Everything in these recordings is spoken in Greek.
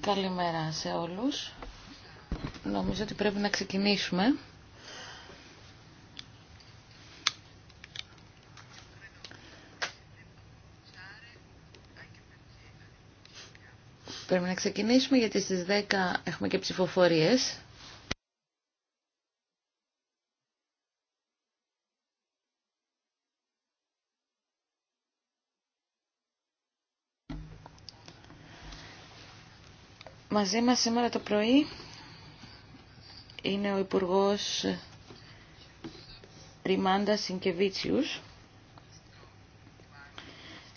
Καλημέρα σε όλους. Νομίζω ότι πρέπει να ξεκινήσουμε. Πρέπει να ξεκινήσουμε γιατί στις 10 έχουμε και ψηφοφορίες. Μαζί μας σήμερα το πρωί είναι ο Υπουργός Ριμάντα Σινκεβίτσιους,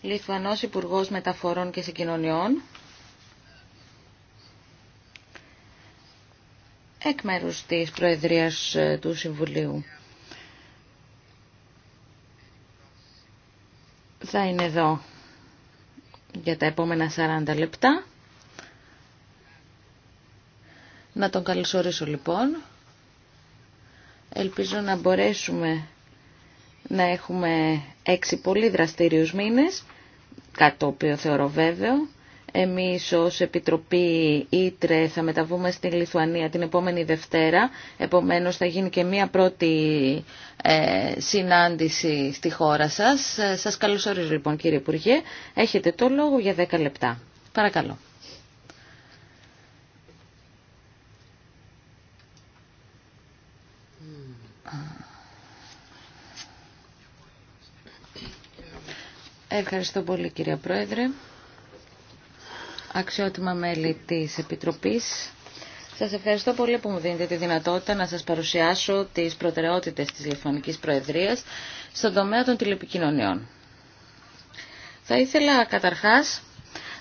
Λιθουανός Υπουργός Μεταφορών και Συγκοινωνιών, εκ μέρους της Προεδρίας του Συμβουλίου. Θα είναι εδώ για τα επόμενα 40 λεπτά. Να τον καλωσορίσω λοιπόν. Ελπίζω να μπορέσουμε να έχουμε έξι πολύ δραστήριους μήνες, κάτι το οποίο θεωρώ βέβαιο. Εμείς ως Επιτροπή Ήτρε θα μεταβούμε στην Λιθουανία την επόμενη Δευτέρα, επομένως θα γίνει και μία πρώτη ε, συνάντηση στη χώρα σας. Ε, σας καλωσορίζω λοιπόν κύριε Υπουργέ, έχετε το λόγο για 10 λεπτά. Παρακαλώ. Ευχαριστώ πολύ κύριε Πρόεδρε. Αξιότιμα μέλη της Επιτροπής. Σας ευχαριστώ πολύ που μου δίνετε τη δυνατότητα να σας παρουσιάσω τις προτεραιότητες της Λιφωνικής Προεδρίας στον τομέα των τηλεπικοινωνιών. Θα ήθελα καταρχάς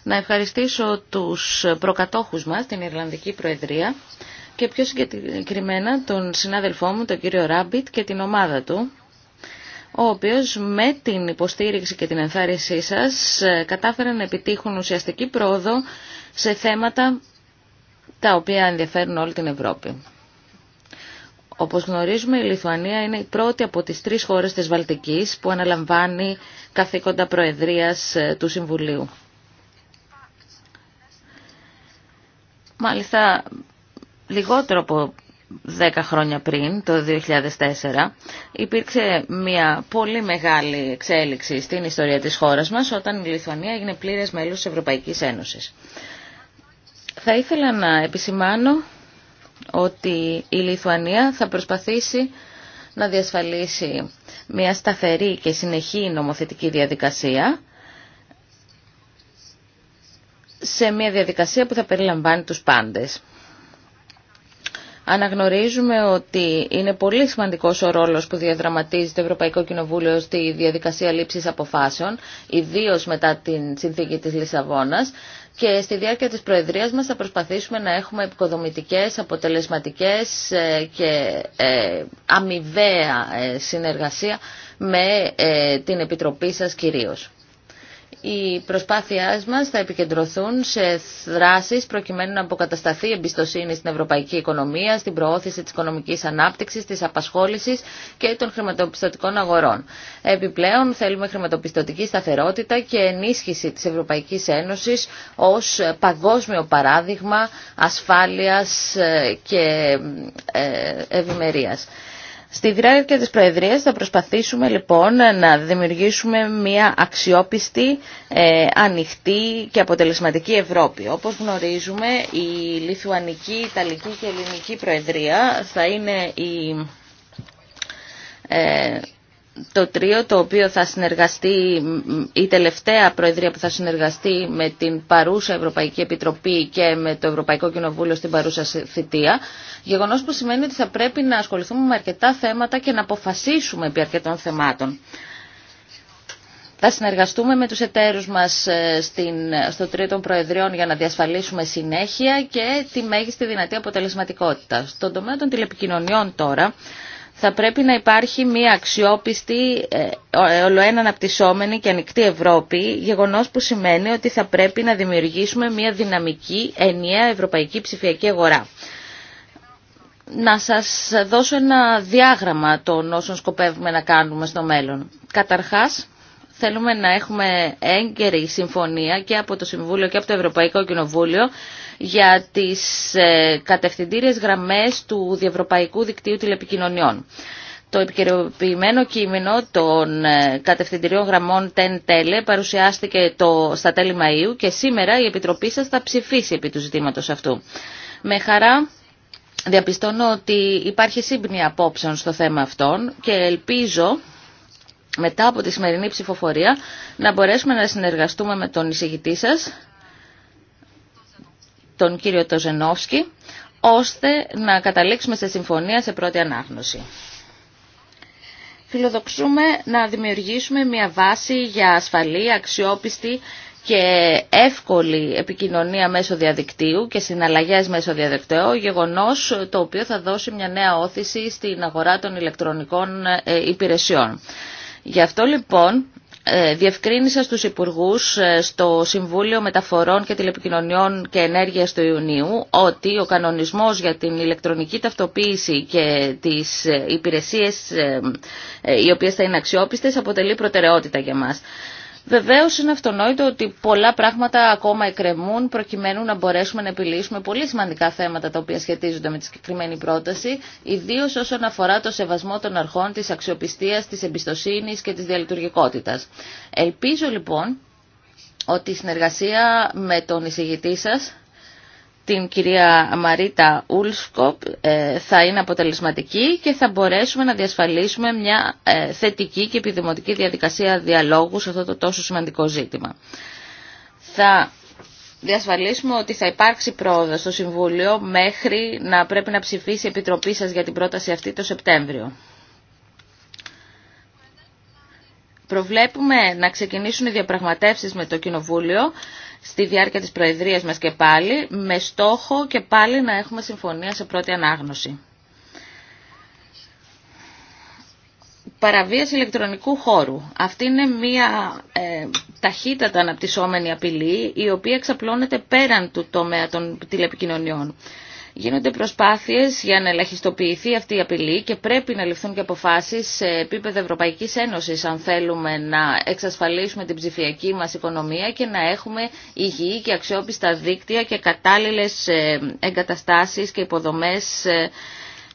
να ευχαριστήσω τους προκατόχους μας, την Ιρλανδική Προεδρία και πιο συγκεκριμένα τον συνάδελφό μου, τον κύριο Ράμπιτ και την ομάδα του, ο οποίος με την υποστήριξη και την ενθάρρυνσή σας ε, κατάφερε να επιτύχουν ουσιαστική πρόοδο σε θέματα τα οποία ενδιαφέρουν όλη την Ευρώπη. Όπως γνωρίζουμε, η Λιθουανία είναι η πρώτη από τις τρεις χώρες της Βαλτικής που αναλαμβάνει καθήκοντα Προεδρίας ε, του Συμβουλίου. Μάλιστα, λιγότερο από Δέκα χρόνια πριν, το 2004, υπήρξε μια πολύ μεγάλη εξέλιξη στην ιστορία της χώρας μας όταν η Λιθουανία έγινε πλήρες μέλος της Ευρωπαϊκής Ένωσης. Θα ήθελα να επισημάνω ότι η Λιθουανία θα προσπαθήσει να διασφαλίσει μια σταθερή και συνεχή νομοθετική διαδικασία σε μια διαδικασία που θα περιλαμβάνει τους πάντες αναγνωρίζουμε ότι είναι πολύ σημαντικός ο ρόλος που διαδραματίζει το Ευρωπαϊκό Κοινοβούλιο στη διαδικασία λήψης αποφάσεων, ιδίως μετά την συνθήκη της Λισαβόνας, και στη διάρκεια της Προεδρίας μας θα προσπαθήσουμε να έχουμε επικοδομητικές, αποτελεσματικές ε, και ε, αμοιβαία ε, συνεργασία με την Επιτροπή σας κυρίως οι προσπάθειάς μας θα επικεντρωθούν σε δράσεις προκειμένου να αποκατασταθεί η εμπιστοσύνη στην ευρωπαϊκή οικονομία, στην προώθηση της οικονομικής ανάπτυξης, της απασχόλησης και των χρηματοπιστωτικών αγορών. Επιπλέον θέλουμε χρηματοπιστωτική σταθερότητα και ενίσχυση της Ευρωπαϊκής Ένωσης ως παγκόσμιο παράδειγμα ασφάλειας ε, και ε, ευημερίας. Στη διάρκεια της Προεδρίας θα προσπαθήσουμε λοιπόν να δημιουργήσουμε μια αξιόπιστη, ε, ανοιχτή και αποτελεσματική Ευρώπη. Όπως γνωρίζουμε η Λιθουανική, Ιταλική και Ελληνική Προεδρία θα είναι η ε, το τρίο το οποίο θα συνεργαστεί, η τελευταία προεδρία που θα συνεργαστεί με την παρούσα Ευρωπαϊκή Επιτροπή και με το Ευρωπαϊκό Κοινοβούλιο στην παρούσα θητεία, γεγονός που σημαίνει ότι θα πρέπει να ασχοληθούμε με αρκετά θέματα και να αποφασίσουμε επί αρκετών θεμάτων. Θα συνεργαστούμε με τους εταίρους μας ε, στην, στο των Προεδριών για να διασφαλίσουμε συνέχεια και τη μέγιστη δυνατή αποτελεσματικότητα. Στον τομέα των τηλεπικοινωνιών τώρα, θα πρέπει να υπάρχει μια αξιόπιστη, ε, ε, ολοένα αναπτυσσόμενη και ανοιχτή Ευρώπη, γεγονός που σημαίνει ότι θα πρέπει να δημιουργήσουμε μια δυναμική, ενιαία ευρωπαϊκή ψηφιακή αγορά. Να σας δώσω ένα διάγραμμα των όσων σκοπεύουμε να κάνουμε στο μέλλον. Καταρχάς, θέλουμε να έχουμε έγκαιρη συμφωνία και από το Συμβούλιο και από το Ευρωπαϊκό Κοινοβούλιο για τις ε, κατευθυντήριες γραμμές του Διευρωπαϊκού Δικτύου Τηλεπικοινωνιών. Το επικαιροποιημένο κείμενο των ε, κατευθυντηριών γραμμών TEN Tele παρουσιάστηκε το, στα τέλη Μαΐου και σήμερα η Επιτροπή σας θα ψηφίσει επί του ζητήματος αυτού. Με χαρά διαπιστώνω ότι υπάρχει σύμπνη απόψεων στο θέμα αυτών και ελπίζω μετά από τη σημερινή ψηφοφορία να μπορέσουμε να συνεργαστούμε με τον εισηγητή σας τον κύριο Τοζενόφσκι, ώστε να καταλήξουμε σε συμφωνία σε πρώτη ανάγνωση. Φιλοδοξούμε να δημιουργήσουμε μια βάση για ασφαλή, αξιόπιστη και εύκολη επικοινωνία μέσω διαδικτύου και συναλλαγές μέσω διαδικτύου, γεγονός το οποίο θα δώσει μια νέα όθηση στην αγορά των ηλεκτρονικών ε, υπηρεσιών. Γι' αυτό λοιπόν ε, διευκρίνησα στους Υπουργούς ε, στο Συμβούλιο Μεταφορών και Τηλεπικοινωνιών και Ενέργειας του Ιουνίου ότι ο κανονισμός για την ηλεκτρονική ταυτοποίηση και τις ε, υπηρεσίες οι οποίες θα είναι αξιόπιστες αποτελεί προτεραιότητα για μας. Βεβαίως είναι αυτονόητο ότι πολλά πράγματα ακόμα εκκρεμούν προκειμένου να μπορέσουμε να επιλύσουμε πολύ σημαντικά θέματα τα οποία σχετίζονται με τη συγκεκριμένη πρόταση, ιδίως όσον αφορά το σεβασμό των αρχών της αξιοπιστίας, της εμπιστοσύνης και της διαλειτουργικότητας. Ελπίζω λοιπόν ότι η συνεργασία με τον εισηγητή σας την κυρία Μαρίτα Ούλσκοπ ε, θα είναι αποτελεσματική και θα μπορέσουμε να διασφαλίσουμε μια ε, θετική και επιδημοτική διαδικασία διαλόγου σε αυτό το τόσο σημαντικό ζήτημα. Θα διασφαλίσουμε ότι θα υπάρξει πρόοδο στο Συμβούλιο μέχρι να πρέπει να ψηφίσει η Επιτροπή σας για την πρόταση αυτή το Σεπτέμβριο. Προβλέπουμε να ξεκινήσουν οι διαπραγματεύσεις με το Κοινοβούλιο στη διάρκεια της Προεδρίας μας και πάλι, με στόχο και πάλι να έχουμε συμφωνία σε πρώτη ανάγνωση. Παραβίαση ηλεκτρονικού χώρου. Αυτή είναι μια ε, ταχύτατα αναπτυσσόμενη απειλή η οποία εξαπλώνεται πέραν του τομέα των τηλεπικοινωνιών. Γίνονται προσπάθειες για να ελαχιστοποιηθεί αυτή η απειλή και πρέπει να ληφθούν και αποφάσεις σε επίπεδο Ευρωπαϊκής Ένωσης αν θέλουμε να εξασφαλίσουμε την ψηφιακή μας οικονομία και να έχουμε υγιή και αξιόπιστα δίκτυα και κατάλληλες ε, εγκαταστάσεις και υποδομές ε,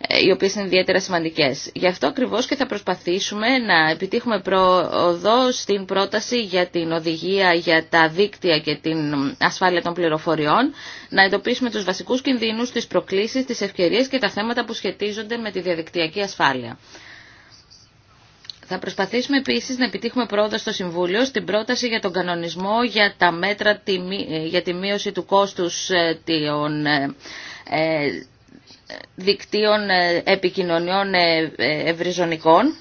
ε, οι οποίες είναι ιδιαίτερα σημαντικές. Γι' αυτό ακριβώς και θα προσπαθήσουμε να επιτύχουμε προοδό στην πρόταση για την οδηγία για τα δίκτυα και την ασφάλεια των πληροφοριών, να εντοπίσουμε τους βασικούς κινδύνους, τις προκλήσεις, τις ευκαιρίες και τα θέματα που σχετίζονται με τη διαδικτυακή ασφάλεια. Θα προσπαθήσουμε επίσης να επιτύχουμε πρόοδο στο Συμβούλιο στην πρόταση για τον κανονισμό για τα μέτρα για τη μείωση του κόστους ε, των ε, δικτύων ε, επικοινωνιών ε, ε, ευρυζωνικών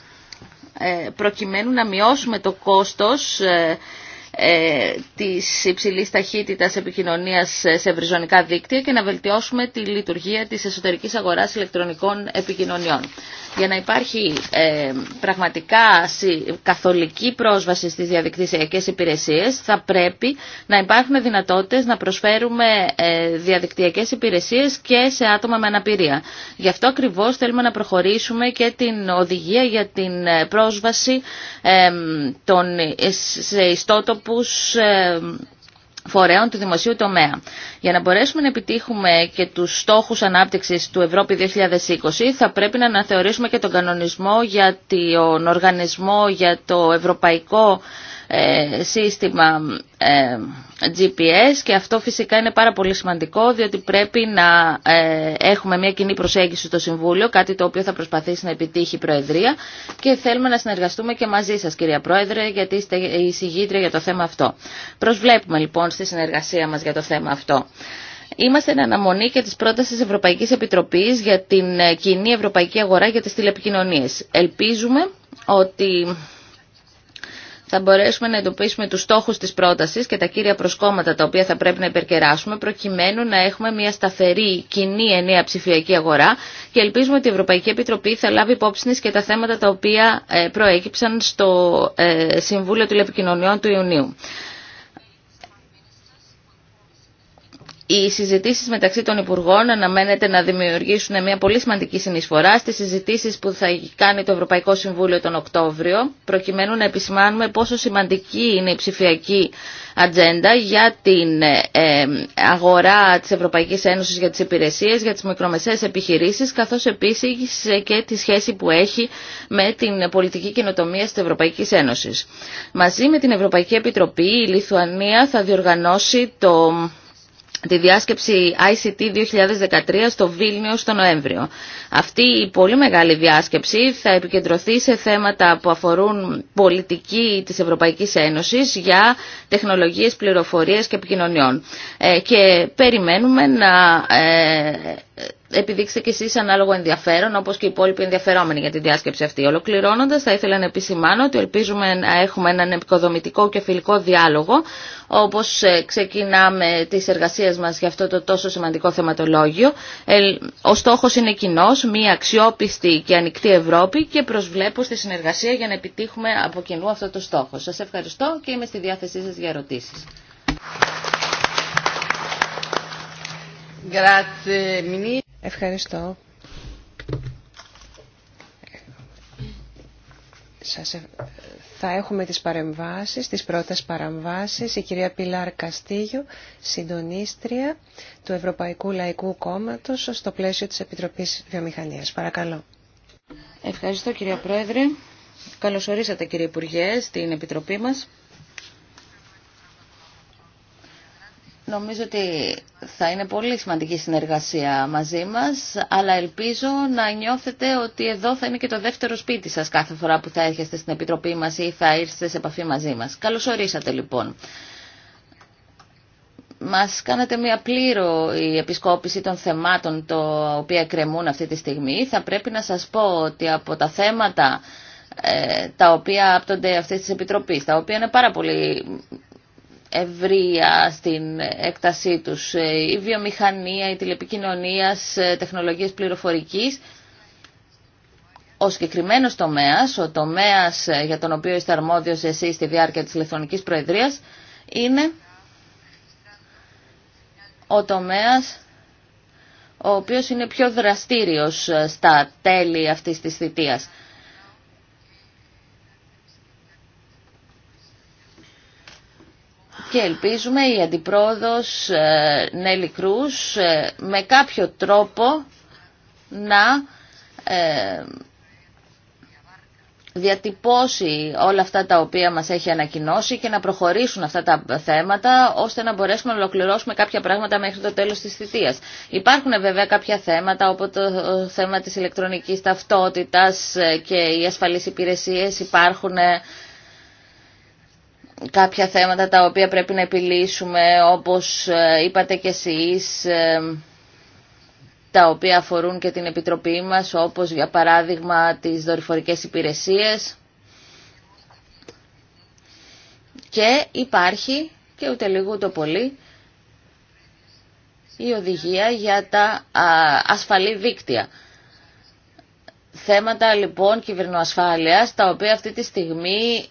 προκειμένου να μειώσουμε το κόστος της υψηλής ταχύτητας επικοινωνίας σε ευρυζωνικά δίκτυα και να βελτιώσουμε τη λειτουργία της εσωτερικής αγοράς ηλεκτρονικών επικοινωνιών για να υπάρχει ε, πραγματικά καθολική πρόσβαση στις διαδικτυακές υπηρεσίες θα πρέπει να υπάρχουν δυνατότητες να προσφέρουμε ε, διαδικτυακές υπηρεσίες και σε άτομα με αναπηρία. Γι' αυτό ακριβώς θέλουμε να προχωρήσουμε και την οδηγία για την ε, πρόσβαση ε, των, σε ιστότοπους φορέων του δημοσίου τομέα. Για να μπορέσουμε να επιτύχουμε και τους στόχους ανάπτυξης του Ευρώπη 2020 θα πρέπει να αναθεωρήσουμε και τον κανονισμό για τον οργανισμό για το ευρωπαϊκό ε, σύστημα ε, GPS και αυτό φυσικά είναι πάρα πολύ σημαντικό διότι πρέπει να ε, έχουμε μια κοινή προσέγγιση στο Συμβούλιο, κάτι το οποίο θα προσπαθήσει να επιτύχει η Προεδρία και θέλουμε να συνεργαστούμε και μαζί σας κυρία Πρόεδρε γιατί είστε η συγγήτρια για το θέμα αυτό. Προσβλέπουμε λοιπόν στη συνεργασία μας για το θέμα αυτό. Είμαστε εν αναμονή και τη πρόταση Ευρωπαϊκή Επιτροπή για την κοινή ευρωπαϊκή αγορά για τι τηλεπικοινωνίε. Ελπίζουμε ότι θα μπορέσουμε να εντοπίσουμε τους στόχους της πρότασης και τα κύρια προσκόμματα τα οποία θα πρέπει να υπερκεράσουμε προκειμένου να έχουμε μια σταθερή κοινή ενιαία ψηφιακή αγορά και ελπίζουμε ότι η Ευρωπαϊκή Επιτροπή θα λάβει υπόψη και τα θέματα τα οποία ε, προέκυψαν στο ε, Συμβούλιο Τηλεπικοινωνιών του Ιουνίου. Οι συζητήσεις μεταξύ των Υπουργών αναμένεται να δημιουργήσουν μια πολύ σημαντική συνεισφορά στις συζητήσεις που θα κάνει το Ευρωπαϊκό Συμβούλιο τον Οκτώβριο, προκειμένου να επισημάνουμε πόσο σημαντική είναι η ψηφιακή ατζέντα για την ε, ε, αγορά της Ευρωπαϊκής Ένωσης για τις υπηρεσίες, για τις μικρομεσαίες επιχειρήσεις, καθώς επίσης και τη σχέση που έχει με την πολιτική καινοτομία της Ευρωπαϊκής Ένωσης. Μαζί με την Ευρωπαϊκή Επιτροπή η Λιθουανία θα διοργανώσει το τη διάσκεψη ICT 2013 στο Βίλνιο στο Νοέμβριο. Αυτή η πολύ μεγάλη διάσκεψη θα επικεντρωθεί σε θέματα που αφορούν πολιτική της Ευρωπαϊκής Ένωσης για τεχνολογίες πληροφορίας και επικοινωνιών. Ε, και περιμένουμε να ε, επιδείξετε κι εσεί ανάλογο ενδιαφέρον, όπω και οι υπόλοιποι ενδιαφερόμενοι για τη διάσκεψη αυτή. Ολοκληρώνοντα, θα ήθελα να επισημάνω ότι ελπίζουμε να έχουμε έναν επικοδομητικό και φιλικό διάλογο, όπω ε, ξεκινάμε τις εργασίες μα για αυτό το τόσο σημαντικό θεματολόγιο. Ε, ο στόχο είναι κοινό, μια αξιόπιστη και ανοιχτή Ευρώπη και προσβλέπω στη συνεργασία για να επιτύχουμε από κοινού αυτό το στόχο. Σα ευχαριστώ και είμαι στη διάθεσή σα για ερωτήσει. Ευχαριστώ. Σας ε- θα έχουμε τις παρεμβάσεις, τις πρώτες παρεμβάσεις. Η κυρία Πιλάρ Καστίγιο, συντονίστρια του Ευρωπαϊκού Λαϊκού Κόμματος στο πλαίσιο της Επιτροπής Βιομηχανίας. Παρακαλώ. Ευχαριστώ κυρία Πρόεδρε. Καλωσορίσατε κύριε Υπουργέ στην Επιτροπή μας. Νομίζω ότι θα είναι πολύ σημαντική συνεργασία μαζί μας, αλλά ελπίζω να νιώθετε ότι εδώ θα είναι και το δεύτερο σπίτι σας κάθε φορά που θα έρχεστε στην Επιτροπή μας ή θα ήρθετε σε επαφή μαζί μας. Καλώς ορίσατε λοιπόν. Μας κάνατε μια πλήρω η επισκόπηση των θεμάτων τα οποία κρεμούν αυτή τη στιγμή. Θα πρέπει να σας πω ότι από τα θέματα ε, τα οποία άπτονται αυτές τις επιτροπές, τα οποία είναι πάρα πολύ ευρεία στην έκτασή τους. Ε, η βιομηχανία, η τηλεπικοινωνία, ε, τεχνολογίες πληροφορικής. Ο συγκεκριμένο τομέας, ο τομέας ε, για τον οποίο είστε αρμόδιος εσείς στη διάρκεια της ηλεκτρονικής προεδρίας, είναι ο τομέας ο οποίος είναι πιο δραστήριος στα τέλη αυτής της θητείας. και ελπίζουμε η Αντιπρόοδος ε, Νέλη Κρούς ε, με κάποιο τρόπο να ε, διατυπώσει όλα αυτά τα οποία μας έχει ανακοινώσει και να προχωρήσουν αυτά τα θέματα ώστε να μπορέσουμε να ολοκληρώσουμε κάποια πράγματα μέχρι το τέλος της θητείας. Υπάρχουν βέβαια κάποια θέματα όπως το θέμα της ηλεκτρονικής ταυτότητας και οι ασφαλείς υπηρεσίες υπάρχουν κάποια θέματα τα οποία πρέπει να επιλύσουμε όπως ε, είπατε και εσείς ε, τα οποία αφορούν και την Επιτροπή μας όπως για παράδειγμα τις δορυφορικές υπηρεσίες και υπάρχει και ούτε λίγο το πολύ η οδηγία για τα ασφαλή δίκτυα. Θέματα λοιπόν κυβερνοασφάλειας τα οποία αυτή τη στιγμή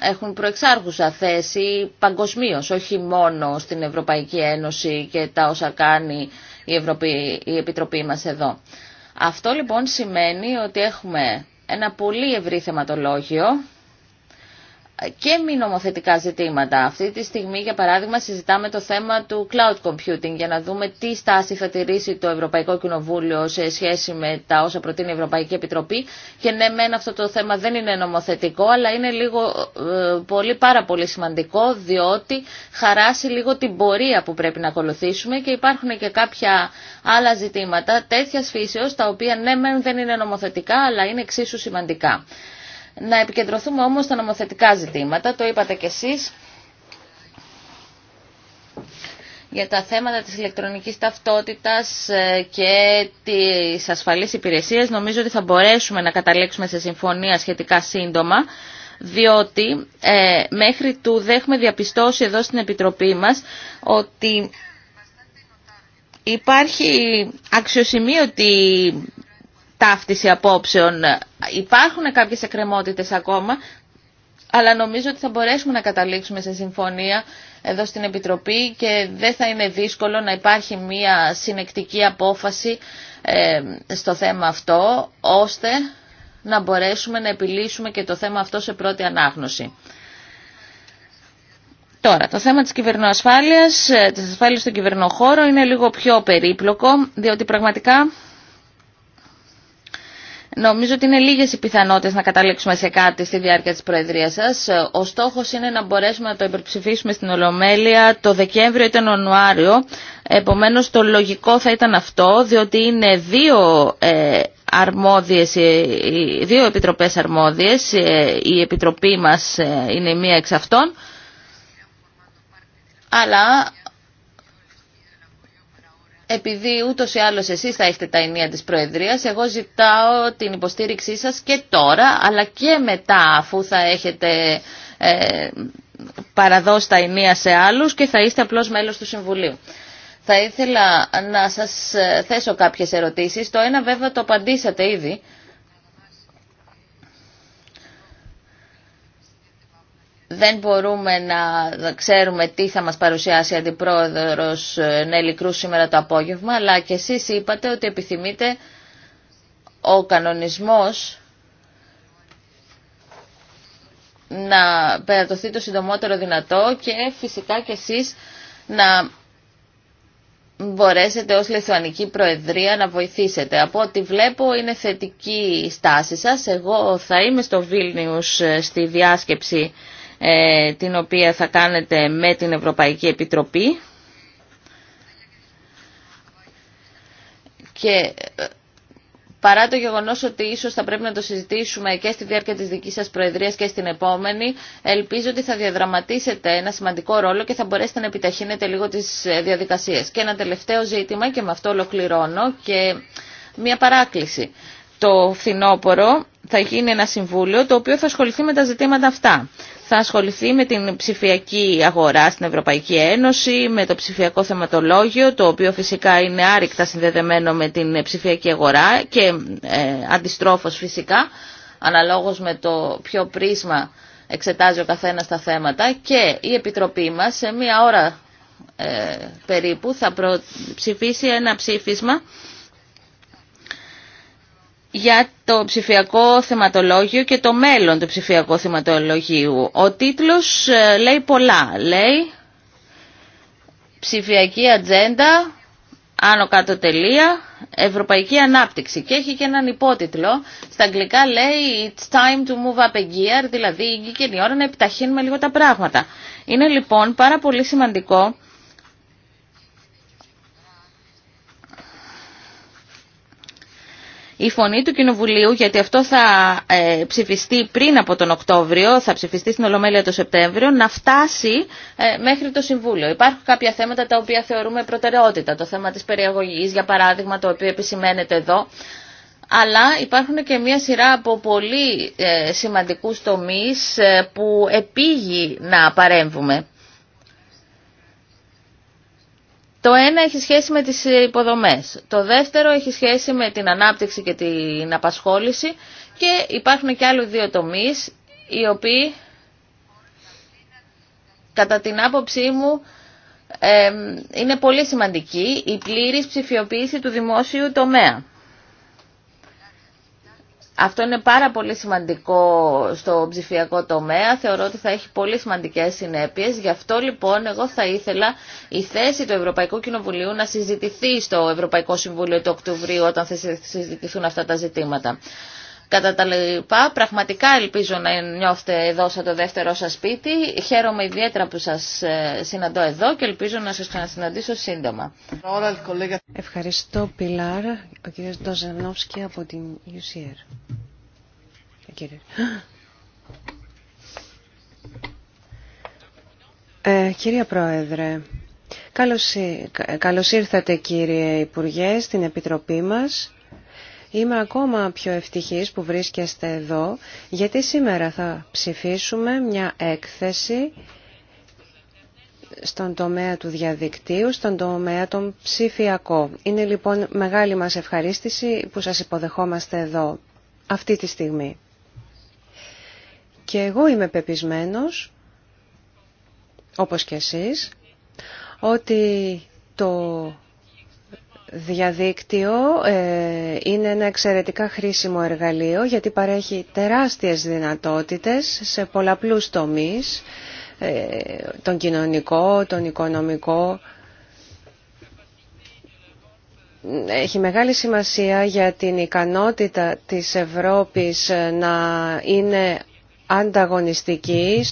έχουν προεξάρχουσα θέση παγκοσμίω, όχι μόνο στην Ευρωπαϊκή Ένωση και τα όσα κάνει η, Ευρωπή, η Επιτροπή μας εδώ. Αυτό λοιπόν σημαίνει ότι έχουμε ένα πολύ ευρύ θεματολόγιο και μη νομοθετικά ζητήματα. Αυτή τη στιγμή, για παράδειγμα, συζητάμε το θέμα του cloud computing για να δούμε τι στάση θα τηρήσει το Ευρωπαϊκό Κοινοβούλιο σε σχέση με τα όσα προτείνει η Ευρωπαϊκή Επιτροπή. Και ναι, μεν αυτό το θέμα δεν είναι νομοθετικό, αλλά είναι λίγο ε, πολύ, πάρα πολύ σημαντικό, διότι χαράσει λίγο την πορεία που πρέπει να ακολουθήσουμε και υπάρχουν και κάποια άλλα ζητήματα τέτοια φύσεω, τα οποία ναι, μεν δεν είναι νομοθετικά, αλλά είναι εξίσου σημαντικά. Να επικεντρωθούμε όμως στα νομοθετικά ζητήματα, το είπατε κι εσείς, για τα θέματα της ηλεκτρονικής ταυτότητας ε, και της ασφαλής υπηρεσίας. Νομίζω ότι θα μπορέσουμε να καταλήξουμε σε συμφωνία σχετικά σύντομα, διότι ε, μέχρι του έχουμε διαπιστώσει εδώ στην Επιτροπή μας ότι υπάρχει αξιοσημείωτη ταύτιση απόψεων. Υπάρχουν κάποιες εκκρεμότητες ακόμα, αλλά νομίζω ότι θα μπορέσουμε να καταλήξουμε σε συμφωνία εδώ στην Επιτροπή και δεν θα είναι δύσκολο να υπάρχει μια συνεκτική απόφαση ε, στο θέμα αυτό, ώστε να μπορέσουμε να επιλύσουμε και το θέμα αυτό σε πρώτη ανάγνωση. Τώρα, το θέμα της κυβερνοασφάλειας, ε, της ασφάλειας στον κυβερνοχώρο είναι λίγο πιο περίπλοκο, διότι πραγματικά Νομίζω ότι είναι λίγες οι πιθανότητε να καταλήξουμε σε κάτι στη διάρκεια της Προεδρίας σας. Ο στόχο είναι να μπορέσουμε να το υπερψηφίσουμε στην Ολομέλεια το Δεκέμβριο ή τον Ιανουάριο. Επομένως το λογικό θα ήταν αυτό, διότι είναι δύο ε, αρμόδιες, ε, δύο επιτροπές αρμόδιες. Ε, η επιτροπή μας ε, είναι μία εξ αυτών. Αλλά επειδή ούτω ή άλλω εσεί θα έχετε τα ενία τη Προεδρία, εγώ ζητάω την υποστήριξή σα και τώρα, αλλά και μετά, αφού θα έχετε ε, παραδώσει τα ενία σε άλλου και θα είστε απλώ μέλο του Συμβουλίου. Θα ήθελα να σας ε, θέσω κάποιες ερωτήσεις. Το ένα βέβαια το απαντήσατε ήδη. δεν μπορούμε να ξέρουμε τι θα μας παρουσιάσει η Αντιπρόεδρος ε, Νέλη σήμερα το απόγευμα, αλλά και εσείς είπατε ότι επιθυμείτε ο κανονισμός να περατωθεί το συντομότερο δυνατό και φυσικά και εσείς να μπορέσετε ως λεθουανική Προεδρία να βοηθήσετε. Από ό,τι βλέπω είναι θετική η στάση σας. Εγώ θα είμαι στο Βίλνιους ε, στη διάσκεψη ε, την οποία θα κάνετε με την Ευρωπαϊκή Επιτροπή. Και ε, παρά το γεγονός ότι ίσως θα πρέπει να το συζητήσουμε και στη διάρκεια της δικής σας προεδρίας και στην επόμενη, ελπίζω ότι θα διαδραματίσετε ένα σημαντικό ρόλο και θα μπορέσετε να επιταχύνετε λίγο τις ε, διαδικασίες. Και ένα τελευταίο ζήτημα και με αυτό ολοκληρώνω και μια παράκληση. Το φθινόπωρο θα γίνει ένα συμβούλιο το οποίο θα ασχοληθεί με τα ζητήματα αυτά θα ασχοληθεί με την ψηφιακή αγορά στην Ευρωπαϊκή Ένωση, με το ψηφιακό θεματολόγιο, το οποίο φυσικά είναι άρρηκτα συνδεδεμένο με την ψηφιακή αγορά και ε, αντιστρόφως φυσικά, αναλόγως με το ποιο πρίσμα εξετάζει ο καθένας τα θέματα και η Επιτροπή μας σε μία ώρα ε, περίπου θα ψηφίσει ένα ψήφισμα για το ψηφιακό θεματολόγιο και το μέλλον του ψηφιακού θεματολογίου. Ο τίτλος ε, λέει πολλά. Λέει ψηφιακή ατζέντα, άνω κάτω τελεία, ευρωπαϊκή ανάπτυξη. Και έχει και έναν υπότιτλο. Στα αγγλικά λέει It's time to move up a gear, δηλαδή η η ώρα να επιταχύνουμε λίγο τα πράγματα. Είναι λοιπόν πάρα πολύ σημαντικό η φωνή του Κοινοβουλίου, γιατί αυτό θα ε, ψηφιστεί πριν από τον Οκτώβριο, θα ψηφιστεί στην Ολομέλεια το Σεπτέμβριο, να φτάσει ε, μέχρι το Συμβούλιο. Υπάρχουν κάποια θέματα τα οποία θεωρούμε προτεραιότητα. Το θέμα της περιαγωγής, για παράδειγμα, το οποίο επισημαίνεται εδώ. Αλλά υπάρχουν και μια σειρά από πολύ ε, σημαντικούς τομείς ε, που επήγει να παρέμβουμε. Το ένα έχει σχέση με τις υποδομές, το δεύτερο έχει σχέση με την ανάπτυξη και την απασχόληση και υπάρχουν και άλλοι δύο τομείς οι οποίοι κατά την άποψή μου ε, είναι πολύ σημαντικοί, η πλήρης ψηφιοποίηση του δημόσιου τομέα. Αυτό είναι πάρα πολύ σημαντικό στο ψηφιακό τομέα. Θεωρώ ότι θα έχει πολύ σημαντικές συνέπειες. Γι' αυτό λοιπόν εγώ θα ήθελα η θέση του Ευρωπαϊκού Κοινοβουλίου να συζητηθεί στο Ευρωπαϊκό Συμβούλιο του Οκτωβρίου όταν θα συζητηθούν αυτά τα ζητήματα. Κατά τα λοιπά, πραγματικά ελπίζω να νιώθετε εδώ σαν το δεύτερό σας σπίτι. Χαίρομαι ιδιαίτερα που σας ε, συναντώ εδώ και ελπίζω να σας ξανασυναντήσω σύντομα. Ευχαριστώ Πιλάρ, ο κύριος Ντοζανόφσκι από την UCR. Ε, κυρία Πρόεδρε, καλώς, καλώς ήρθατε κύριε Υπουργέ στην Επιτροπή μας. Είμαι ακόμα πιο ευτυχής που βρίσκεστε εδώ, γιατί σήμερα θα ψηφίσουμε μια έκθεση στον τομέα του διαδικτύου, στον τομέα των ψηφιακών. Είναι λοιπόν μεγάλη μας ευχαρίστηση που σας υποδεχόμαστε εδώ, αυτή τη στιγμή. Και εγώ είμαι πεπισμένος, όπως και εσείς, ότι το διαδίκτυο ε, είναι ένα εξαιρετικά χρήσιμο εργαλείο γιατί παρέχει τεράστιες δυνατότητες σε πολλαπλούς τομείς, ε, τον κοινωνικό, τον οικονομικό. Έχει μεγάλη σημασία για την ικανότητα της Ευρώπης ε, να είναι ανταγωνιστική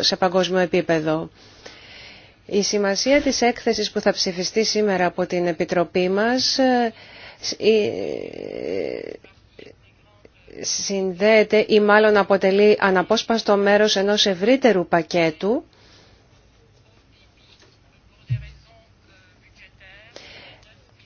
σε παγκόσμιο επίπεδο. Η σημασία της έκθεσης που θα ψηφιστεί σήμερα από την Επιτροπή μας ε, ε, συνδέεται ή μάλλον αποτελεί αναπόσπαστο μέρος ενός ευρύτερου πακέτου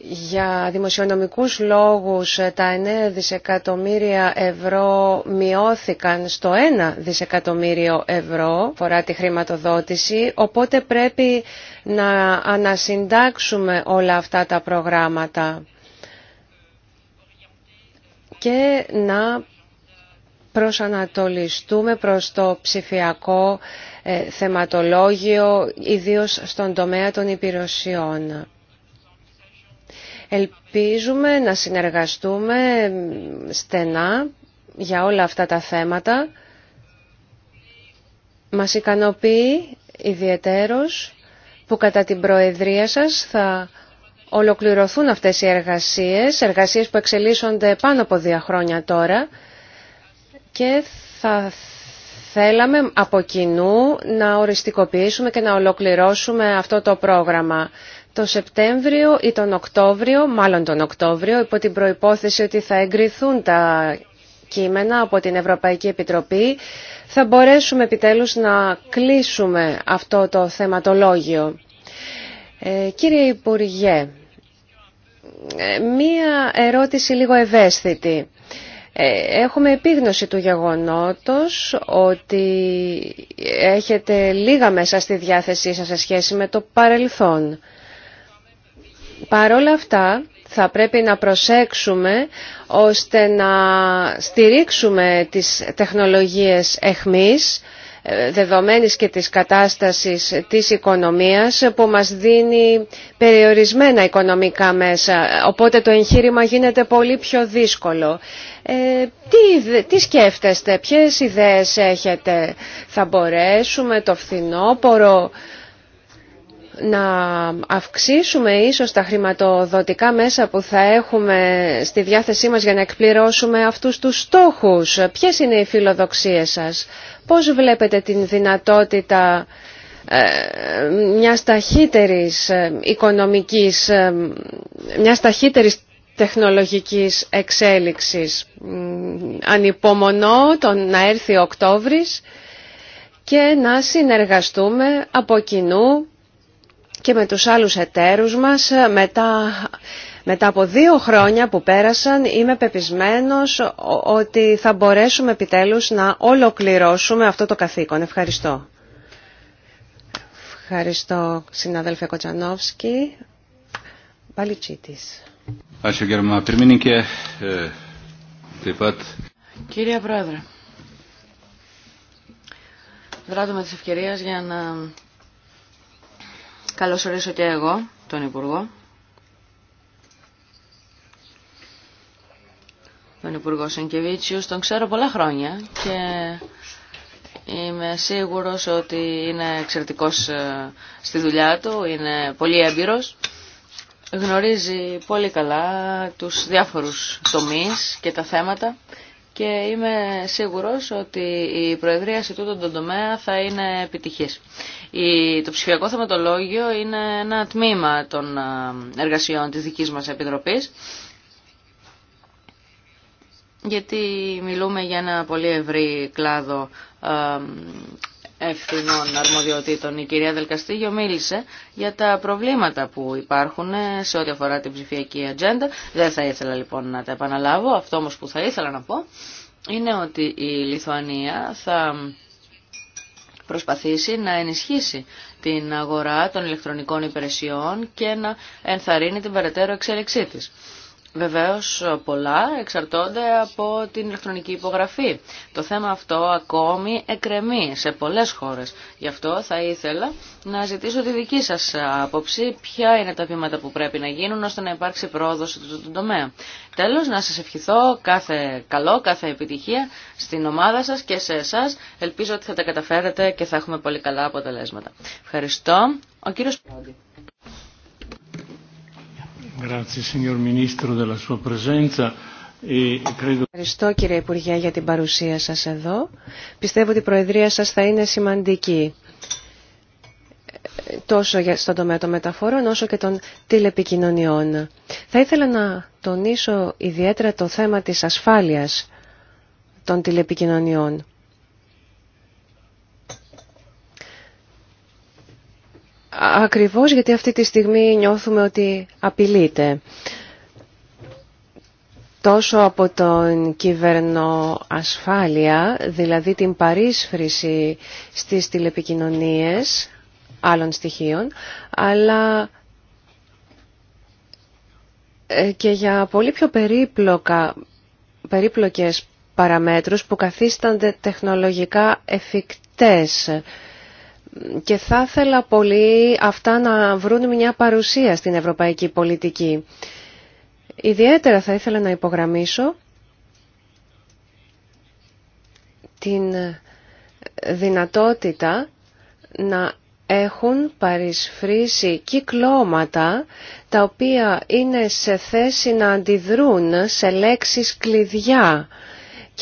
για δημοσιονομικούς λόγους ε, τα 9 δισεκατομμύρια ευρώ μειώθηκαν στο 1 δισεκατομμύριο ευρώ φορά τη χρηματοδότηση, οπότε πρέπει να ανασυντάξουμε όλα αυτά τα προγράμματα και να προσανατολιστούμε προς το ψηφιακό ε, θεματολόγιο, ιδίως στον τομέα των υπηρεσιών. Ελπίζουμε να συνεργαστούμε στενά για όλα αυτά τα θέματα. Μας ικανοποιεί ιδιαιτέρως που κατά την Προεδρία σας θα ολοκληρωθούν αυτές οι εργασίες, εργασίες που εξελίσσονται πάνω από δύο χρόνια τώρα και θα θέλαμε από κοινού να οριστικοποιήσουμε και να ολοκληρώσουμε αυτό το πρόγραμμα το Σεπτέμβριο ή τον Οκτώβριο, μάλλον τον Οκτώβριο, υπό την προϋπόθεση ότι θα εγκριθούν τα κείμενα από την Ευρωπαϊκή Επιτροπή, θα μπορέσουμε επιτέλους να κλείσουμε αυτό το θεματολόγιο. Ε, κύριε Υπουργέ, ε, μία ερώτηση λίγο ευαίσθητη. Ε, έχουμε επίγνωση του γεγονότος ότι έχετε λίγα μέσα στη διάθεσή σας σε σχέση με το παρελθόν. Παρόλα αυτά, θα πρέπει να προσέξουμε ώστε να στηρίξουμε τις τεχνολογίες εχμής, ε, δεδομένης και της κατάστασης της οικονομίας που μας δίνει περιορισμένα οικονομικά μέσα. Οπότε το εγχείρημα γίνεται πολύ πιο δύσκολο. Ε, τι, τι σκέφτεστε, ποιες ιδέες έχετε, θα μπορέσουμε το φθινόπωρο να αυξήσουμε ίσως τα χρηματοδοτικά μέσα που θα έχουμε στη διάθεσή μας για να εκπληρώσουμε αυτούς τους στόχους. Ποιες είναι οι φιλοδοξίες σας. Πώς βλέπετε την δυνατότητα ε, μιας ταχύτερης ε, οικονομικής, ε, μιας ταχύτερης τεχνολογικής εξέλιξης. Ανυπομονώ τον να έρθει ο Οκτώβρης και να συνεργαστούμε από κοινού και με τους άλλους εταίρους μας μετά μετά από δύο χρόνια που πέρασαν είμαι πεπισμένος ότι θα μπορέσουμε επιτέλους να ολοκληρώσουμε αυτό το καθήκον. Ευχαριστώ. Ευχαριστώ συνάδελφε Κοτσανόφσκι. Παλιτσίτης. Ε, Κύριε Πρόεδρε, δράτω με τις ευκαιρίες για να Καλώς και εγώ τον Υπουργό. Τον Υπουργό Σενκεβίτσιους τον ξέρω πολλά χρόνια και είμαι σίγουρος ότι είναι εξαιρετικός ε, στη δουλειά του, είναι πολύ έμπειρος. Γνωρίζει πολύ καλά τους διάφορους τομείς και τα θέματα και είμαι σίγουρος ότι η Προεδρία σε των τον τομέα θα είναι επιτυχής. Το ψηφιακό θεματολόγιο είναι ένα τμήμα των εργασιών της δικής μας Επιτροπής γιατί μιλούμε για ένα πολύ ευρύ κλάδο ευθυνών αρμοδιοτήτων. Η κυρία Δελκαστήγιο μίλησε για τα προβλήματα που υπάρχουν σε ό,τι αφορά την ψηφιακή ατζέντα. Δεν θα ήθελα λοιπόν να τα επαναλάβω. Αυτό όμως που θα ήθελα να πω είναι ότι η Λιθουανία θα προσπαθήσει να ενισχύσει την αγορά των ηλεκτρονικών υπηρεσιών και να ενθαρρύνει την περαιτέρω εξέλιξή της. Βεβαίως πολλά εξαρτώνται από την ηλεκτρονική υπογραφή. Το θέμα αυτό ακόμη εκρεμεί σε πολλές χώρες. Γι' αυτό θα ήθελα να ζητήσω τη δική σας άποψη, ποια είναι τα βήματα που πρέπει να γίνουν ώστε να υπάρξει πρόοδος το τομέα. Τέλος, να σας ευχηθώ κάθε καλό, κάθε επιτυχία στην ομάδα σας και σε εσάς. Ελπίζω ότι θα τα καταφέρετε και θα έχουμε πολύ καλά αποτελέσματα. Ευχαριστώ. Ο E Ευχαριστώ κύριε Υπουργέ για την παρουσία σας εδώ. Πιστεύω ότι η Προεδρία σας θα είναι σημαντική ε, τόσο στον τομέα των μεταφορών όσο και των τηλεπικοινωνιών. Θα ήθελα να τονίσω ιδιαίτερα το θέμα της ασφάλειας των τηλεπικοινωνιών. Ακριβώς γιατί αυτή τη στιγμή νιώθουμε ότι απειλείται τόσο από τον κυβερνοασφάλεια, δηλαδή την παρίσφρηση στις τηλεπικοινωνίες άλλων στοιχείων, αλλά ε, και για πολύ πιο περίπλοκα, περίπλοκες παραμέτρους που καθίστανται τεχνολογικά εφικτές και θα ήθελα πολύ αυτά να βρουν μια παρουσία στην ευρωπαϊκή πολιτική. Ιδιαίτερα θα ήθελα να υπογραμμίσω την δυνατότητα να έχουν παρισφρήσει κυκλώματα τα οποία είναι σε θέση να αντιδρούν σε λέξεις κλειδιά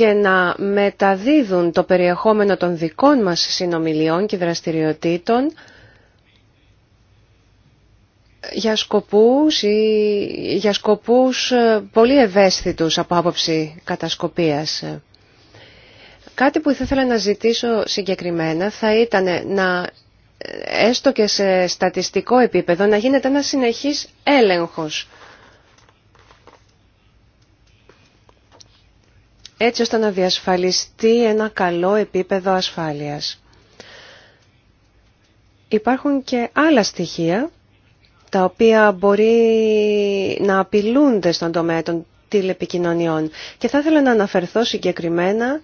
και να μεταδίδουν το περιεχόμενο των δικών μας συνομιλιών και δραστηριοτήτων για σκοπούς, ή για σκοπούς ε, πολύ ευαίσθητους από άποψη κατασκοπίας. Κάτι που θα ήθελα να ζητήσω συγκεκριμένα θα ήταν να ε, έστω και σε στατιστικό επίπεδο να γίνεται ένα συνεχής έλεγχος έτσι ώστε να διασφαλιστεί ένα καλό επίπεδο ασφάλειας. Υπάρχουν και άλλα στοιχεία τα οποία μπορεί να απειλούνται στον τομέα των τηλεπικοινωνιών και θα ήθελα να αναφερθώ συγκεκριμένα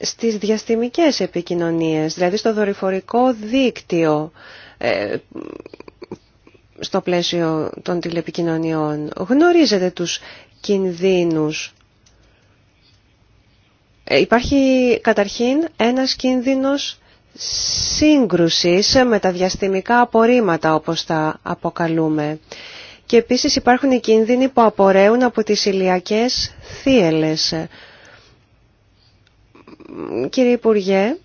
στις διαστημικές επικοινωνίες, δηλαδή στο δορυφορικό δίκτυο ε, στο πλαίσιο των τηλεπικοινωνιών. Γνωρίζετε τους κινδύνους ε, υπάρχει καταρχήν ένας κίνδυνος σύγκρουσης με τα διαστημικά απορρίμματα όπως τα αποκαλούμε. Και επίσης υπάρχουν οι κίνδυνοι που απορρέουν από τις ηλιακές θύελες. Κύριε Υπουργέ,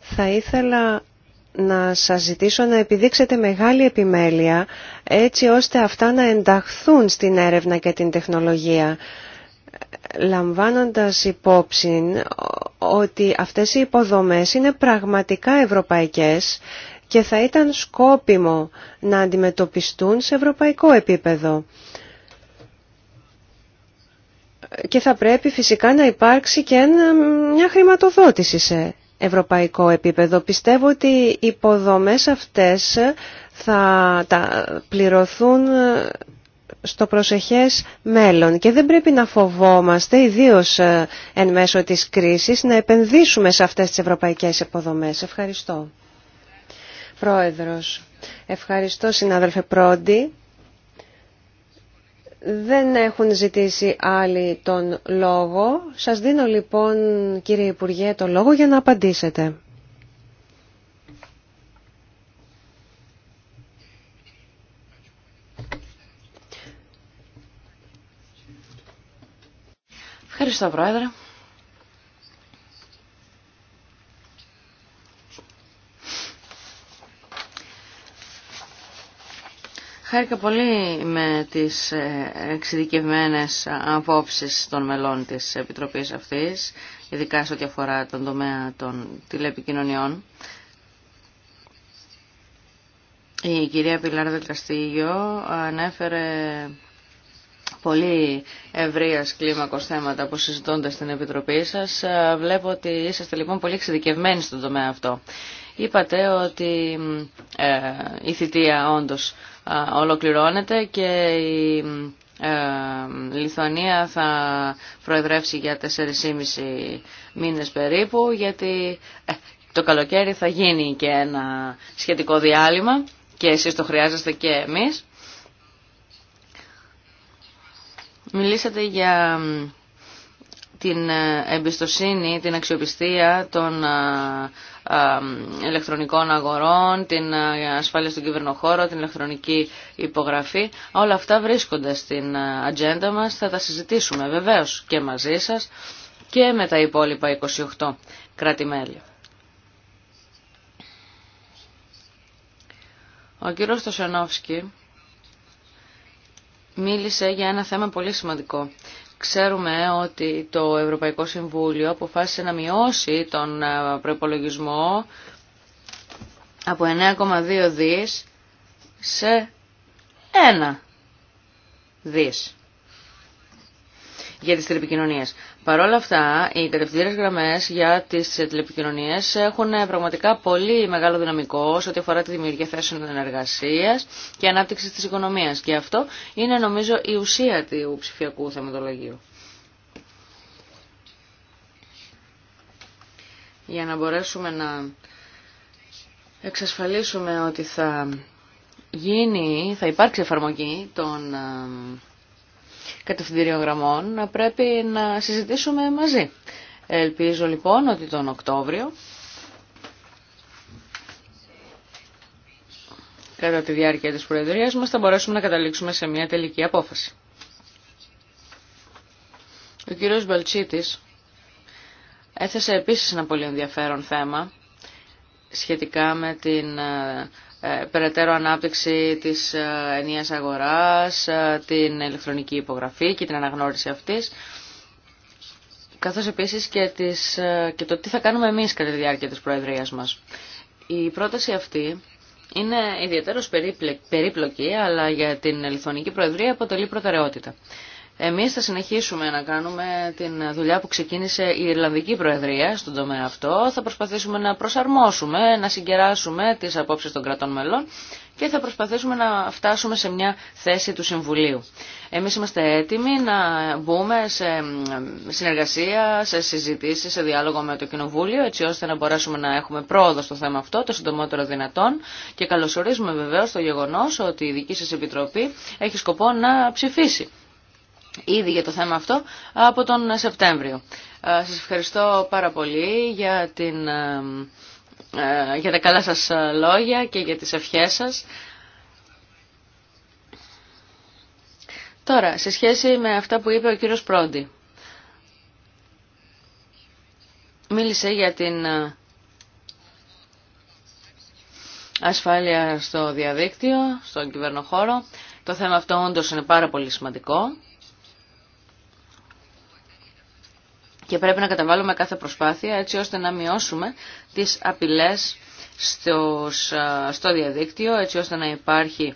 θα ήθελα να σας ζητήσω να επιδείξετε μεγάλη επιμέλεια έτσι ώστε αυτά να ενταχθούν στην έρευνα και την τεχνολογία λαμβάνοντας υπόψη ότι αυτές οι υποδομές είναι πραγματικά ευρωπαϊκές και θα ήταν σκόπιμο να αντιμετωπιστούν σε ευρωπαϊκό επίπεδο. Και θα πρέπει φυσικά να υπάρξει και μια χρηματοδότηση σε ευρωπαϊκό επίπεδο. Πιστεύω ότι οι υποδομές αυτές θα τα πληρωθούν στο προσεχές μέλλον και δεν πρέπει να φοβόμαστε, ιδίως ε, εν μέσω της κρίσης, να επενδύσουμε σε αυτές τις ευρωπαϊκές υποδομές. Ευχαριστώ. Πρόεδρος, ευχαριστώ συνάδελφε Πρόντι. Δεν έχουν ζητήσει άλλοι τον λόγο. Σας δίνω λοιπόν κύριε Υπουργέ τον λόγο για να απαντήσετε. Ευχαριστώ, Πρόεδρε. Χάρηκα πολύ με τις ε, εξειδικευμένες απόψεις των μελών της Επιτροπής αυτής, ειδικά σε ό,τι αφορά τον τομέα των τηλεπικοινωνιών. Η κυρία Πιλάρδελ Καστίγιο ανέφερε πολύ ευρεία κλίμακο θέματα που συζητώνται στην Επιτροπή σας. Ε, βλέπω ότι είσαστε λοιπόν πολύ εξειδικευμένοι στον τομέα αυτό. Είπατε ότι ε, η θητεία όντως ε, ολοκληρώνεται και η ε, Λιθουανία θα προεδρεύσει για 4,5 μήνες περίπου γιατί το καλοκαίρι θα γίνει και ένα σχετικό διάλειμμα και εσείς το χρειάζεστε και εμείς. Μιλήσατε για την ε, εμπιστοσύνη, την αξιοπιστία των ε, ε, ηλεκτρονικών αγορών, την ασφάλεια στον κυβερνοχώρο, την ηλεκτρονική υπογραφή. Όλα αυτά βρίσκονται στην ατζέντα μας, θα τα συζητήσουμε βεβαίως και μαζί σας και με τα υπόλοιπα 28 κράτη-μέλη. Ο κύριος Στοσενόφσκι μίλησε για ένα θέμα πολύ σημαντικό. Ξέρουμε ότι το Ευρωπαϊκό Συμβούλιο αποφάσισε να μειώσει τον ε, προπολογισμό από 9,2 δις σε 1 δις για τις τηλεπικοινωνίες. Παρ' όλα αυτά, οι κατευθυντήρες γραμμές για τις τηλεπικοινωνίες έχουν ε, πραγματικά πολύ μεγάλο δυναμικό σε ό,τι αφορά τη δημιουργία θέσεων εργασίας και ανάπτυξη της οικονομίας. Και αυτό είναι νομίζω η ουσία του ψηφιακού θεματολογίου. Για να μπορέσουμε να εξασφαλίσουμε ότι θα γίνει, θα υπάρξει εφαρμογή των ε, κατευθυντήριων να πρέπει να συζητήσουμε μαζί. Ελπίζω λοιπόν ότι τον Οκτώβριο, κατά τη διάρκεια της Προεδρίας μας, θα μπορέσουμε να καταλήξουμε σε μια τελική απόφαση. Ο κύριος Μπαλτσίτης έθεσε επίσης ένα πολύ ενδιαφέρον θέμα σχετικά με την ε, ε, περαιτέρω ανάπτυξη της ε, ενίας αγοράς, ε, την ηλεκτρονική υπογραφή και την αναγνώριση αυτής, καθώς επίσης και, τις, και το τι θα κάνουμε εμείς κατά τη διάρκεια της Προεδρίας μας. Η πρόταση αυτή είναι ιδιαίτερος περίπλοκη, αλλά για την ηλεκτρονική Προεδρία αποτελεί προτεραιότητα. Εμείς θα συνεχίσουμε να κάνουμε την δουλειά που ξεκίνησε η Ιρλανδική Προεδρία στον τομέα αυτό. Θα προσπαθήσουμε να προσαρμόσουμε, να συγκεράσουμε τις απόψεις των κρατών μελών και θα προσπαθήσουμε να φτάσουμε σε μια θέση του Συμβουλίου. Εμείς είμαστε έτοιμοι να μπούμε σε συνεργασία, σε συζητήσεις, σε διάλογο με το Κοινοβούλιο, έτσι ώστε να μπορέσουμε να έχουμε πρόοδο στο θέμα αυτό, το συντομότερο δυνατόν και καλωσορίζουμε βεβαίως το γεγονός ότι η δική σας Επιτροπή έχει σκοπό να ψηφίσει ήδη για το θέμα αυτό από τον Σεπτέμβριο. Ε, σας ευχαριστώ πάρα πολύ για, την, ε, ε, για τα καλά σας λόγια και για τις ευχές σας. Τώρα, σε σχέση με αυτά που είπε ο κύριος Πρόντι, μίλησε για την ασφάλεια στο διαδίκτυο, στον κυβερνοχώρο. Το θέμα αυτό όντως είναι πάρα πολύ σημαντικό. και πρέπει να καταβάλουμε κάθε προσπάθεια έτσι ώστε να μειώσουμε τις απειλές στο διαδίκτυο, έτσι ώστε να υπάρχει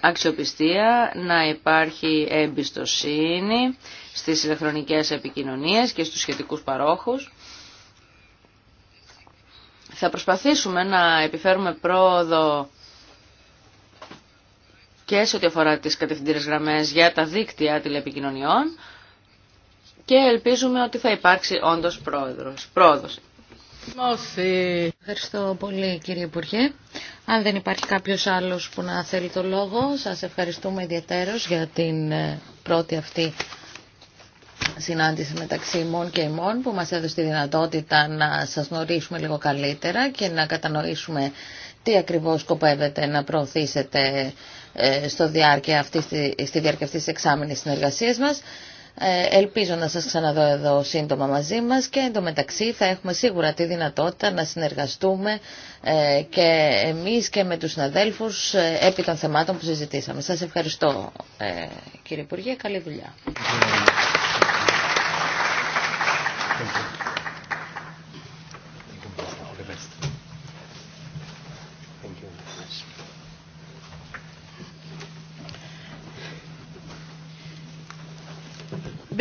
αξιοπιστία, να υπάρχει εμπιστοσύνη στις ηλεκτρονικές επικοινωνίες και στους σχετικούς παρόχους. Θα προσπαθήσουμε να επιφέρουμε πρόοδο και σε ό,τι αφορά τις κατευθυντήρες γραμμές για τα δίκτυα τηλεπικοινωνιών και ελπίζουμε ότι θα υπάρξει όντως πρόεδρος, πρόοδος. Ευχαριστώ πολύ κύριε Υπουργέ. Αν δεν υπάρχει κάποιος άλλος που να θέλει το λόγο, σας ευχαριστούμε ιδιαίτερως για την ε, πρώτη αυτή συνάντηση μεταξύ ημών και ημών που μας έδωσε τη δυνατότητα να σας γνωρίσουμε λίγο καλύτερα και να κατανοήσουμε τι ακριβώς σκοπεύετε να προωθήσετε ε, στο διάρκεια αυτής, στη διάρκεια αυτής της εξάμενης συνεργασίας μας. Ε, ελπίζω να σας ξαναδώ εδώ σύντομα μαζί μας και εντωμεταξύ θα έχουμε σίγουρα τη δυνατότητα να συνεργαστούμε ε, και εμείς και με τους συναδέλφους ε, επί των θεμάτων που συζητήσαμε. Σας ευχαριστώ κύριε Υπουργέ. Καλή δουλειά.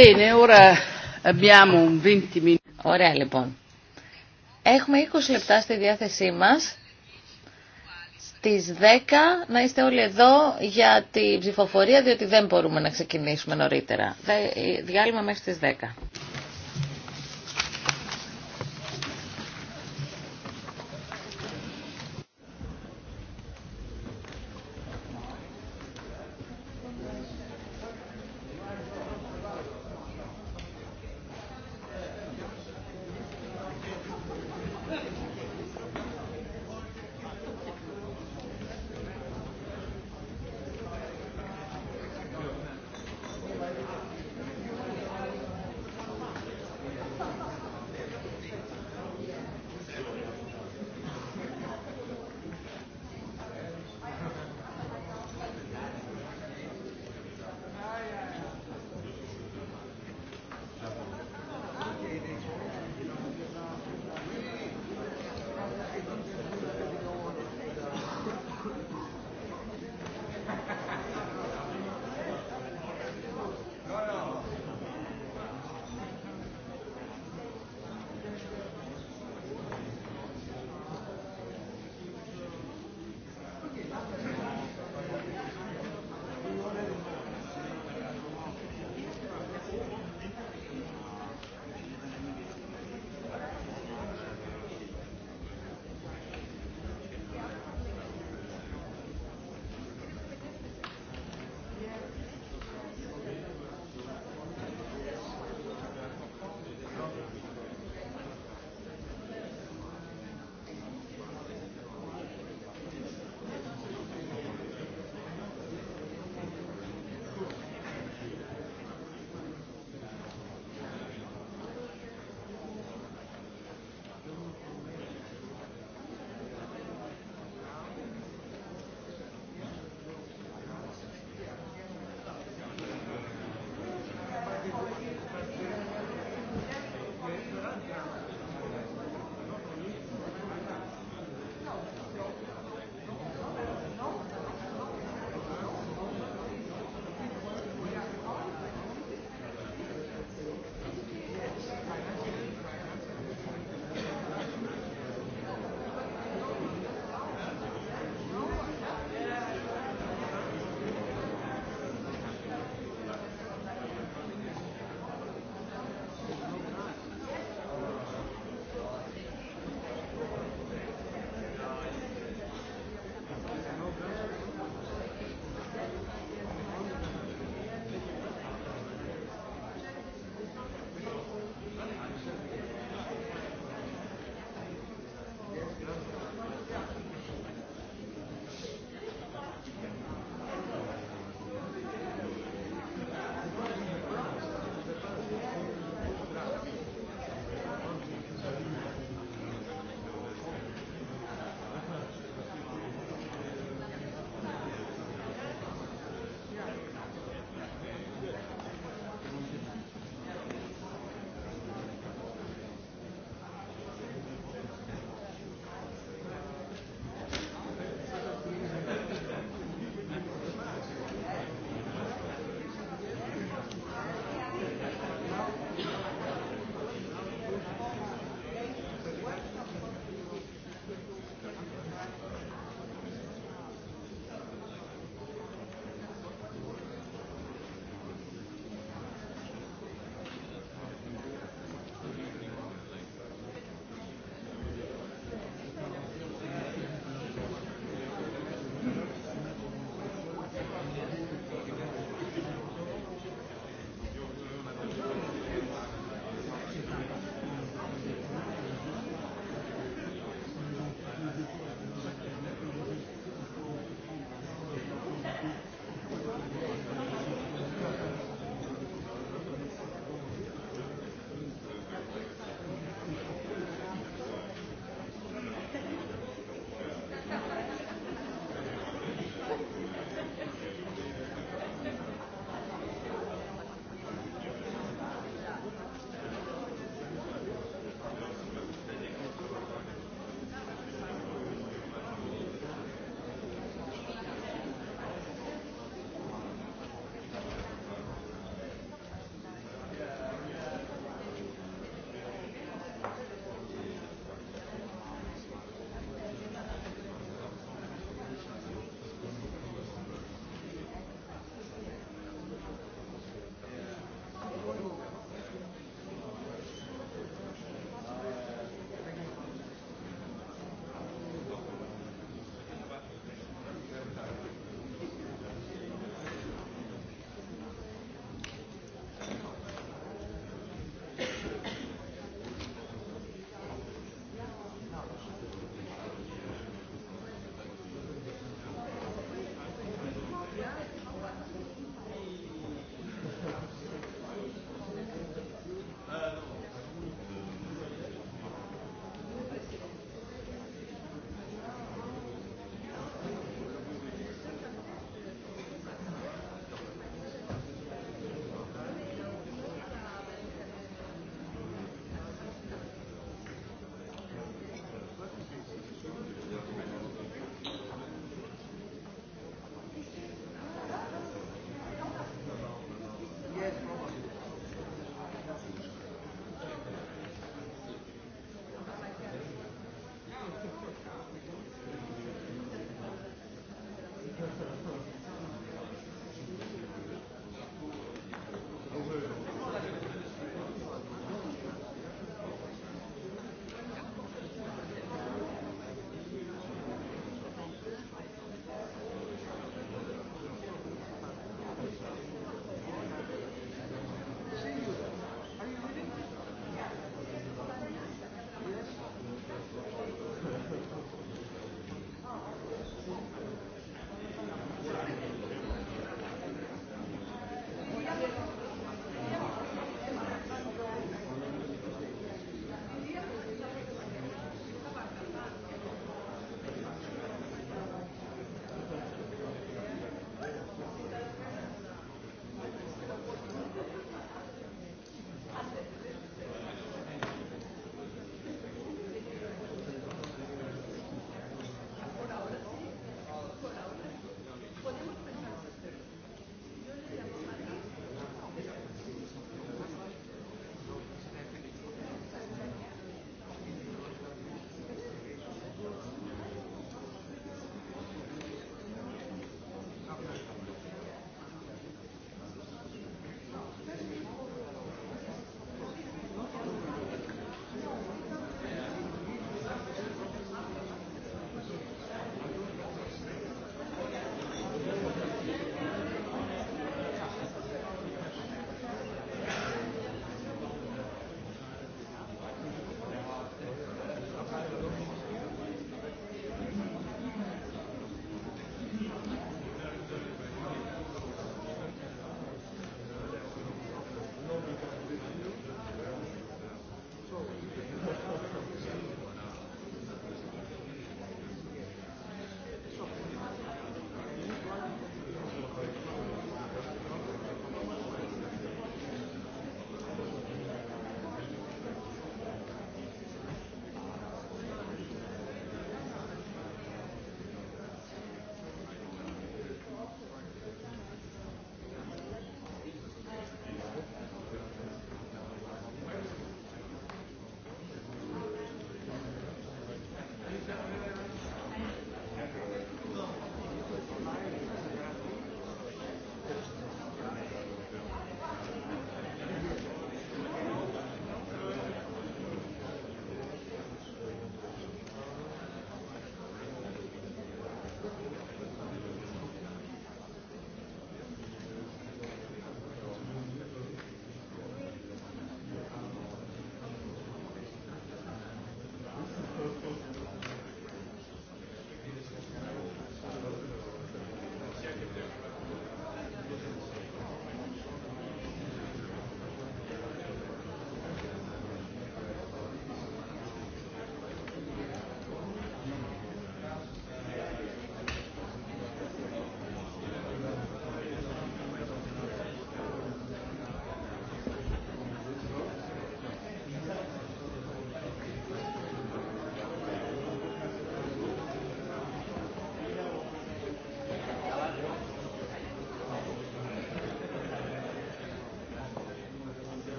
Bene, ora abbiamo 20 minuti. Ωραία λοιπόν. Έχουμε 20 λεπτά στη διάθεσή μας. Στις 10 να είστε όλοι εδώ για τη ψηφοφορία, διότι δεν μπορούμε να ξεκινήσουμε νωρίτερα. Διάλειμμα μέχρι στις 10.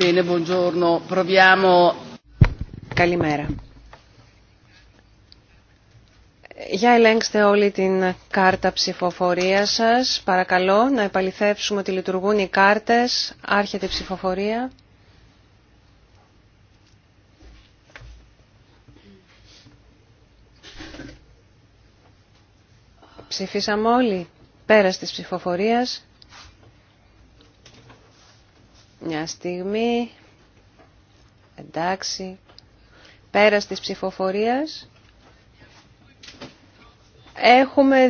Bene, buongiorno. Proviamo. Καλημέρα. Για ελέγξτε όλη την κάρτα ψηφοφορία σας. Παρακαλώ να επαληθεύσουμε ότι λειτουργούν οι κάρτες. Άρχεται η ψηφοφορία. Ψηφίσαμε όλοι πέρα της ψηφοφορίας. Μια στιγμή. Εντάξει. Πέρας της ψηφοφορίας. Έχουμε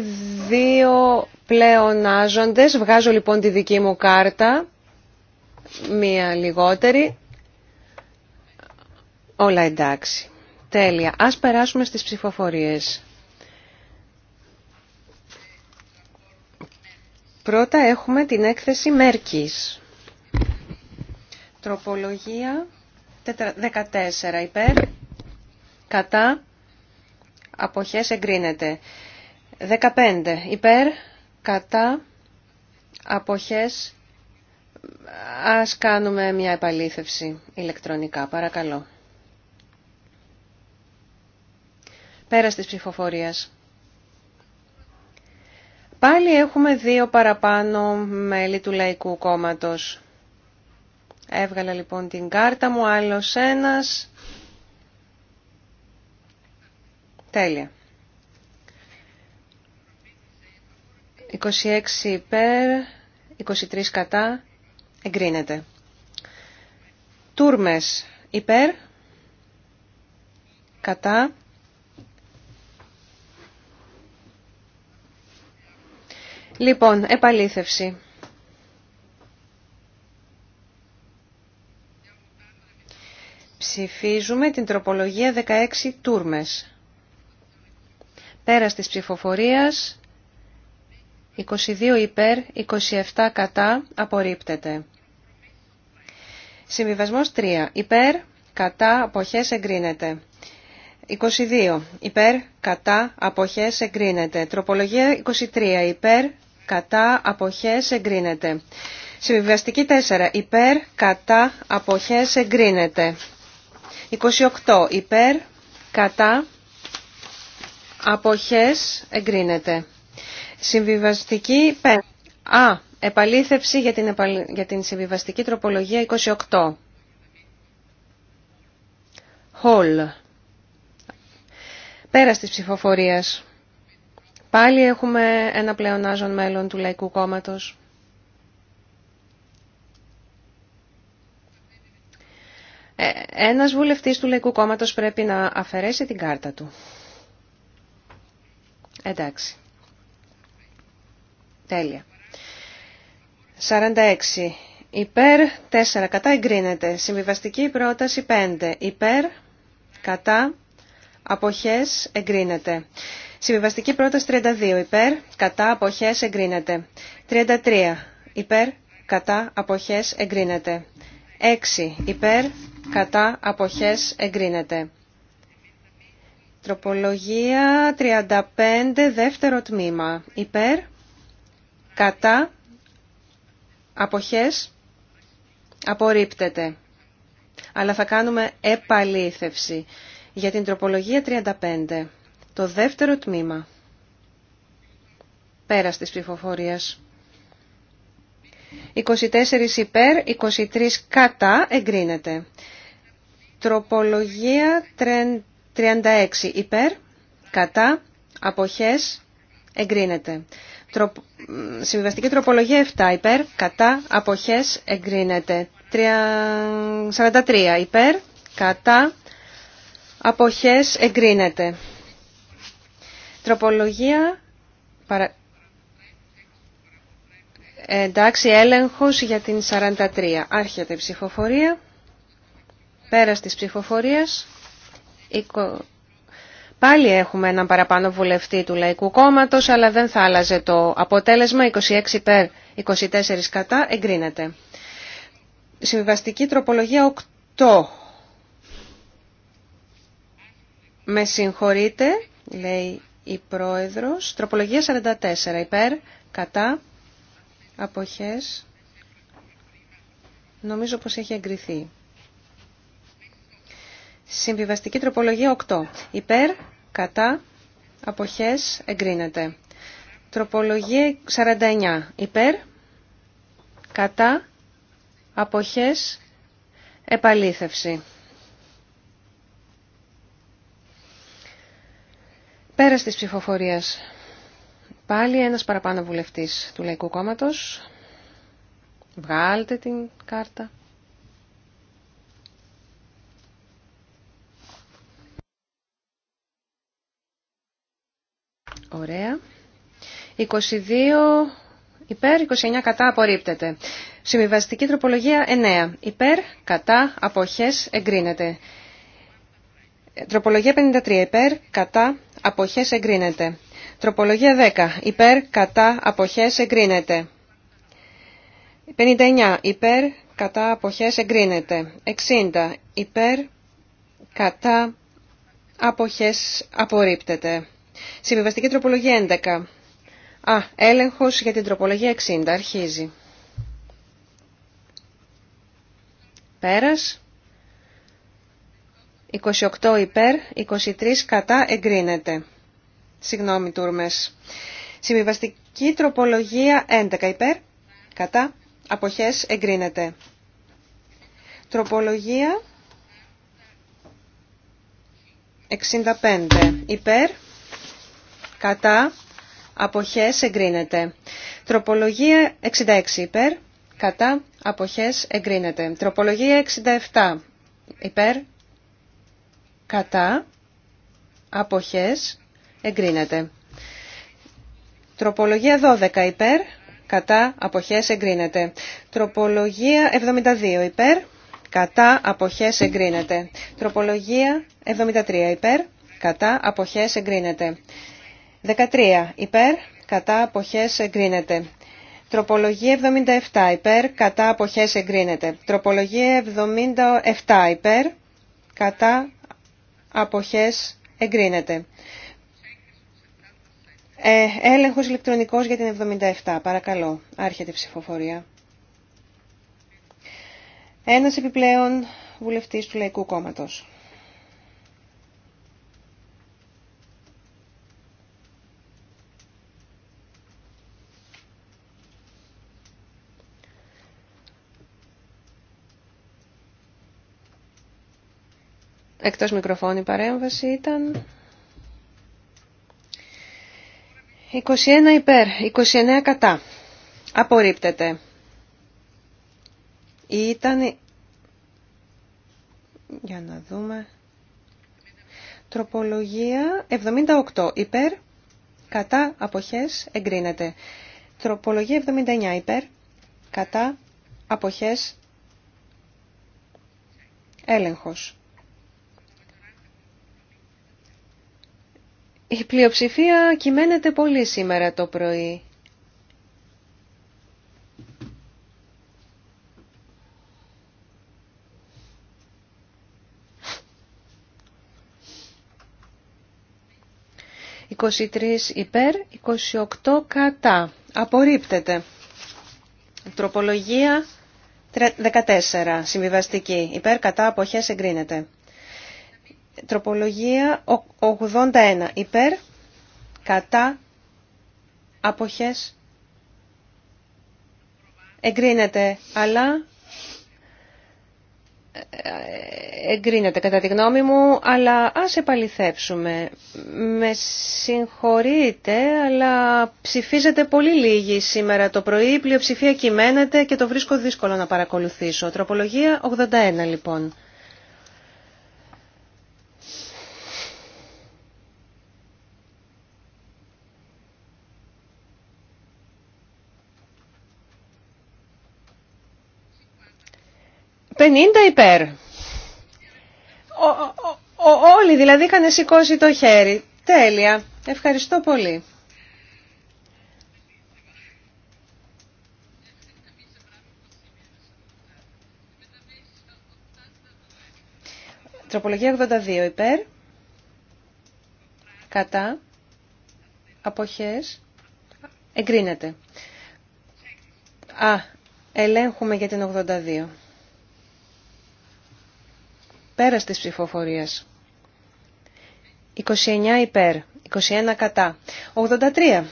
δύο πλεονάζοντες. Βγάζω λοιπόν τη δική μου κάρτα. Μία λιγότερη. Όλα εντάξει. Τέλεια. Ας περάσουμε στις ψηφοφορίες. Πρώτα έχουμε την έκθεση Μέρκης. Τροπολογία 14 υπέρ, κατά, αποχές εγκρίνεται. 15 υπέρ, κατά, αποχές, ας κάνουμε μια επαλήθευση ηλεκτρονικά, παρακαλώ. Πέρας της ψηφοφορίας. Πάλι έχουμε δύο παραπάνω μέλη του Λαϊκού Κόμματος. Έβγαλα λοιπόν την κάρτα μου, άλλος ένας. Τέλεια. 26 υπέρ, 23 κατά, εγκρίνεται. Τούρμες υπέρ, κατά. Λοιπόν, επαλήθευση. Ψηφίζουμε την τροπολογία 16 τούρμες. Πέρας της ψηφοφορίας, 22 υπέρ, 27 κατά, απορρίπτεται. Συμβιβασμός 3. Υπέρ, κατά, αποχές, εγκρίνεται. 22. Υπέρ, κατά, αποχές, εγκρίνεται. Τροπολογία 23. Υπέρ, κατά, αποχές, εγκρίνεται. Συμβιβαστική 4. Υπέρ, κατά, αποχές, εγκρίνεται. 28 υπέρ, κατά, αποχές, εγκρίνεται. Συμβιβαστική 5. Α, επαλήθευση για την, την συμβιβαστική τροπολογία 28. Χολ. Πέρα της ψηφοφορίας. Πάλι έχουμε ένα πλεονάζον μέλλον του Λαϊκού Κόμματος. Ε, ένας βουλευτής του Λαϊκού Κόμματος πρέπει να αφαιρέσει την κάρτα του. Εντάξει. Τέλεια. 46. Υπέρ 4. Κατά εγκρίνεται. Συμβιβαστική πρόταση 5. Υπέρ. Κατά. Αποχές εγκρίνεται. Συμβιβαστική πρόταση 32. Υπέρ. Κατά. Αποχές εγκρίνεται. 33. Υπέρ. Κατά. Αποχές εγκρίνεται. 6. Υπέρ κατά αποχές εγκρίνεται. Τροπολογία 35 δεύτερο τμήμα υπέρ κατά αποχές απορρίπτεται. Αλλά θα κάνουμε επαλήθευση για την τροπολογία 35 το δεύτερο τμήμα πέρας της ψηφοφορίας. 24 υπέρ, 23 κατά εγκρίνεται. Τροπολογία 36 υπέρ, κατά, αποχές, εγκρίνεται. Συμβιβαστική τροπολογία 7 υπέρ, κατά, αποχές, εγκρίνεται. 43 υπέρ, κατά, αποχές, εγκρίνεται. Τροπολογία... Παρα... Ε, εντάξει, έλεγχος για την 43. Άρχεται η ψηφοφορία. Πέρας της ψηφοφορίας, πάλι έχουμε έναν παραπάνω βουλευτή του Λαϊκού Κόμματος, αλλά δεν θα άλλαζε το αποτέλεσμα. 26 υπέρ, 24 κατά, εγκρίνεται. Συμβαστική τροπολογία 8. Με συγχωρείτε, λέει η Πρόεδρος. Τροπολογία 44 υπέρ, κατά, αποχές. Νομίζω πως έχει εγκριθεί. Συμβιβαστική τροπολογία 8. Υπέρ, κατά, αποχές, εγκρίνεται. Τροπολογία 49. Υπέρ, κατά, αποχές, επαλήθευση. Πέρας της ψηφοφορίας. Πάλι ένας παραπάνω βουλευτής του Λαϊκού Κόμματος. Βγάλτε την κάρτα. Ωραία. 22 υπέρ, 29 κατά απορρίπτεται. Συμβιβαστική τροπολογία 9. Υπέρ, κατά, αποχές, εγκρίνεται. Τροπολογία 53. Υπέρ, κατά, αποχές, εγκρίνεται. Τροπολογία 10. Υπέρ, κατά, αποχές, εγκρίνεται. 59. Υπέρ, κατά, αποχές, εγκρίνεται. 60. Υπέρ, κατά, αποχές, απορρίπτεται. Συμβιβαστική τροπολογία 11. Α, έλεγχος για την τροπολογία 60. Αρχίζει. Πέρας. 28 υπέρ, 23 κατά εγκρίνεται. Συγγνώμη, τουρμές. Συμβιβαστική τροπολογία 11 υπέρ, κατά, αποχές εγκρίνεται. Τροπολογία 65 υπέρ, κατά, αποχές εγκρίνεται. Τροπολογία 66 υπέρ, κατά, αποχές εγκρίνεται. Τροπολογία 67 υπέρ, κατά, αποχές εγκρίνεται. Τροπολογία 12 υπέρ, κατά, αποχές εγκρίνεται. Τροπολογία 72 υπέρ, κατά, αποχές εγκρίνεται. Τροπολογία 73 υπέρ, κατά, αποχές εγκρίνεται. 13. Υπέρ, κατά, αποχές, εγκρίνεται. Τροπολογία 77. Υπέρ, κατά, αποχές, εγκρίνεται. Τροπολογία 77. Υπέρ, κατά, αποχές, εγκρίνεται. Ε, έλεγχος ηλεκτρονικός για την 77. Παρακαλώ, άρχεται η ψηφοφορία. Ένας επιπλέον βουλευτής του Λαϊκού Κόμματος. εκτός μικροφώνη παρέμβαση ήταν 21 υπέρ, 29 κατά. Απορρίπτεται. Ήταν... Για να δούμε... Τροπολογία 78 υπέρ, κατά αποχές εγκρίνεται. Τροπολογία 79 υπέρ, κατά αποχές έλεγχος. Η πλειοψηφία κυμαίνεται πολύ σήμερα το πρωί. «23 υπέρ, 28 κατά». Απορρίπτεται. Τροπολογία 14, συμβιβαστική. Υπέρ κατά αποχές εγκρίνεται. Τροπολογία 81. Υπέρ, κατά, αποχές, εγκρίνεται, αλλά... Ε, εγκρίνεται κατά τη γνώμη μου, αλλά ας επαληθεύσουμε. Με συγχωρείτε, αλλά ψηφίζετε πολύ λίγοι σήμερα το πρωί, πλειοψηφία κυμαίνεται και το βρίσκω δύσκολο να παρακολουθήσω. Τροπολογία 81 λοιπόν. 50 υπέρ. Ο, ο, ο, όλοι δηλαδή είχαν σηκώσει το χέρι. Τέλεια. Ευχαριστώ πολύ. Τροπολογία 82 υπέρ. Κατά. Αποχές. Εγκρίνεται. Α, ελέγχουμε για την 82. Πέρας της ψηφοφορίας. 29 υπέρ, 21 κατά. 83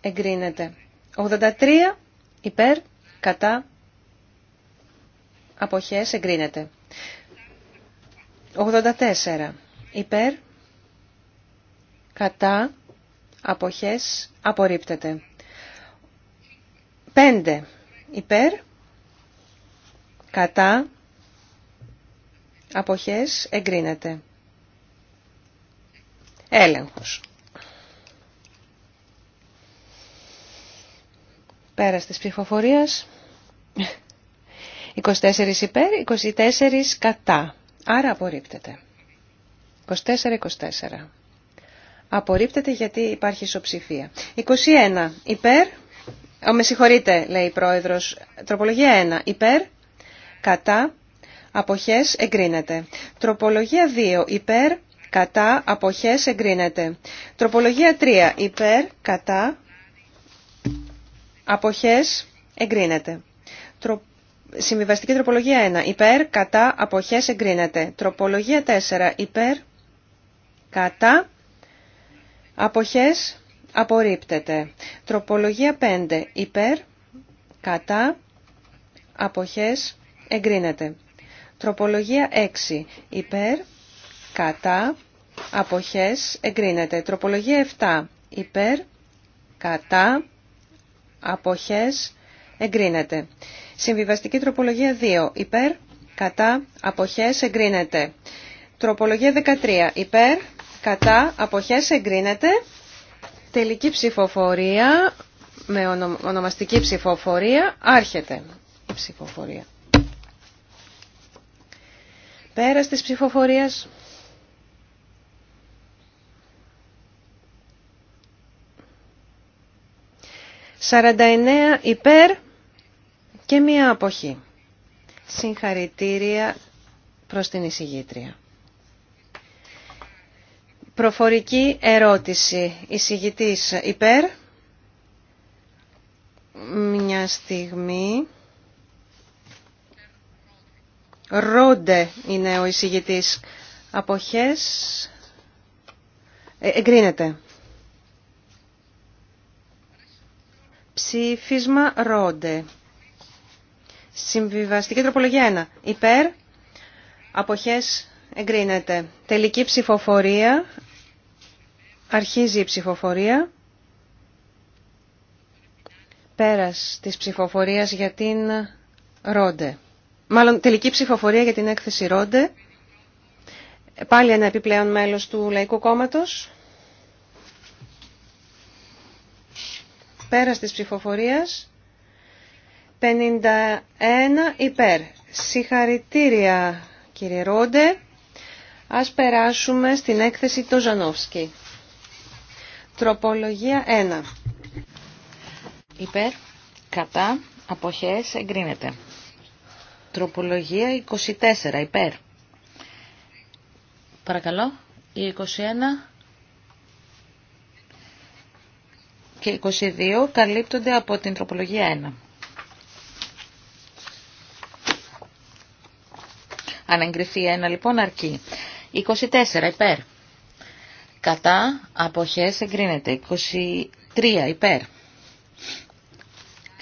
εγκρίνεται. 83 υπέρ, κατά, αποχές εγκρίνεται. 84 υπέρ, κατά, αποχές απορρίπτεται. 5 υπέρ, κατά, Αποχές εγκρίνεται. Έλεγχος. Πέρας της ψηφοφορίας. 24 υπέρ, 24 κατά. Άρα απορρίπτεται. 24-24. Απορρίπτεται γιατί υπάρχει ισοψηφία. 21 υπέρ. Ο, με συγχωρείτε, λέει η πρόεδρος. Τροπολογία 1 υπέρ. Κατά αποχές εγκρίνεται. Τροπολογία 2 υπέρ, κατά, αποχές εγκρίνεται. Τροπολογία 3 υπέρ, κατά, αποχές εγκρίνεται. Τρο... Συμβιβαστική τροπολογία 1 υπέρ, κατά, αποχές εγκρίνεται. Τροπολογία 4 υπέρ, κατά, αποχές απορρίπτεται. Τροπολογία 5 υπέρ, κατά, αποχές εγκρίνεται. Τροπολογία 6. Υπέρ, κατά, αποχές, εγκρίνεται. Τροπολογία 7. Υπέρ, κατά, αποχές, εγκρίνεται. Συμβιβαστική τροπολογία 2. Υπέρ, κατά, αποχές, εγκρίνεται. Τροπολογία 13. Υπέρ, κατά, αποχές, εγκρίνεται. Τελική ψηφοφορία με ονομαστική ψηφοφορία άρχεται η ψηφοφορία. Πέρας της ψηφοφορίας. «49 υπέρ και μία αποχή». Συγχαρητήρια προς την εισηγήτρια. Προφορική ερώτηση. Εισηγητής υπέρ. Μια στιγμή. Ρόντε είναι ο εισηγητής. Αποχές ε, εγκρίνεται. Ψήφισμα Ρόντε. Συμβιβαστική τροπολογία 1. Υπέρ. Αποχές εγκρίνεται. Τελική ψηφοφορία. Αρχίζει η ψηφοφορία. Πέρας της ψηφοφορίας για την Ρόντε μάλλον τελική ψηφοφορία για την έκθεση Ρόντε. Πάλι ένα επιπλέον μέλος του Λαϊκού Κόμματος. Πέρας της ψηφοφορίας. 51 υπέρ. Συγχαρητήρια κύριε Ρόντε. Ας περάσουμε στην έκθεση το Ζανόφσκι. Τροπολογία 1. Υπέρ, κατά, αποχές, εγκρίνεται. Τροπολογία 24 υπέρ. Παρακαλώ. Η 21 και 22 καλύπτονται από την τροπολογία 1. Αν εγκριθεί 1 λοιπόν αρκεί. 24 υπέρ. Κατά αποχές εγκρίνεται. 23 υπέρ.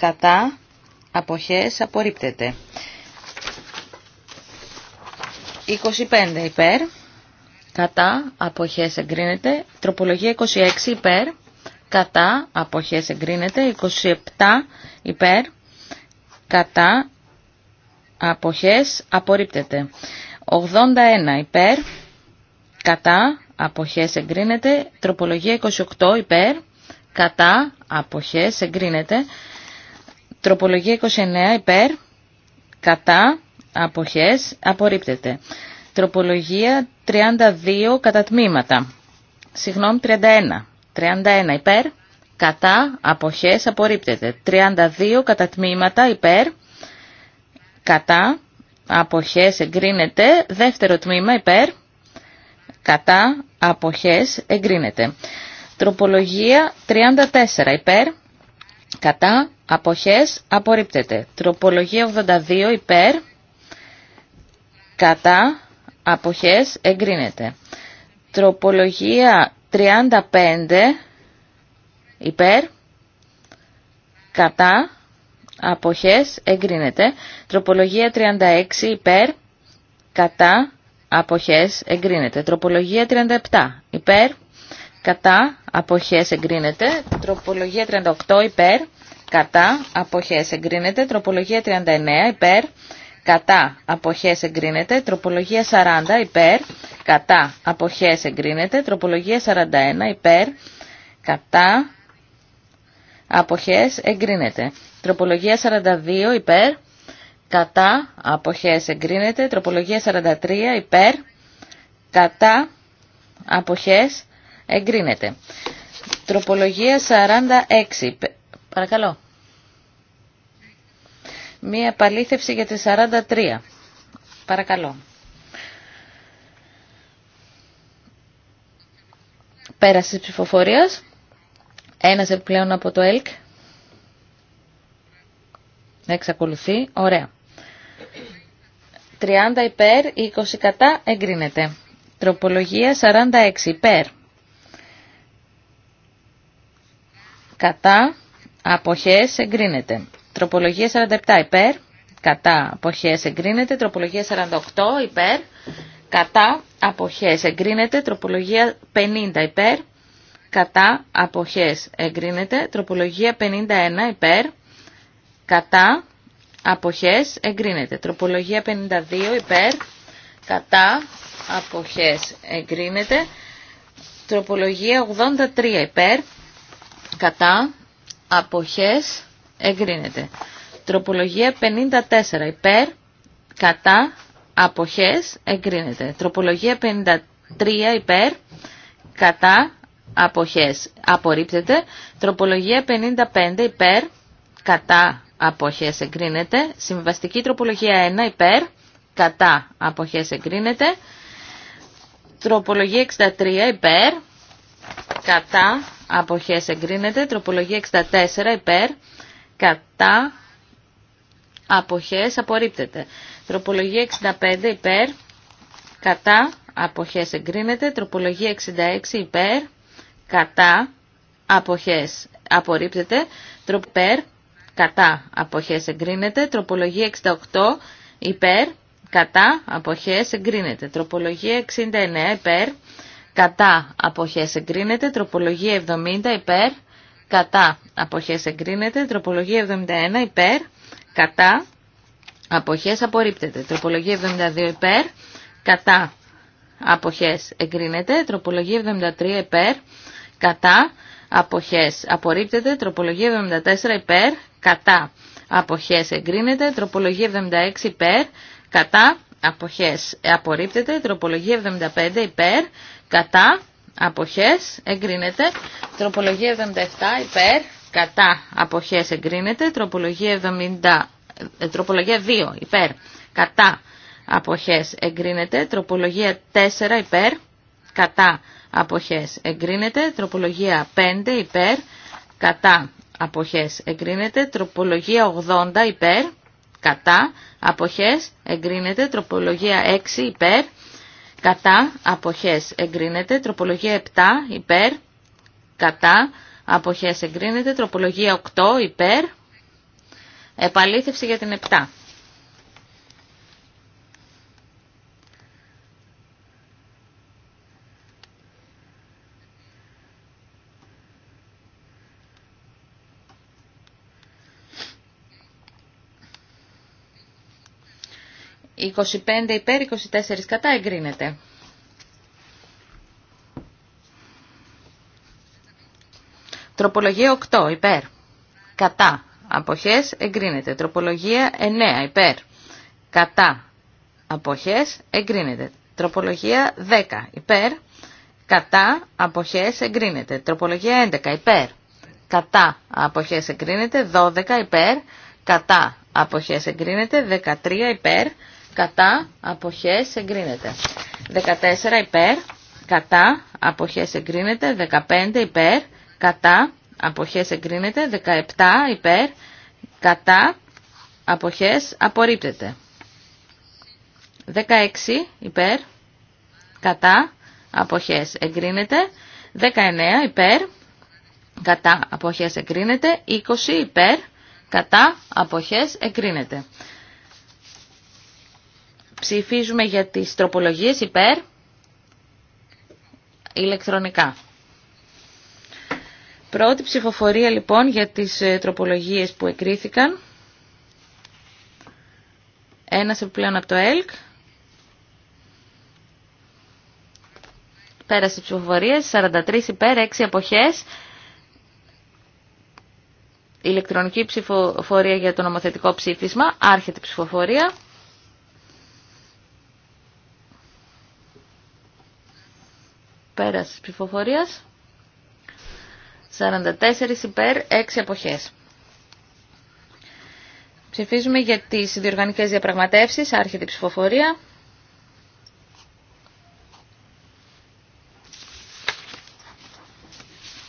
Κατά αποχές απορρίπτεται. 25 υπέρ, κατά, αποχές εγκρίνεται. Τροπολογία 26 υπέρ, κατά, αποχές εγκρίνεται. 27 υπέρ, κατά, αποχές απορρίπτεται. 81 υπέρ, κατά, αποχές εγκρίνεται. Τροπολογία 28 υπέρ, κατά, αποχές εγκρίνεται. Τροπολογία 29 υπέρ, κατά, αποχές απορρίπτεται. Τροπολογία 32 κατά τμήματα. Συγγνώμη 31. 31 υπέρ, κατά, αποχές απορρίπτεται. 32 κατά τμήματα υπέρ, κατά, αποχές εγκρίνεται. Δεύτερο τμήμα υπέρ, κατά, αποχές εγκρίνεται. Τροπολογία 34 υπέρ, κατά, αποχές απορρίπτεται. Τροπολογία 82 υπέρ, κατά, αποχές, εγκρίνεται. Τροπολογία 35, υπέρ, κατά, αποχές, εγκρίνεται. Τροπολογία 36, υπέρ, κατά, αποχές, εγκρίνεται. Τροπολογία 37, υπέρ, κατά, αποχές, εγκρίνεται. Τροπολογία 38, υπέρ, κατά, αποχές, εγκρίνεται. Τροπολογία 39, υπέρ, κατά αποχές εγκρίνεται, τροπολογία 40 υπέρ, κατά αποχές εγκρίνεται, τροπολογία 41 υπέρ, κατά αποχές εγκρίνεται. Τροπολογία 42 υπέρ, κατά αποχές εγκρίνεται, τροπολογία 43 υπέρ, κατά αποχές εγκρίνεται. Τροπολογία 46 παρακαλώ. Μία επαλήθευση για τη 43. Παρακαλώ. Πέραση της ψηφοφορίας. Ένας επιπλέον από το ΕΛΚ. Εξακολουθεί. Ωραία. 30 υπέρ, 20 κατά εγκρίνεται. Τροπολογία 46 υπέρ. Κατά, αποχές εγκρίνεται. Τροπολογία 47 υπέρ, κατά αποχές εγκρίνεται. Τροπολογία 48 υπέρ, κατά αποχές εγκρίνεται. Τροπολογία 50 υπέρ, κατά αποχές εγκρίνεται. Τροπολογία 51 υπέρ, κατά αποχές εγκρίνεται. Τροπολογία 52 υπέρ, κατά αποχές εγκρίνεται. Τροπολογία 83 υπέρ, κατά αποχές εγκρίνεται. Τροπολογία 54 υπέρ, κατά, αποχές, εγκρίνεται. Τροπολογία 53 υπέρ, κατά, αποχές, απορρίπτεται. Τροπολογία 55 υπέρ, κατά, αποχές, εγκρίνεται. Συμβαστική τροπολογία 1 υπέρ, κατά, αποχές, εγκρίνεται. Τροπολογία 63 υπέρ, κατά, αποχές εγκρίνεται. Τροπολογία 64 υπέρ, κατά, αποχές, απορρίπτεται. Τροπολογία 65 υπέρ, κατά, αποχές εγκρίνεται. Τροπολογία 66 υπέρ, κατά, αποχές απορρίπτεται. Τροπέρ, κατά, αποχές εγκρίνεται. Τροπολογία 68 υπέρ, κατά, αποχές εγκρίνεται. Τροπολογία 69 υπέρ, κατά, αποχές εγκρίνεται. Τροπολογία 70 υπέρ, κατά αποχές εγκρίνεται, τροπολογία 71 υπέρ, κατά αποχές απορρίπτεται, τροπολογία 72 υπέρ, κατά αποχές εγκρίνεται, τροπολογία 73 υπέρ, κατά αποχές απορρίπτεται, τροπολογία 74 υπέρ, κατά αποχές εγκρίνεται, τροπολογία 76 υπέρ, κατά αποχές απορρίπτεται, τροπολογία 75 υπέρ, κατά αποχές εγκρίνεται. Τροπολογία 77 υπέρ, κατά αποχές εγκρίνεται. Τροπολογία, 70, ε, τροπολογία 2 υπέρ, κατά αποχές εγκρίνεται. Τροπολογία 4 υπέρ, κατά αποχές εγκρίνεται. Τροπολογία 5 υπέρ, κατά αποχές εγκρίνεται. Τροπολογία 80 υπέρ, κατά αποχές εγκρίνεται. Τροπολογία 6 υπέρ, κατά, αποχές εγκρίνεται, τροπολογία 7 υπέρ, κατά, αποχές εγκρίνεται, τροπολογία 8 υπέρ, επαλήθευση για την 7. 25 υπέρ, 24 κατά εγκρίνεται. Τροπολογία 8 υπέρ. Κατά. Αποχές εγκρίνεται. Τροπολογία 9 υπέρ. Κατά. Αποχές εγκρίνεται. Τροπολογία 10 υπέρ. Κατά. Αποχές εγκρίνεται. Τροπολογία 11 υπέρ. Κατά. Αποχές εγκρίνεται. 12 υπέρ. Κατά. Αποχές εγκρίνεται. 13 υπέρ κατά, αποχές, εγκρίνεται. 14 υπέρ, κατά, αποχές, εγκρίνεται. 15 υπέρ, κατά, αποχές, εγκρίνεται. 17 υπέρ, κατά, αποχές, απορρίπτεται. 16 υπέρ, κατά, αποχές, εγκρίνεται. 19 υπέρ, κατά, αποχές, εγκρίνεται. 20 υπέρ, κατά, αποχές, εγκρίνεται. Ψηφίζουμε για τις τροπολογίες υπέρ ηλεκτρονικά. Πρώτη ψηφοφορία λοιπόν για τις ε, τροπολογίες που εκρίθηκαν. Ένας επιπλέον από το ΕΛΚ. Πέρασε ψηφοφορία, 43 υπέρ, 6 αποχές. Ηλεκτρονική ψηφοφορία για το νομοθετικό ψήφισμα, άρχεται ψηφοφορία. Πέρας της ψηφοφορίας. 44 υπέρ, 6 εποχέ. Ψηφίζουμε για τις διοργανικές διαπραγματεύσεις, άρχεται η ψηφοφορία.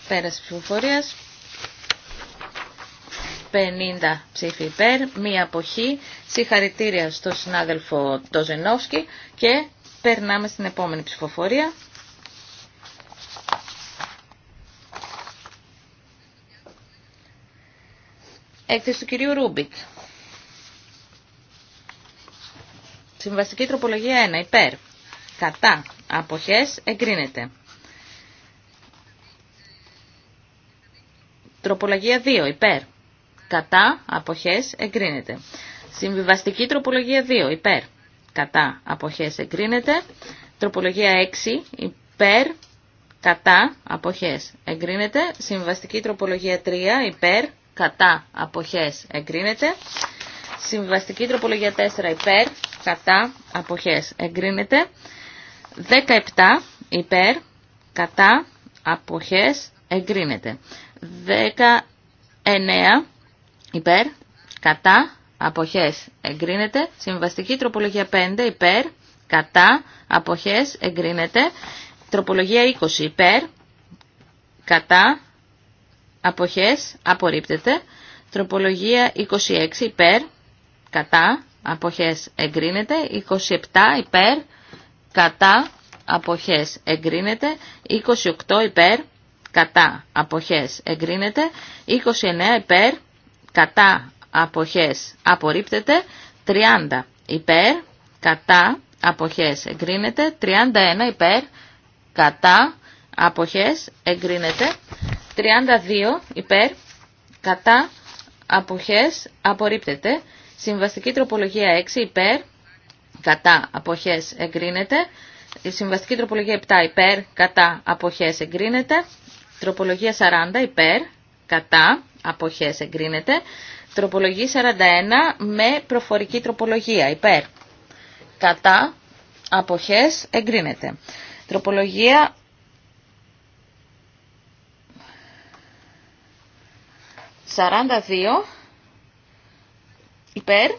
Πέρας της ψηφοφορίας. 50 ψήφοι υπέρ, μία αποχή. Συγχαρητήρια στον συνάδελφο Τοζενόφσκι και περνάμε στην επόμενη ψηφοφορία. Έκθεση του κυρίου Ρούμπικ. Συμβαστική τροπολογία 1. Υπέρ. Κατά. Αποχές. Εγκρίνεται. Τροπολογία 2. Υπέρ. Κατά. Αποχές. Εγκρίνεται. Συμβιβαστική τροπολογία 2. Υπέρ. Κατά. Αποχές. Εγκρίνεται. Τροπολογία 6. Υπέρ. Κατά. Αποχές. Εγκρίνεται. Συμβαστική τροπολογία 3. Υπέρ κατά αποχές εγκρίνεται. Συμβαστική τροπολογία 4 υπέρ, κατά αποχές εγκρίνεται. 17 υπέρ, κατά αποχές εγκρίνεται. 19 υπέρ, κατά αποχές εγκρίνεται. Συμβαστική τροπολογία 5 υπέρ, κατά αποχές εγκρίνεται. Τροπολογία 20 υπέρ, κατά αποχές απορρίπτεται. Τροπολογία 26 υπέρ, κατά, αποχές εγκρίνεται. 27 υπέρ, κατά, αποχές εγκρίνεται. 28 υπέρ, κατά, αποχές εγκρίνεται. 29 υπέρ, κατά, αποχές απορρίπτεται. 30 υπέρ, κατά, αποχές εγκρίνεται. 31 υπέρ, κατά, αποχές εγκρίνεται. 32 υπέρ, κατά, αποχές, απορρίπτεται. Συμβαστική τροπολογία 6 υπέρ, κατά, αποχές, εγκρίνεται. Η συμβαστική τροπολογία 7 υπέρ, κατά, αποχές, εγκρίνεται. Τροπολογία 40 υπέρ, κατά, αποχές, εγκρίνεται. Τροπολογία 41 με προφορική τροπολογία υπέρ, κατά, αποχές, εγκρίνεται. Τροπολογία 42 υπέρ.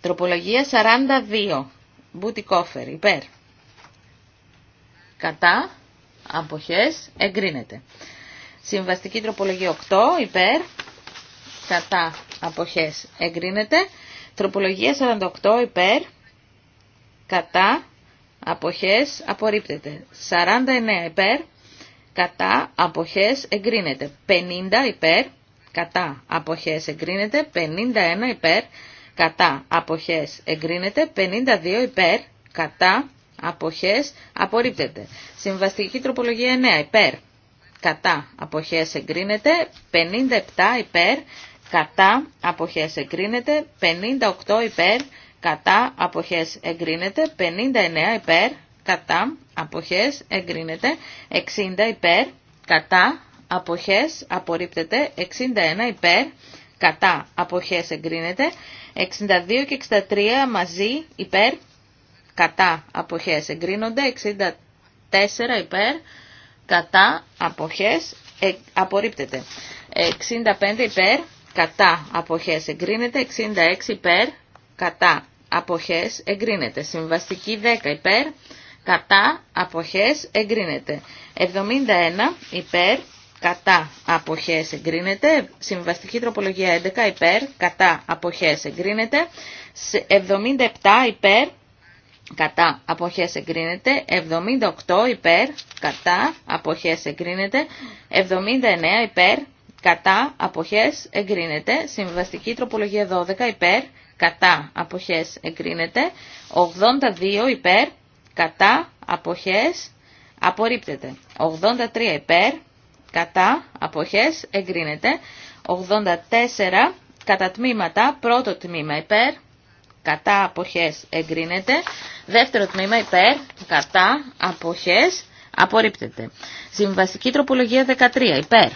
Τροπολογία 42. Μπούτι κόφερ υπέρ. Κατά. Αποχές. Εγκρίνεται. Συμβαστική τροπολογία 8 υπέρ. Κατά. Αποχές. Εγκρίνεται. Τροπολογία 48 υπέρ. Κατά. Αποχές απορρίπτεται. 49 υπέρ κατά αποχές εγκρίνεται. 50 υπέρ κατά αποχές εγκρίνεται. 51 υπέρ κατά αποχές εγκρίνεται. 52 υπέρ κατά αποχές απορρίπτεται. Συμβαστική τροπολογία 9 υπέρ κατά αποχές εγκρίνεται. 57 υπέρ κατά αποχές εγκρίνεται. 58 υπέρ κατά αποχές εγκρίνεται. 59 υπέρ κατά, αποχές, εγκρίνεται. 60 υπέρ, κατά, αποχές, απορρίπτεται. 61 υπέρ, κατά, αποχές, εγκρίνεται. 62 και 63 μαζί, υπέρ, κατά, αποχές, εγκρίνονται. 64 υπέρ, κατά, αποχές, ε, απορρίπτεται. 65 υπέρ, κατά, αποχές, εγκρίνεται. 66 υπέρ, κατά, αποχές εγκρίνεται. Συμβαστική 10 υπέρ, κατά αποχές εγκρίνεται. 71 υπέρ κατά αποχές εγκρίνεται. Συμβαστική τροπολογία 11 υπέρ κατά αποχές εγκρίνεται. 77 υπέρ κατά αποχές εγκρίνεται. 78 υπέρ κατά αποχές εγκρίνεται. 79 υπέρ κατά αποχές εγκρίνεται. Συμβαστική τροπολογία 12 υπέρ κατά αποχές εγκρίνεται. 82 υπέρ κατά, αποχές, απορρίπτεται. 83 υπέρ, κατά, αποχές, εγκρίνεται. 84 κατά τμήματα, πρώτο τμήμα υπέρ, κατά, αποχές, εγκρίνεται. Δεύτερο τμήμα υπέρ, κατά, αποχές, απορρίπτεται. Συμβαστική τροπολογία 13 υπέρ,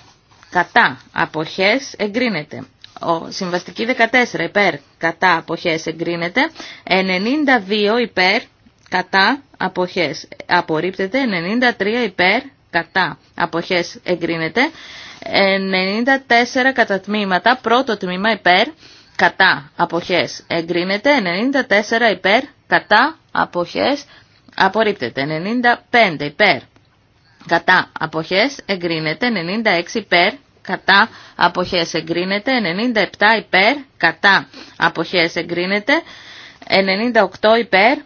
κατά, αποχές, εγκρίνεται. Ο συμβαστική 14 υπέρ κατά αποχές εγκρίνεται, 92 υπέρ κατά αποχές απορρίπτεται, 93 υπέρ κατά αποχές εγκρίνεται, 94 κατά τμήματα, πρώτο τμήμα υπέρ κατά αποχές εγκρίνεται, 94 υπέρ κατά αποχές απορρίπτεται, 95 υπέρ κατά αποχές εγκρίνεται, 96 υπέρ κατά αποχές εγκρίνεται, 97 υπέρ κατά αποχές εγκρίνεται, 98 υπέρ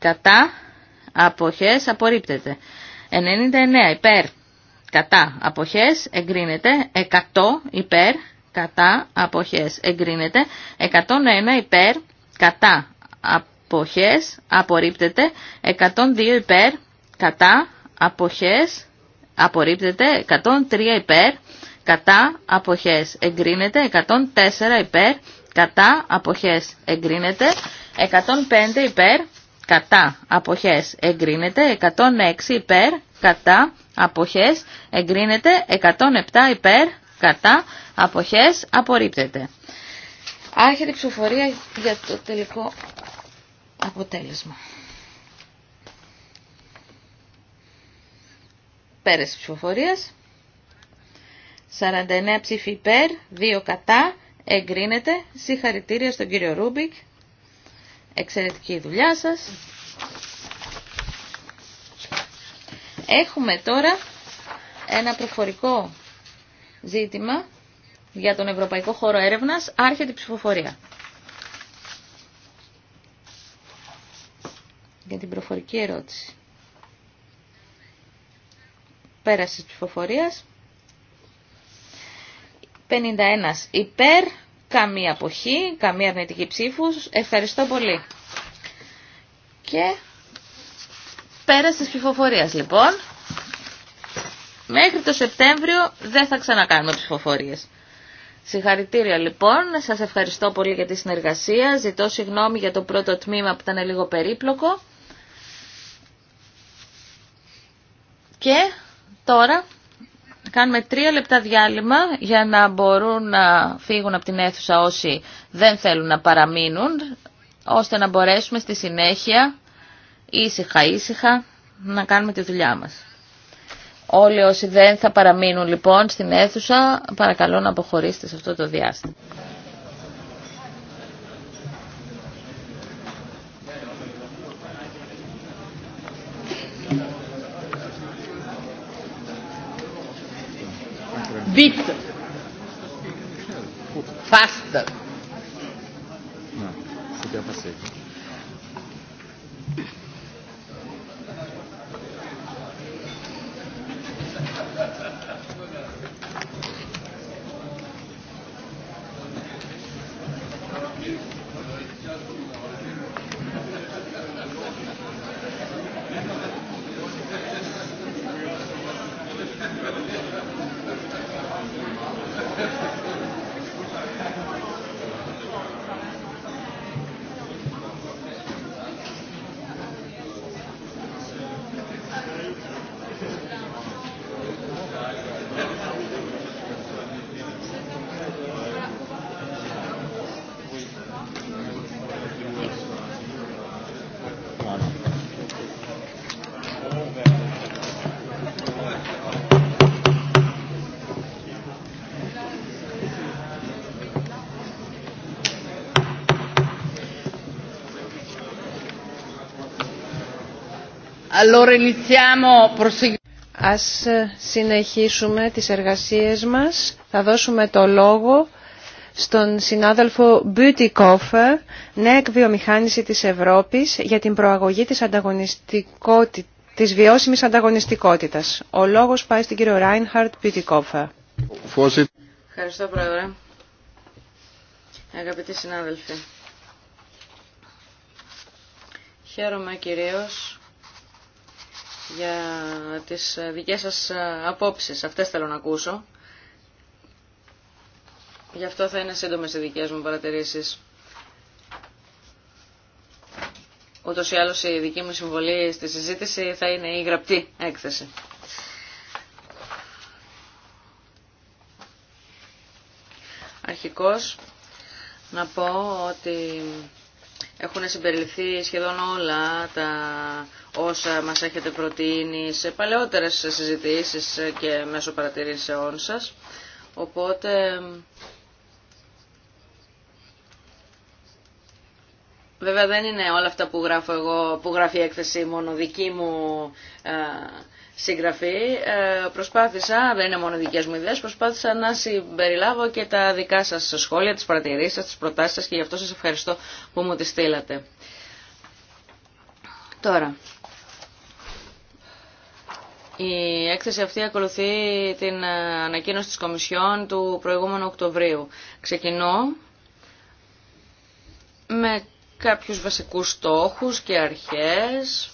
κατά, αποχές, απορρίπτεται. 99 υπέρ, κατά, αποχές, εγκρίνεται. 100 υπέρ, κατά, αποχές, εγκρίνεται. 101 υπέρ, κατά, αποχές, απορρίπτεται. 102 υπέρ, κατά, αποχές, απορρίπτεται. 103 υπέρ, κατά, αποχές, εγκρίνεται. 104 υπέρ, κατά, αποχές, εγκρίνεται. 105 υπέρ, κατά αποχές εγκρίνεται, 106 υπέρ κατά αποχές εγκρίνεται, 107 υπέρ κατά αποχές απορρίπτεται. Άρχεται η ψηφοφορία για το τελικό αποτέλεσμα. Πέρασε ψηφοφορίας. 49 ψηφί, υπέρ, 2 κατά, εγκρίνεται. Συγχαρητήρια στον κύριο Ρούμπικ Εξαιρετική η δουλειά σας. Έχουμε τώρα ένα προφορικό ζήτημα για τον Ευρωπαϊκό Χώρο Έρευνας. Άρχεται η ψηφοφορία. Για την προφορική ερώτηση. Πέραση της ψηφοφορίας. 51 υπέρ, καμία αποχή, καμία αρνητική ψήφους. Ευχαριστώ πολύ. Και πέρα της ψηφοφορία, λοιπόν. Μέχρι το Σεπτέμβριο δεν θα ξανακάνουμε ψηφοφορίες. Συγχαρητήρια λοιπόν, σας ευχαριστώ πολύ για τη συνεργασία, ζητώ συγγνώμη για το πρώτο τμήμα που ήταν λίγο περίπλοκο. Και τώρα κάνουμε τρία λεπτά διάλειμμα για να μπορούν να φύγουν από την αίθουσα όσοι δεν θέλουν να παραμείνουν, ώστε να μπορέσουμε στη συνέχεια ήσυχα ήσυχα να κάνουμε τη δουλειά μας. Όλοι όσοι δεν θα παραμείνουν λοιπόν στην αίθουσα, παρακαλώ να αποχωρήσετε σε αυτό το διάστημα. Vite. Fast. Non, c'est Ας συνεχίσουμε τις εργασίες μας. Θα δώσουμε το λόγο στον συνάδελφο Μπιουτικόφερ, νέα εκβιομηχάνηση της Ευρώπης για την προαγωγή της, της βιώσιμης ανταγωνιστικότητας. Ο λόγος πάει στην κύριο Ράινχαρτ Μπιουτικόφερ. Ευχαριστώ πρόεδρε. Αγαπητοί συνάδελφοι. Χαίρομαι κυρίως για τις δικές σας ε, απόψεις. Αυτές θέλω να ακούσω. Γι' αυτό θα είναι σύντομες οι δικές μου παρατηρήσεις. Ούτως ή άλλως η δική μου συμβολή στη συζήτηση θα είναι η γραπτή έκθεση. Αρχικώς να πω ότι έχουν συμπεριληφθεί σχεδόν όλα τα όσα μας έχετε προτείνει σε παλαιότερες συζητήσεις και μέσω παρατηρήσεών σας. Οπότε... Βέβαια δεν είναι όλα αυτά που γράφω εγώ, που γράφει η έκθεση μόνο δική μου ε, συγγραφή ε, προσπάθησα, δεν είναι μόνο δικές μου ιδέες, προσπάθησα να συμπεριλάβω και τα δικά σας σχόλια, τις παρατηρήσεις σας, τις προτάσεις σας και γι' αυτό σας ευχαριστώ που μου τις στείλατε. Τώρα, η έκθεση αυτή ακολουθεί την ε, ανακοίνωση της Κομισιόν του προηγούμενου Οκτωβρίου. Ξεκινώ με κάποιους βασικούς στόχους και αρχές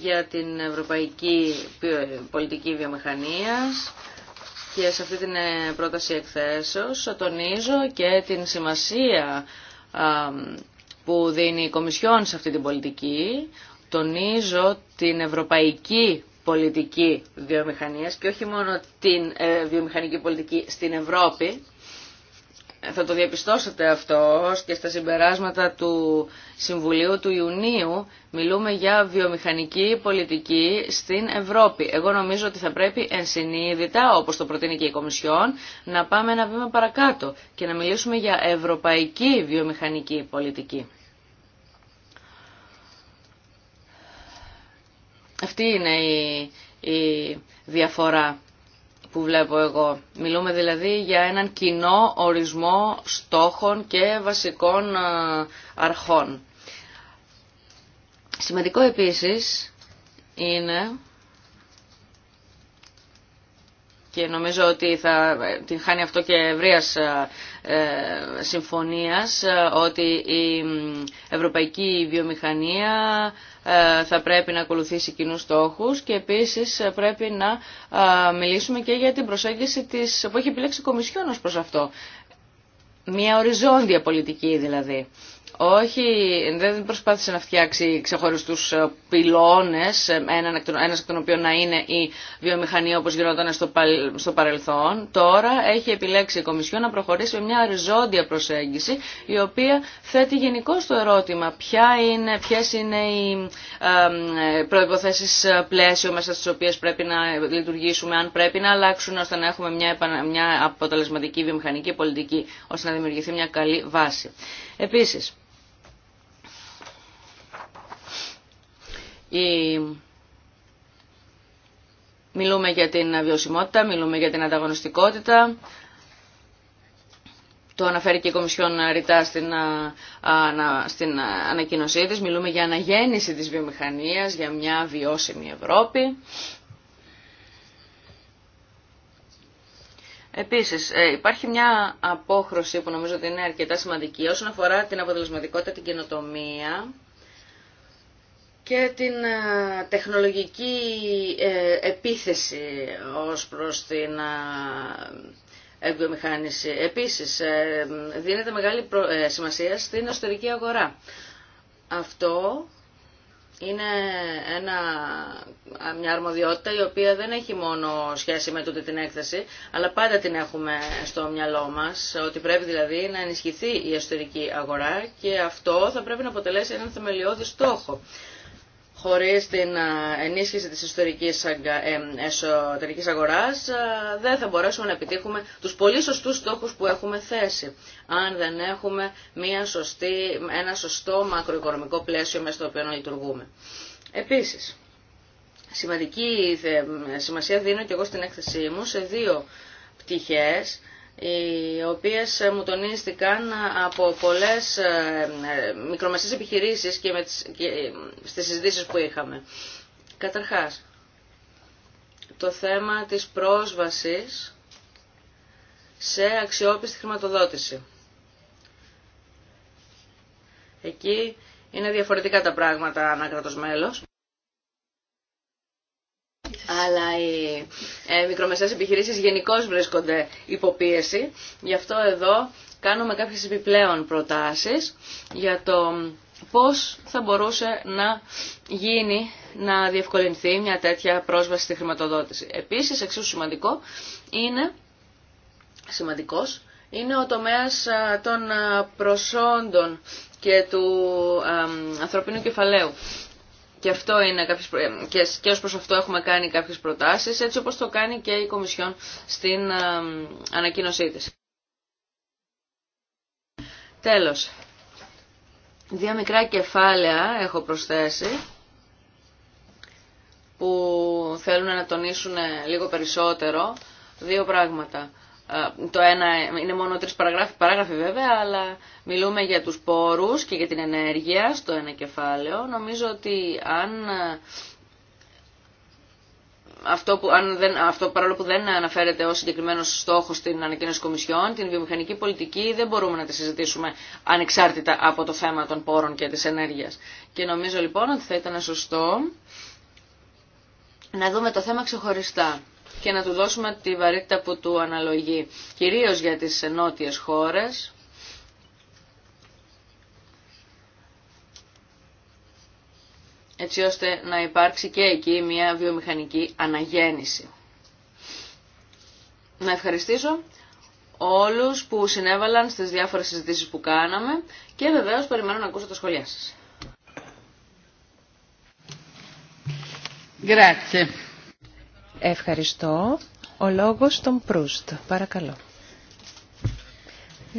για την Ευρωπαϊκή Πολιτική Βιομηχανίας και σε αυτή την ε, πρόταση εκθέσεως τονίζω και την σημασία που δίνει η Κομισιόν σε αυτή την πολιτική. Τονίζω την Ευρωπαϊκή Πολιτική Βιομηχανίας και όχι μόνο την ε, βιομηχανική πολιτική στην Ευρώπη θα το διαπιστώσετε αυτό και στα συμπεράσματα του Συμβουλίου του Ιουνίου μιλούμε για βιομηχανική πολιτική στην Ευρώπη. Εγώ νομίζω ότι θα πρέπει ενσυνείδητα, όπως το προτείνει και η Κομισιόν, να πάμε ένα βήμα παρακάτω και να μιλήσουμε για ευρωπαϊκή βιομηχανική πολιτική. Αυτή είναι η διαφορά που βλέπω εγώ. Μιλούμε δηλαδή για έναν κοινό ορισμό στόχων και βασικών ε, αρχών. Σημαντικό επίσης είναι και νομίζω ότι θα ε, την χάνει αυτό και ευρεία ε, ε, συμφωνίας ότι η ευρωπαϊκή βιομηχανία θα πρέπει να ακολουθήσει κοινού στόχου και επίσης πρέπει να μιλήσουμε και για την προσέγγιση της, που έχει επιλέξει η Κομισιόν προς αυτό. Μια οριζόντια πολιτική δηλαδή. Όχι, δεν προσπάθησε να φτιάξει ξεχωριστου ε, πυλώνε, ε, ένα από τον οποίο να είναι η βιομηχανία όπω γινόταν στο παρελθόν. Τώρα έχει επιλέξει η Κομισιό να προχωρήσει με μια οριζόντια προσέγγιση, η οποία θέτει γενικώ το ερώτημα ποιε είναι, ποιες είναι οι ε, προποθέσει πλαίσιο μέσα στι οποίε πρέπει να λειτουργήσουμε, αν πρέπει να αλλάξουν ώστε να έχουμε μια, μια αποτελεσματική βιομηχανική πολιτική, ώστε να δημιουργηθεί μια καλή βάση. Επίσης, Μιλούμε για την βιωσιμότητα, μιλούμε για την ανταγωνιστικότητα. Το αναφέρει και η Κομισιόν ρητά στην, στην ανακοίνωσή της. Μιλούμε για αναγέννηση της βιομηχανίας, για μια βιώσιμη Ευρώπη. Επίσης, ε, υπάρχει μια απόχρωση που νομίζω ότι είναι αρκετά σημαντική όσον αφορά την αποτελεσματικότητα, την καινοτομία και την ε, τεχνολογική ε, επίθεση ως προς την ε, εγκομηχάνηση. Επίσης, δίνεται μεγάλη σημασία στην εσωτερική αγορά. Αυτό είναι μια αρμοδιότητα η οποία δεν έχει μόνο σχέση με τούτη την έκθεση, αλλά πάντα την έχουμε στο μυαλό μας, ότι πρέπει δηλαδή να ενισχυθεί η εσωτερική αγορά και αυτό θα πρέπει να αποτελέσει έναν θεμελιώδη στόχο χωρίς την ενίσχυση της ιστορικής ε, εσωτερικής αγοράς δεν θα μπορέσουμε να επιτύχουμε τους πολύ σωστούς στόχους που έχουμε θέσει αν δεν έχουμε μια σωστή, ένα σωστό μακροοικονομικό πλαίσιο μέσα στο οποίο να λειτουργούμε. Επίσης, σημαντική ε, σημασία δίνω και εγώ στην έκθεσή μου σε δύο πτυχές οι οποίες ε, μου τονίστηκαν ε, από πολλές ε, μικρομεσαίες επιχειρήσεις και, με τις, και στις συζητήσεις που είχαμε. Καταρχάς, το θέμα της πρόσβασης σε αξιόπιστη χρηματοδότηση. Εκεί είναι διαφορετικά τα πράγματα ανά κράτος μέλος αλλά οι ε, μικρομεσαίες επιχειρήσεις γενικώ βρίσκονται υποπίεση. Γι' αυτό εδώ κάνουμε κάποιες επιπλέον προτάσεις για το πώς θα μπορούσε να γίνει, να διευκολυνθεί μια τέτοια πρόσβαση στη χρηματοδότηση. Επίσης, εξίσου σημαντικό είναι, σημαντικός, είναι ο τομέας των προσόντων και του ανθρωπίνου κεφαλαίου. Και, αυτό είναι κάποιες, ε, και, ως προς αυτό έχουμε κάνει κάποιες προτάσεις, έτσι όπως το κάνει και η Κομισιόν στην ε, ανακοίνωσή της. Τέλος, δύο μικρά κεφάλαια έχω προσθέσει που θέλουν να τονίσουν λίγο περισσότερο δύο πράγματα. Ε, το ένα είναι μόνο τρεις παράγραφοι, παράγραφοι βέβαια, αλλά μιλούμε για τους πόρους και για την ενέργεια στο ένα κεφάλαιο. Νομίζω ότι αν ε, αυτό, που, αν δεν, αυτό παρόλο που δεν αναφέρεται ως συγκεκριμένος στόχος στην ανακοίνωση κομισιών, την βιομηχανική πολιτική δεν μπορούμε να τη συζητήσουμε ανεξάρτητα από το θέμα των πόρων και της ενέργειας. Και νομίζω λοιπόν ότι θα ήταν σωστό να δούμε το θέμα ξεχωριστά και να του δώσουμε τη βαρύτητα που του αναλογεί, κυρίως για τις νότιες χώρες. έτσι ώστε να υπάρξει και εκεί μια βιομηχανική αναγέννηση. Να ευχαριστήσω όλους που συνέβαλαν στις διάφορες συζητήσεις που κάναμε και βεβαίως περιμένω να ακούσω τα σχόλιά σας. Ευχαριστώ. Ο λόγος των Προύστ. Παρακαλώ.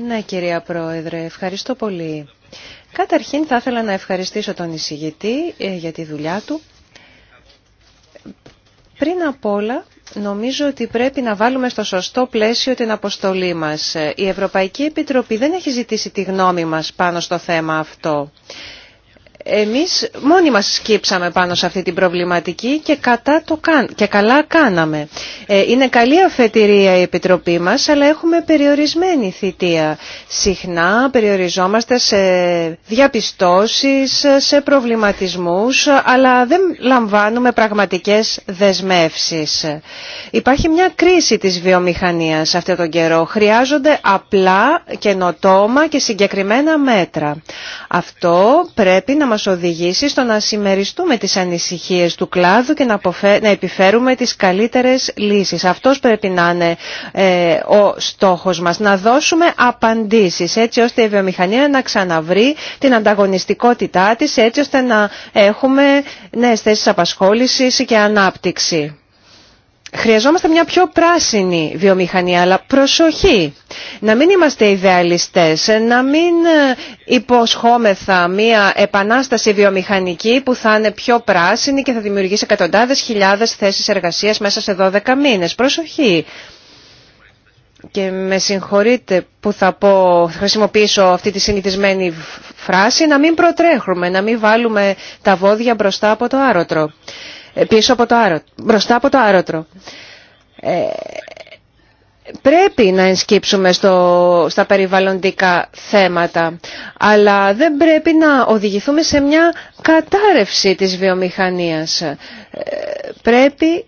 Ναι, κυρία Πρόεδρε, ευχαριστώ πολύ. Καταρχήν θα ήθελα να ευχαριστήσω τον εισηγητή ε, για τη δουλειά του. Πριν απ' όλα, νομίζω ότι πρέπει να βάλουμε στο σωστό πλαίσιο την αποστολή μας. Η Ευρωπαϊκή Επιτροπή δεν έχει ζητήσει τη γνώμη μας πάνω στο θέμα αυτό. Εμείς μόνοι μας σκύψαμε πάνω σε αυτή την προβληματική και, κατά το καν... και καλά κάναμε. Ε, είναι καλή αφετηρία η Επιτροπή μας, αλλά έχουμε περιορισμένη θητεία. Συχνά περιοριζόμαστε σε διαπιστώσεις, σε προβληματισμούς, αλλά δεν λαμβάνουμε πραγματικές δεσμεύσεις. Υπάρχει μια κρίση της βιομηχανίας αυτόν τον καιρό. Χρειάζονται απλά, καινοτόμα και συγκεκριμένα μέτρα. Αυτό πρέπει να μας οδηγήσει στο να συμμεριστούμε τις ανησυχίες του κλάδου και να, να επιφέρουμε τις καλύτερες λύσεις. Αυτός πρέπει να είναι ε, ο στόχος μας, να δώσουμε απαντήσεις έτσι ώστε η βιομηχανία να ξαναβρει την ανταγωνιστικότητά της έτσι ώστε να έχουμε νέες θέσεις απασχόλησης και ανάπτυξη. Χρειαζόμαστε μια πιο πράσινη βιομηχανία, αλλά προσοχή. Να μην είμαστε ιδεαλιστές, να μην ε, υποσχόμεθα μια επανάσταση βιομηχανική που θα είναι πιο πράσινη και θα δημιουργήσει εκατοντάδες χιλιάδες θέσεις εργασίας μέσα σε 12 μήνες. Προσοχή. Και με συγχωρείτε που θα πω, χρησιμοποιήσω αυτή τη συνηθισμένη φράση, να μην προτρέχουμε, να μην βάλουμε τα βόδια μπροστά από το άρωτρο πίσω από το μπροστά από το άρωτρο. Ε, πρέπει να ενσκύψουμε στο, στα περιβαλλοντικά θέματα, αλλά δεν πρέπει να οδηγηθούμε σε μια κατάρρευση της βιομηχανίας. Ε, πρέπει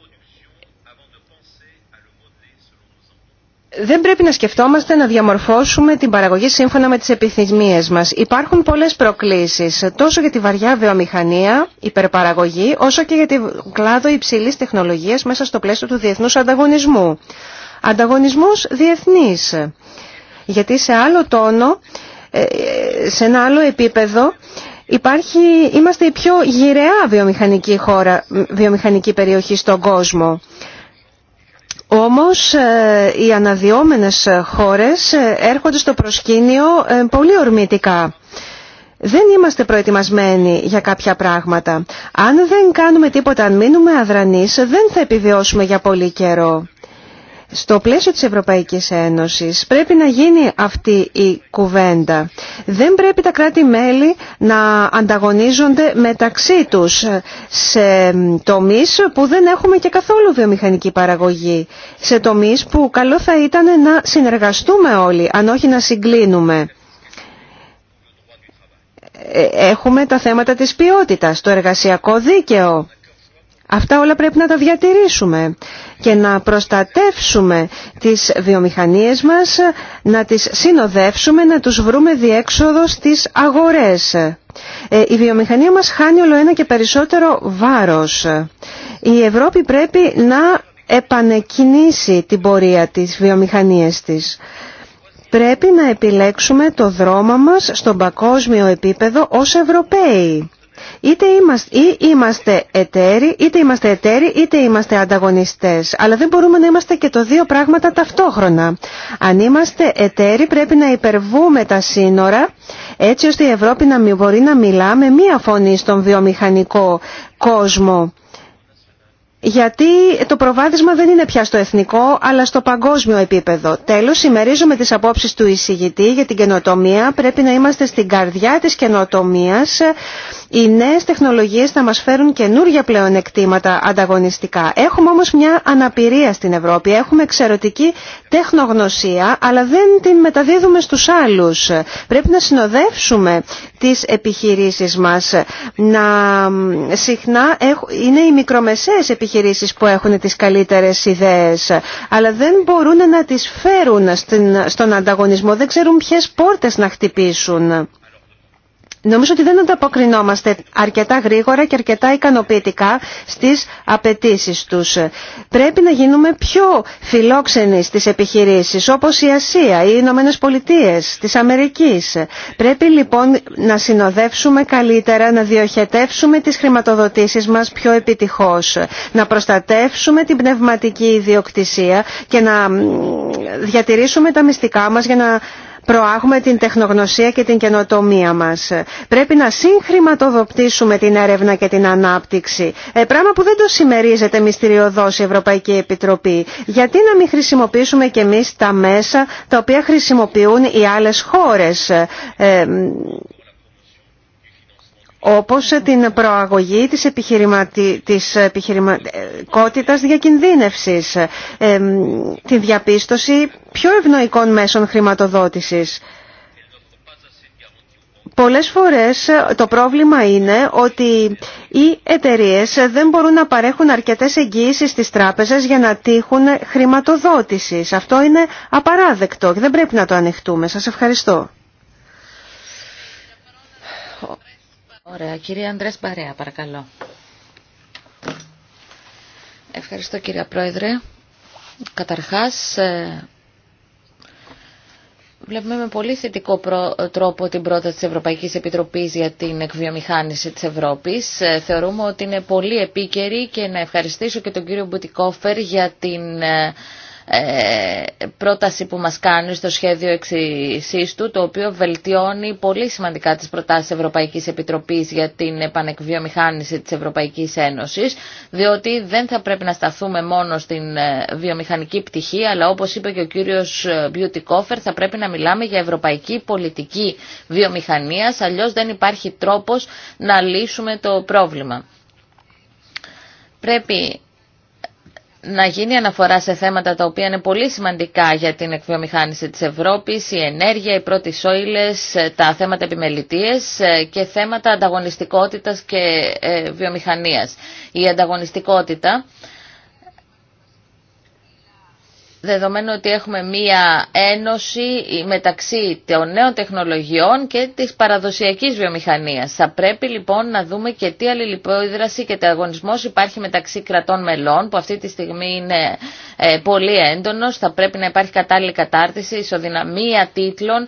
δεν πρέπει να σκεφτόμαστε να διαμορφώσουμε την παραγωγή σύμφωνα με τις επιθυμίες μας. Υπάρχουν πολλές προκλήσεις, τόσο για τη βαριά βιομηχανία, υπερπαραγωγή, όσο και για την κλάδο υψηλής τεχνολογίας μέσα στο πλαίσιο του διεθνούς ανταγωνισμού. Ανταγωνισμός διεθνής, γιατί σε άλλο τόνο, ε, σε ένα άλλο επίπεδο, Υπάρχει, είμαστε η πιο γυραιά βιομηχανική χώρα, βιομηχανική περιοχή στον κόσμο. Όμως ε, οι αναδυόμενες χώρες ε, έρχονται στο προσκήνιο ε, πολύ ορμητικά. Δεν είμαστε προετοιμασμένοι για κάποια πράγματα. Αν δεν κάνουμε τίποτα, αν μείνουμε αδρανείς, δεν θα επιβιώσουμε για πολύ καιρό στο πλαίσιο της Ευρωπαϊκής Ένωσης πρέπει να γίνει αυτή η κουβέντα. Δεν πρέπει τα κράτη-μέλη να ανταγωνίζονται μεταξύ τους σε τομείς που δεν έχουμε και καθόλου βιομηχανική παραγωγή. Σε τομείς που καλό θα ήταν να συνεργαστούμε όλοι, αν όχι να συγκλίνουμε ε, έχουμε τα θέματα της ποιότητας, το εργασιακό δίκαιο. Αυτά όλα πρέπει να τα διατηρήσουμε και να προστατεύσουμε τις βιομηχανίες μας, να τις συνοδεύσουμε, να τους βρούμε διέξοδο στις αγορές. Ε, η βιομηχανία μας χάνει όλο ένα και περισσότερο βάρος. Η Ευρώπη πρέπει να επανεκκινήσει την πορεία της βιομηχανίας της. Πρέπει να επιλέξουμε το δρόμο μας στον παγκόσμιο επίπεδο ως Ευρωπαίοι. Είτε είμαστε, ή είμαστε εταίροι, είτε είμαστε εταίροι, είτε είμαστε ανταγωνιστές. Αλλά δεν μπορούμε να είμαστε και το δύο πράγματα ταυτόχρονα. Αν είμαστε εταίροι πρέπει να υπερβούμε τα σύνορα έτσι ώστε η Ευρώπη να μπορεί να μιλά με μία φωνή στον βιομηχανικό κόσμο. Γιατί το προβάδισμα δεν είναι πια στο εθνικό, αλλά στο παγκόσμιο επίπεδο. Τέλο, συμμερίζομαι τι απόψει του εισηγητή για την καινοτομία. Πρέπει να είμαστε στην καρδιά τη καινοτομία οι νέες τεχνολογίες θα μας φέρουν καινούργια πλεονεκτήματα ανταγωνιστικά. Έχουμε όμως μια αναπηρία στην Ευρώπη. Έχουμε εξαιρετική τεχνογνωσία, αλλά δεν την μεταδίδουμε στους άλλους. Πρέπει να συνοδεύσουμε τις επιχειρήσεις μας. Να, συχνά είναι οι μικρομεσαίες επιχειρήσεις που έχουν τις καλύτερες ιδέες, αλλά δεν μπορούν να τις φέρουν στον ανταγωνισμό. Δεν ξέρουν ποιες πόρτες να χτυπήσουν. Νομίζω ότι δεν ανταποκρινόμαστε αρκετά γρήγορα και αρκετά ικανοποιητικά στις απαιτήσεις τους. Πρέπει να γίνουμε πιο φιλόξενοι στις επιχειρήσεις όπως η Ασία, οι Ηνωμένε Πολιτείε, της Αμερικής. Πρέπει λοιπόν να συνοδεύσουμε καλύτερα, να διοχετεύσουμε τις χρηματοδοτήσεις μας πιο επιτυχώς, να προστατεύσουμε την πνευματική ιδιοκτησία και να διατηρήσουμε τα μυστικά μας για να προάγουμε την τεχνογνωσία και την καινοτομία μας. Πρέπει να συγχρηματοδοπτήσουμε την έρευνα και την ανάπτυξη. Ε, πράγμα που δεν το συμμερίζεται μυστηριωδώς η Ευρωπαϊκή Επιτροπή. Γιατί να μην χρησιμοποιήσουμε κι εμείς τα μέσα τα οποία χρησιμοποιούν οι άλλες χώρες. Ε, όπως την προαγωγή της, επιχειρηματι... της επιχειρηματικότητας διακινδύνευσης, τη διαπίστωση πιο ευνοϊκών μέσων χρηματοδότησης. Πολλές φορές ε, το πρόβλημα είναι ότι οι εταιρείες δεν μπορούν να παρέχουν αρκετές εγγύησεις στις τράπεζες για να τύχουν χρηματοδότησης. Αυτό είναι απαράδεκτο και δεν πρέπει να το ανοιχτούμε. Σας ευχαριστώ. Ωραία. Κύριε Ανδρές Μπαρέα, παρακαλώ. Ευχαριστώ κύριε Πρόεδρε. Καταρχάς, ε, βλέπουμε με πολύ θετικό τρόπο την πρόταση της Ευρωπαϊκής Επιτροπής για την εκβιομηχάνηση της Ευρώπης. Ε, θεωρούμε ότι είναι πολύ επίκαιρη και να ευχαριστήσω και τον κύριο Μπουτικόφερ για την ε, ε, πρόταση που μας κάνει στο σχέδιο εξησής το οποίο βελτιώνει πολύ σημαντικά τις προτάσεις Ευρωπαϊκής Επιτροπής για την επανεκβιομηχάνηση της Ευρωπαϊκής Ένωσης, διότι δεν θα πρέπει να σταθούμε μόνο στην ε, βιομηχανική πτυχή, αλλά όπως είπε και ο κύριος Μπιουτικόφερ, θα πρέπει να μιλάμε για ευρωπαϊκή πολιτική βιομηχανίας, αλλιώς δεν υπάρχει τρόπος να λύσουμε το πρόβλημα. Πρέπει να γίνει αναφορά σε θέματα τα οποία είναι πολύ σημαντικά για την εκβιομηχάνηση της Ευρώπης, η ενέργεια, οι πρώτοι σόιλες, τα θέματα επιμελητίες ε, και θέματα ανταγωνιστικότητας και ε, βιομηχανίας. Η ανταγωνιστικότητα δεδομένου ότι έχουμε μία ένωση μεταξύ των νέων τεχνολογιών και της παραδοσιακής βιομηχανίας. Θα πρέπει λοιπόν να δούμε και τι αλληλεπίδραση και αγωνισμός υπάρχει μεταξύ κρατών μελών που αυτή τη στιγμή είναι ε, πολύ έντονος. Θα πρέπει να υπάρχει κατάλληλη κατάρτιση, ισοδυναμία τίτλων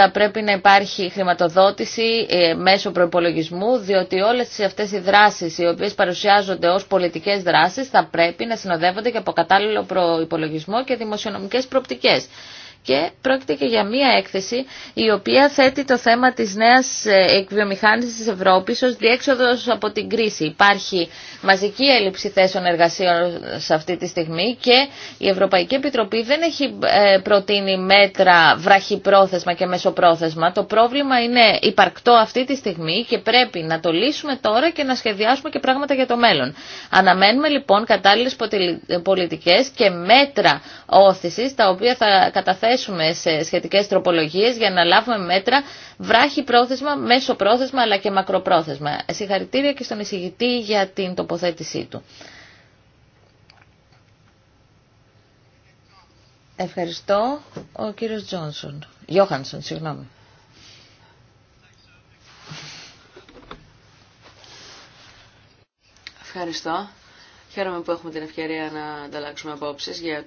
θα πρέπει να υπάρχει χρηματοδότηση ε, μέσω προπολογισμού, διότι όλες αυτές οι δράσεις οι οποίες παρουσιάζονται ως πολιτικές δράσεις θα πρέπει να συνοδεύονται και από κατάλληλο προϋπολογισμό και δημοσιονομικές προπτικές και πρόκειται και για μία έκθεση η οποία θέτει το θέμα της νέας ε, εκβιομηχάνησης της Ευρώπης ως διέξοδος από την κρίση. Υπάρχει μαζική έλλειψη θέσεων εργασίων σε αυτή τη στιγμή και η Ευρωπαϊκή Επιτροπή δεν έχει ε, προτείνει μέτρα βραχυπρόθεσμα και μεσοπρόθεσμα. Το πρόβλημα είναι υπαρκτό αυτή τη στιγμή και πρέπει να το λύσουμε τώρα και να σχεδιάσουμε και πράγματα για το μέλλον. Αναμένουμε λοιπόν κατάλληλες πολιτικές και μέτρα όθησης τα οποία θα καταθέσουμε θέσουμε σε σχετικές τροπολογίες για να λάβουμε μέτρα βράχη πρόθεσμα, μέσο πρόθεσμα αλλά και μακροπρόθεσμα. Συγχαρητήρια και στον εισηγητή για την τοποθέτησή του. Ευχαριστώ. Ο κύριος Τζόνσον. Γιώχανσον, συγγνώμη. Ευχαριστώ. Χαίρομαι που έχουμε την ευκαιρία να ανταλλάξουμε απόψει για,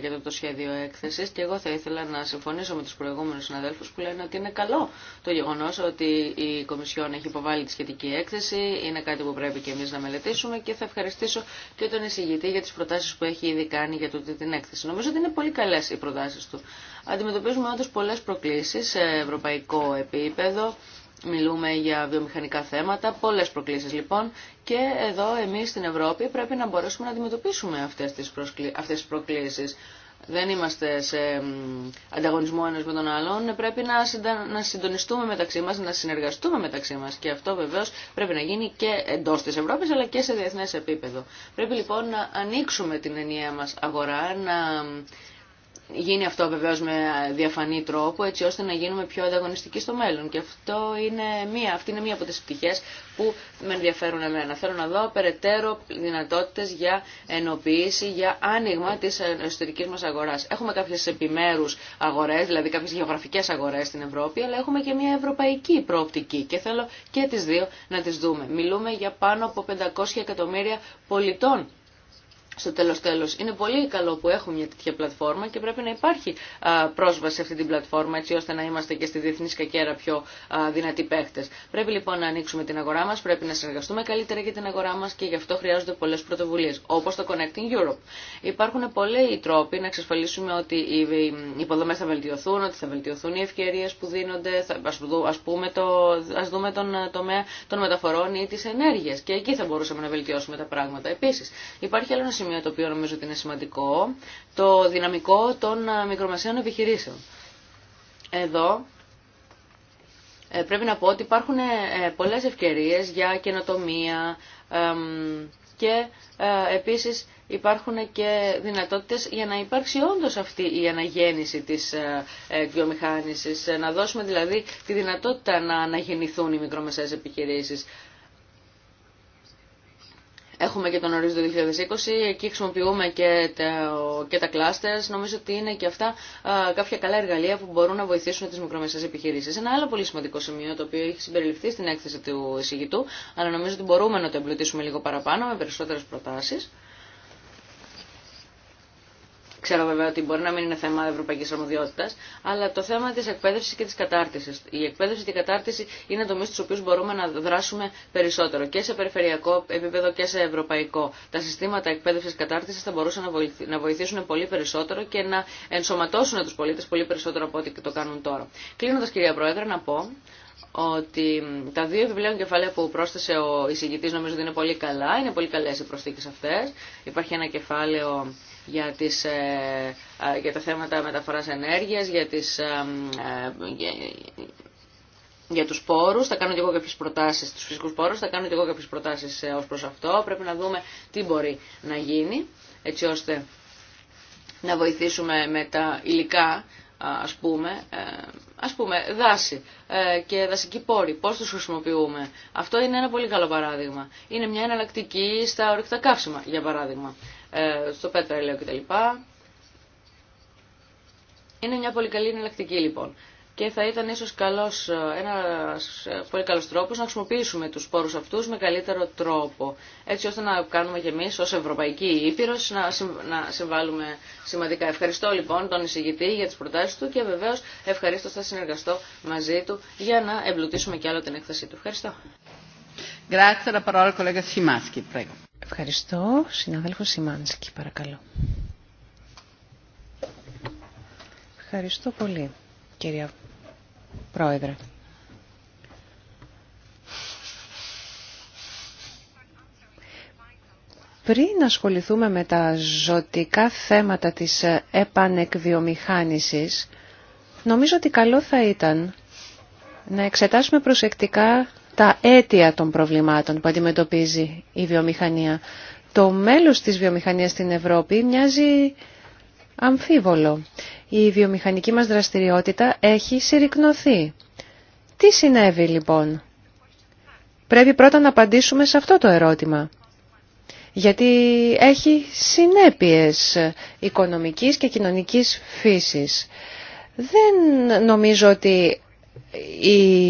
για το, το σχέδιο έκθεση και εγώ θα ήθελα να συμφωνήσω με του προηγούμενου συναδέλφου που λένε ότι είναι καλό το γεγονό ότι η Κομισιόν έχει υποβάλει τη σχετική έκθεση. Είναι κάτι που πρέπει και εμεί να μελετήσουμε και θα ευχαριστήσω και τον εισηγητή για τι προτάσει που έχει ήδη κάνει για τούτη την έκθεση. Νομίζω ότι είναι πολύ καλέ οι προτάσει του. Αντιμετωπίζουμε όντω πολλέ προκλήσει σε ευρωπαϊκό επίπεδο Μιλούμε για βιομηχανικά θέματα, πολλές προκλήσεις λοιπόν και εδώ εμείς στην Ευρώπη πρέπει να μπορέσουμε να αντιμετωπίσουμε αυτές τις, προκλήσει. προκλήσεις. Δεν είμαστε σε ανταγωνισμό ένας με τον άλλον, πρέπει να, να συντονιστούμε μεταξύ μας, να συνεργαστούμε μεταξύ μας και αυτό βεβαίως πρέπει να γίνει και εντός της Ευρώπης αλλά και σε διεθνές επίπεδο. Πρέπει λοιπόν να ανοίξουμε την ενιαία μας αγορά, να γίνει αυτό βεβαίω με διαφανή τρόπο έτσι ώστε να γίνουμε πιο ανταγωνιστικοί στο μέλλον και αυτό είναι μία, αυτή είναι μία από τι πτυχέ που με ενδιαφέρουν εμένα. Θέλω να δω περαιτέρω δυνατότητε για ενοποίηση, για άνοιγμα τη εσωτερική μα αγορά. Έχουμε κάποιε επιμέρου αγορέ, δηλαδή κάποιε γεωγραφικέ αγορέ στην Ευρώπη, αλλά έχουμε και μία ευρωπαϊκή προοπτική και θέλω και τι δύο να τι δούμε. Μιλούμε για πάνω από 500 εκατομμύρια πολιτών στο τέλος τέλος. Είναι πολύ καλό που έχουμε μια τέτοια πλατφόρμα και πρέπει να υπάρχει πρόσβαση σε αυτή την πλατφόρμα έτσι ώστε να είμαστε και στη διεθνή σκακέρα πιο δυνατοί παίχτες. Πρέπει λοιπόν να ανοίξουμε την αγορά μας, πρέπει να συνεργαστούμε καλύτερα για την αγορά μας και γι' αυτό χρειάζονται πολλές πρωτοβουλίες, όπως το Connecting Europe. Υπάρχουν πολλοί τρόποι να εξασφαλίσουμε ότι οι υποδομές θα βελτιωθούν, ότι θα βελτιωθούν οι ευκαιρίες που δίνονται, θα, το, δούμε τον τομέα των μεταφορών ή τη ενέργεια. και εκεί θα μπορούσαμε να βελτιώσουμε τα πράγματα. Επίσης, υπάρχει άλλο ένα σημείο το οποίο νομίζω ότι είναι σημαντικό, το δυναμικό των ε, μικρομεσαίων επιχειρήσεων. Εδώ ε, πρέπει να πω ότι υπάρχουν ε, πολλές ευκαιρίες για καινοτομία και επίσης υπάρχουν και δυνατότητες για να υπάρξει όντως αυτή η αναγέννηση της βιομηχάνησης, να δώσουμε δηλαδή τη δυνατότητα να αναγεννηθούν οι μικρομεσαίες επιχειρήσεις. Έχουμε και τον ορίζοντα 2020, εκεί χρησιμοποιούμε και τα, και τα clusters. Νομίζω ότι είναι και αυτά κάποια καλά εργαλεία που μπορούν να βοηθήσουν τι μικρομεσαίες επιχειρήσεις. Ένα άλλο πολύ σημαντικό σημείο το οποίο έχει συμπεριληφθεί στην έκθεση του εισηγητού, αλλά νομίζω ότι μπορούμε να το εμπλουτίσουμε λίγο παραπάνω με περισσότερε προτάσει. Ξέρω βέβαια ότι μπορεί να μην είναι θέμα ευρωπαϊκή αρμοδιότητα, αλλά το θέμα τη εκπαίδευση και τη κατάρτιση. Η εκπαίδευση και η κατάρτιση είναι τομεί στου οποίου μπορούμε να δράσουμε περισσότερο και σε περιφερειακό επίπεδο και σε ευρωπαϊκό. Τα συστήματα εκπαίδευση και κατάρτιση θα μπορούσαν να βοηθήσουν πολύ περισσότερο και να ενσωματώσουν του πολίτε πολύ περισσότερο από ό,τι το κάνουν τώρα. Κλείνοντα, κυρία Πρόεδρε, να πω ότι τα δύο επιπλέον κεφάλαια που πρόσθεσε ο εισηγητή νομίζω ότι είναι πολύ καλά, είναι πολύ καλέ οι προσθήκε αυτέ. Υπάρχει ένα κεφάλαιο για, τις, ε, ε, για τα θέματα μεταφοράς ενέργειας, για, τις, ε, για, τους πόρους. Θα κάνω και εγώ κάποιες προτάσεις, τους φυσικούς πόρους, θα κάνω και εγώ κάποιες προτάσεις ως προς αυτό. Πρέπει να δούμε τι μπορεί να γίνει, έτσι ώστε να βοηθήσουμε με τα υλικά ας πούμε, ας πούμε δάση και δασική πόρη, πώς τους χρησιμοποιούμε. Αυτό είναι ένα πολύ καλό παράδειγμα. Είναι μια εναλλακτική στα ορυκτά καύσιμα, για παράδειγμα. Ε, στο πέτρα-ελαιό κτλ. Είναι μια πολύ καλή εναλλακτική λοιπόν. Και θα ήταν ίσως καλός, ε, ένας ε, πολύ καλός τρόπος να χρησιμοποιήσουμε τους σπόρους αυτούς με καλύτερο τρόπο. Έτσι ώστε να κάνουμε και εμείς ως Ευρωπαϊκή Ήπειρος να, να συμβάλλουμε σημαντικά. Ευχαριστώ λοιπόν τον εισηγητή για τις προτάσεις του και βεβαίως ευχαρίστω θα συνεργαστώ μαζί του για να εμπλουτίσουμε κι άλλο την έκθεσή του. Ευχαριστώ. Ευχαριστώ. Συνάδελφο Σιμάνσκι, παρακαλώ. Ευχαριστώ πολύ, κυρία Πρόεδρε. Πριν ασχοληθούμε με τα ζωτικά θέματα της επανεκβιομηχάνησης, νομίζω ότι καλό θα ήταν να εξετάσουμε προσεκτικά τα αίτια των προβλημάτων που αντιμετωπίζει η βιομηχανία. Το μέλος της βιομηχανίας στην Ευρώπη μοιάζει αμφίβολο. Η βιομηχανική μας δραστηριότητα έχει συρρυκνωθεί. Τι συνέβη λοιπόν. Πρέπει πρώτα να απαντήσουμε σε αυτό το ερώτημα. Γιατί έχει συνέπειες οικονομικής και κοινωνικής φύσης. Δεν νομίζω ότι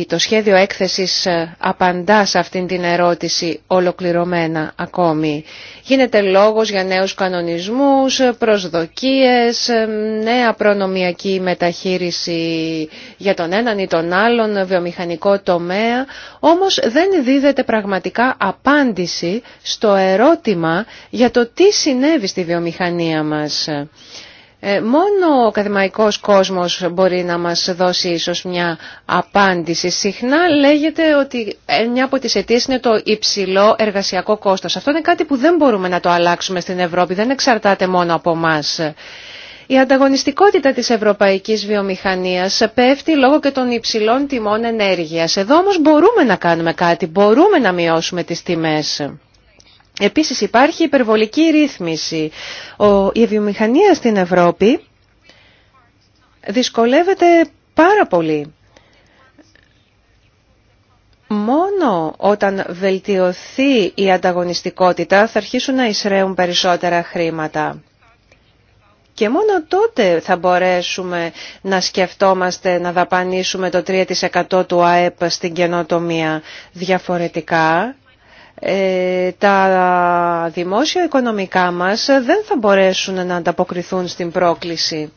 το σχέδιο έκθεσης ε, απαντά σε αυτήν την ερώτηση ολοκληρωμένα ακόμη. Γίνεται λόγος για νέους κανονισμούς, προσδοκίες, ε, νέα προνομιακή μεταχείριση για τον έναν ή τον άλλον βιομηχανικό τομέα, όμως δεν δίδεται πραγματικά απάντηση στο ερώτημα για το τι συνέβη στη βιομηχανία μας. Ε, μόνο ο ακαδημαϊκός κόσμος μπορεί να μας δώσει ίσως μια απάντηση. Συχνά λέγεται ότι ε, μια από τις αιτίες είναι το υψηλό εργασιακό κόστος. Αυτό είναι κάτι που δεν μπορούμε να το αλλάξουμε στην Ευρώπη, δεν εξαρτάται μόνο από μας. Η ανταγωνιστικότητα της ευρωπαϊκής βιομηχανίας πέφτει λόγω και των υψηλών τιμών ενέργειας. Εδώ όμως μπορούμε να κάνουμε κάτι, μπορούμε να μειώσουμε τις τιμές. Επίσης υπάρχει υπερβολική ρύθμιση. Η βιομηχανία στην Ευρώπη δυσκολεύεται πάρα πολύ. Μόνο όταν βελτιωθεί η ανταγωνιστικότητα θα αρχίσουν να εισραίουν περισσότερα χρήματα. Και μόνο τότε θα μπορέσουμε να σκεφτόμαστε να δαπανίσουμε το 3% του ΑΕΠ στην καινοτομία. Διαφορετικά ε, τα δημόσια οικονομικά μας δεν θα μπορέσουν να ανταποκριθούν στην πρόκληση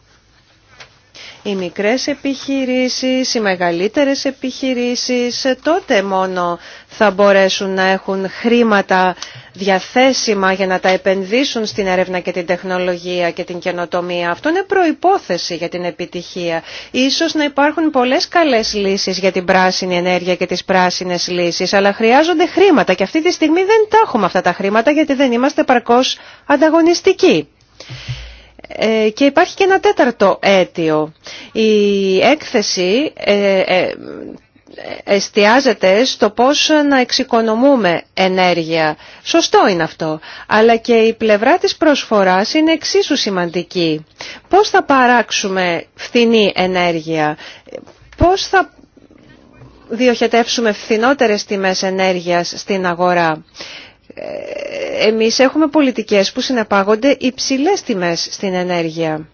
οι μικρές επιχειρήσεις, οι μεγαλύτερες επιχειρήσεις, τότε μόνο θα μπορέσουν να έχουν χρήματα διαθέσιμα για να τα επενδύσουν στην έρευνα και την τεχνολογία και την καινοτομία. Αυτό είναι προϋπόθεση για την επιτυχία. Ίσως να υπάρχουν πολλές καλές λύσεις για την πράσινη ενέργεια και τις πράσινες λύσεις, αλλά χρειάζονται χρήματα και αυτή τη στιγμή δεν τα έχουμε αυτά τα χρήματα γιατί δεν είμαστε παρκώς ανταγωνιστικοί. Ε, και υπάρχει και ένα τέταρτο αίτιο. Η έκθεση ε, ε, εστιάζεται στο πώς να εξοικονομούμε ενέργεια. Σωστό είναι αυτό. Αλλά και η πλευρά της προσφοράς είναι εξίσου σημαντική. Πώς θα παράξουμε φθηνή ενέργεια. Πώς θα διοχετεύσουμε φθηνότερες τιμές ενέργειας στην αγορά. Ε, εμείς έχουμε πολιτικές που συνεπάγονται υψηλές τιμές στην ενέργεια.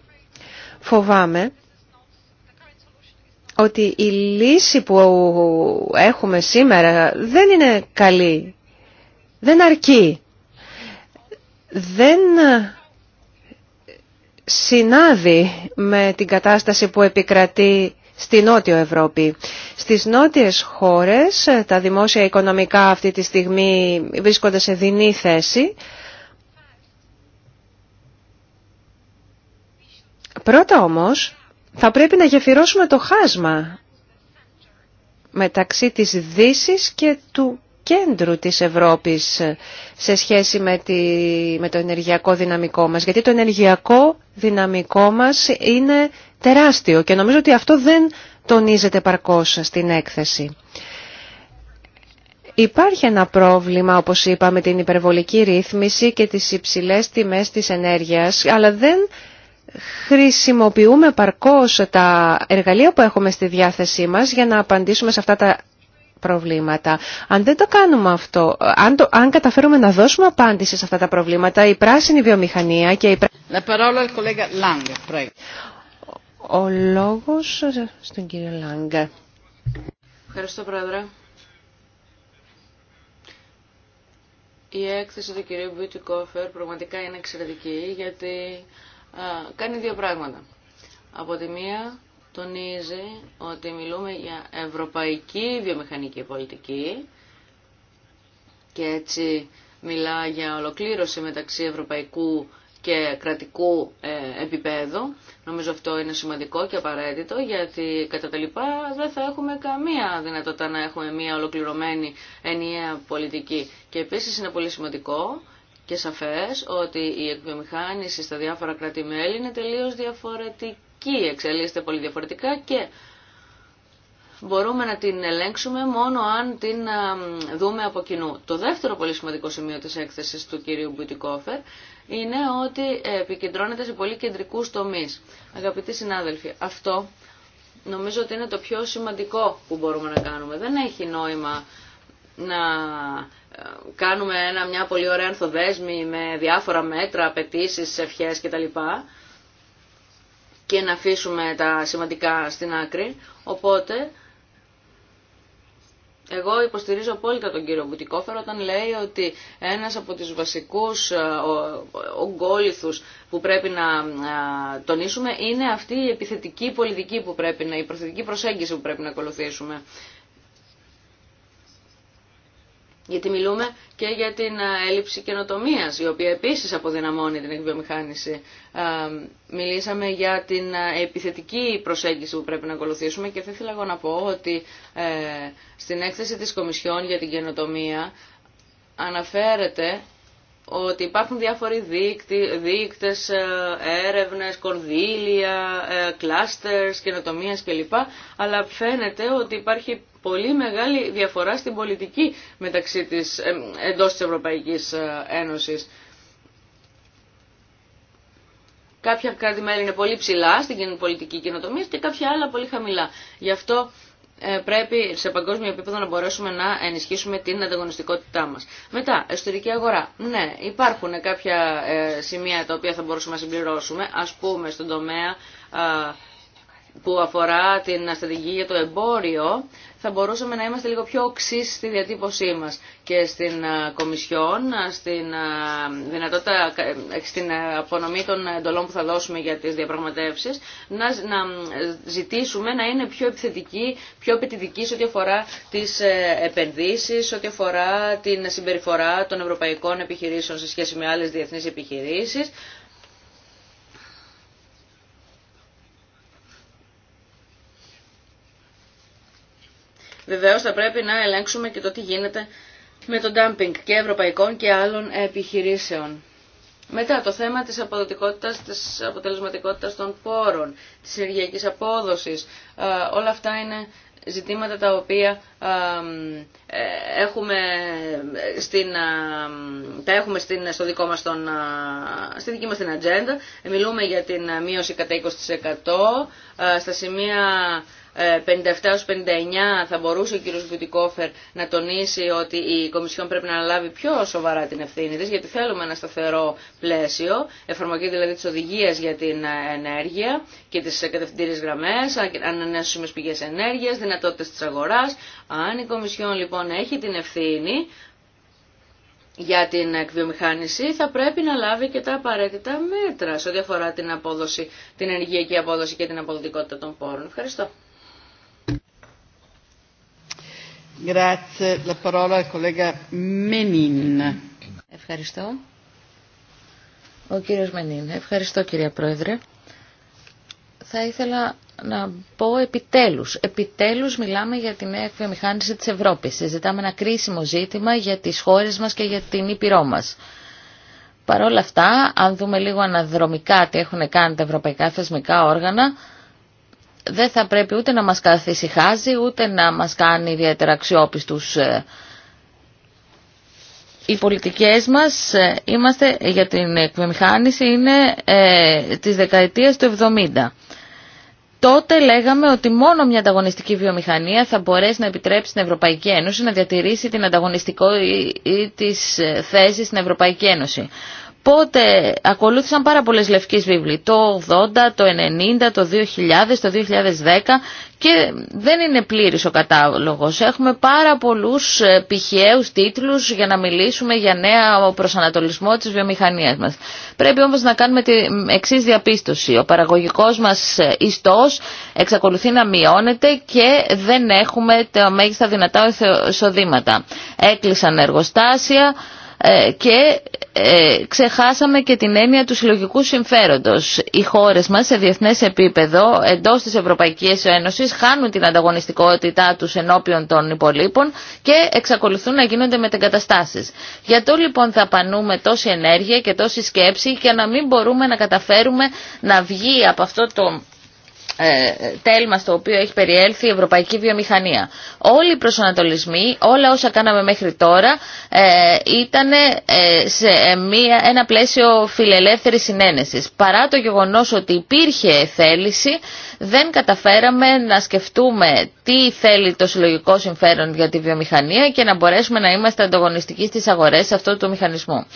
Φοβάμαι ότι η λύση που έχουμε σήμερα δεν είναι καλή, δεν αρκεί, δεν συνάδει με την κατάσταση που επικρατεί στη Νότιο Ευρώπη. Στις νότιες χώρες ε, τα δημόσια οικονομικά αυτή τη στιγμή βρίσκονται σε δινή θέση. Πρώτα όμως θα πρέπει να γεφυρώσουμε το χάσμα μεταξύ της δύση και του κέντρου της Ευρώπης ε, σε σχέση με, τη, με το ενεργειακό δυναμικό μας. Γιατί το ενεργειακό δυναμικό μας είναι τεράστιο και νομίζω ότι αυτό δεν τονίζεται παρκώς στην έκθεση. Υπάρχει ένα πρόβλημα, όπως είπαμε την υπερβολική ρύθμιση και τις υψηλές τιμές της ενέργειας, αλλά δεν χρησιμοποιούμε παρκώς τα εργαλεία που έχουμε στη διάθεσή μας για να απαντήσουμε σε αυτά τα προβλήματα. Αν δεν το κάνουμε αυτό, αν, το, αν καταφέρουμε να δώσουμε απάντηση σε αυτά τα προβλήματα, η πράσινη βιομηχανία και η πράσινη... Ο λόγος στον κύριο Λάγκα. Ευχαριστώ, Πρόεδρε. Η έκθεση του κυρίου Μπιούτι Κόφερ πραγματικά είναι εξαιρετική γιατί κάνει δύο πράγματα. Από τη μία τονίζει ότι μιλούμε για ευρωπαϊκή βιομηχανική πολιτική και έτσι μιλά για ολοκλήρωση μεταξύ ευρωπαϊκού και κρατικού ε, επίπεδου. Νομίζω αυτό είναι σημαντικό και απαραίτητο γιατί κατά τα λοιπά δεν θα έχουμε καμία δυνατότητα να έχουμε μια ολοκληρωμένη ενιαία πολιτική. Και επίσης είναι πολύ σημαντικό και σαφές ότι η εκβιομηχάνηση στα διάφορα κράτη-μέλη είναι τελείως διαφορετική, εξελίσσεται πολύ διαφορετικά και μπορούμε να την ελέγξουμε μόνο αν την δούμε από κοινού. Το δεύτερο πολύ σημαντικό σημείο της έκθεσης του κυρίου Μπουτικόφερ είναι ότι επικεντρώνεται σε πολύ κεντρικού τομεί. Αγαπητοί συνάδελφοι, αυτό νομίζω ότι είναι το πιο σημαντικό που μπορούμε να κάνουμε. Δεν έχει νόημα να ε, κάνουμε ένα, μια πολύ ωραία ανθοδέσμη με διάφορα μέτρα, απαιτήσει, ευχές κτλ. Και να αφήσουμε τα σημαντικά στην άκρη. Οπότε εγώ υποστηρίζω απόλυτα τον κύριο Μπουτικόφερο όταν λέει ότι ένας από τους βασικούς ε, ογκόληθους που πρέπει να ε, τονίσουμε είναι αυτή η επιθετική πολιτική που πρέπει να, η προθετική προσέγγιση που πρέπει να ακολουθήσουμε. Γιατί μιλούμε και για την ε, έλλειψη καινοτομία, η οποία επίσης αποδυναμώνει την εκβιομηχάνηση. Ε, μιλήσαμε για την ε, επιθετική προσέγγιση που πρέπει να ακολουθήσουμε και θα ήθελα εγώ να πω ότι στην έκθεση της Κομισιόν για την καινοτομία αναφέρεται ότι υπάρχουν διάφοροι δείκτη, δείκτες, έρευνες, κορδίλια, κλάστερς, καινοτομίες κλπ. Αλλά φαίνεται ότι υπάρχει πολύ μεγάλη διαφορά στην πολιτική μεταξύ της, ε, εντός της Ευρωπαϊκής ε, Ένωσης. Κάποια κράτη-μέλη είναι πολύ ψηλά στην πολιτική κοινοτομία και κάποια άλλα πολύ χαμηλά. Γι' αυτό ε, πρέπει σε παγκόσμιο επίπεδο να μπορέσουμε να ενισχύσουμε την ανταγωνιστικότητά μας. Μετά, εσωτερική αγορά. Ναι, υπάρχουν κάποια σημεία τα οποία θα μπορούσαμε να συμπληρώσουμε, ας πούμε στον τομέα που αφορά την στρατηγική για το εμπόριο, θα μπορούσαμε να είμαστε λίγο πιο οξύ στη διατύπωσή μας και στην Κομισιόν, στην, δυνατότητα, ε, στην απονομή των εντολών που θα δώσουμε για τις διαπραγματεύσεις, να, ζητήσουμε να είναι πιο επιθετική, πιο απαιτητική σε ό,τι αφορά τι ε, επενδύσεις, σε ό,τι αφορά την συμπεριφορά των ευρωπαϊκών επιχειρήσεων σε σχέση με άλλε διεθνεί επιχειρήσει. Βεβαίως θα πρέπει να ελέγξουμε και το τι γίνεται με το dumping και ευρωπαϊκών και άλλων επιχειρήσεων. Μετά το θέμα της αποδοτικότητας, της αποτελεσματικότητας των πόρων, της ενεργειακής απόδοσης, ε, όλα αυτά είναι ζητήματα τα οποία ε, ε, έχουμε στην, τα έχουμε στην, στο δικό μας τον, στη δική μας την ατζέντα. Μιλούμε για την μείωση κατά 20% στα σημεία 57-59 ε, θα μπορούσε ο κ. Μπουτικόφερ να τονίσει ότι η Κομισιόν πρέπει να λάβει πιο σοβαρά την ευθύνη της, γιατί θέλουμε ένα σταθερό πλαίσιο, εφαρμογή δηλαδή της οδηγίας για την ε, ενέργεια και τις κατευθυντήριες γραμμές, ανανέσιμες πηγές ενέργειας, δυνατότητες της αγοράς. Αν η Κομισιόν λοιπόν έχει την ευθύνη, για την εκβιομηχάνηση θα πρέπει να λάβει και τα απαραίτητα μέτρα σε ό,τι αφορά την, απόδοση, την ενεργειακή απόδοση και την αποδοτικότητα των πόρων. Ευχαριστώ. Ευχαριστώ. Ο κύριος Μενίν. Ευχαριστώ κυρία Πρόεδρε. Θα ήθελα να πω επιτέλους. Επιτέλους μιλάμε για την νέα εκβιομηχάνηση της Ευρώπης. Συζητάμε ένα κρίσιμο ζήτημα για τις χώρες μας και για την Ήπειρό μας. Παρ' όλα αυτά, αν δούμε λίγο αναδρομικά τι έχουν κάνει τα ευρωπαϊκά θεσμικά όργανα, δεν θα πρέπει ούτε να μας καθησυχάζει, ούτε να μας κάνει ιδιαίτερα αξιόπιστους ε, οι πολιτικές μας ε, είμαστε για την εκμηχάνηση είναι ε, της δεκαετίας του 70. Τότε λέγαμε ότι μόνο μια ανταγωνιστική βιομηχανία θα μπορέσει να επιτρέψει στην Ευρωπαϊκή Ένωση να διατηρήσει την ή της ε, θέση στην Ευρωπαϊκή Ένωση. Οπότε ακολούθησαν πάρα πολλές λευκές βίβλοι, το 80, το 90, το 2000, το 2010 και δεν είναι πλήρης ο κατάλογος. Έχουμε πάρα πολλούς ε, πηχαίους τίτλους για να μιλήσουμε για νέα προσανατολισμό της βιομηχανίας μας. Πρέπει όμως να κάνουμε την εξής διαπίστωση. Ο παραγωγικός μας ε, ιστός εξακολουθεί να μειώνεται και δεν έχουμε τα μέγιστα δυνατά εισοδήματα. Έκλεισαν εργοστάσια, ε, και ε, ξεχάσαμε και την έννοια του συλλογικού συμφέροντος. Οι χώρες μας σε διεθνές επίπεδο εντός της Ευρωπαϊκής Ένωσης χάνουν την ανταγωνιστικότητά τους ενώπιον των υπολείπων και εξακολουθούν να γίνονται μετεγκαταστάσεις. Για το λοιπόν θα πανούμε τόση ενέργεια και τόση σκέψη για να μην μπορούμε να καταφέρουμε να βγει από αυτό το ε, τέλμα στο οποίο έχει περιέλθει η ευρωπαϊκή βιομηχανία. Όλοι οι προσανατολισμοί, όλα όσα κάναμε μέχρι τώρα ε, ήταν ε, σε μία, ένα πλαίσιο φιλελεύθερης συνένεσης. Παρά το γεγονός ότι υπήρχε θέληση, δεν καταφέραμε να σκεφτούμε τι θέλει το συλλογικό συμφέρον για τη βιομηχανία και να μπορέσουμε να είμαστε ανταγωνιστικοί στις αγορές αυτού του μηχανισμού.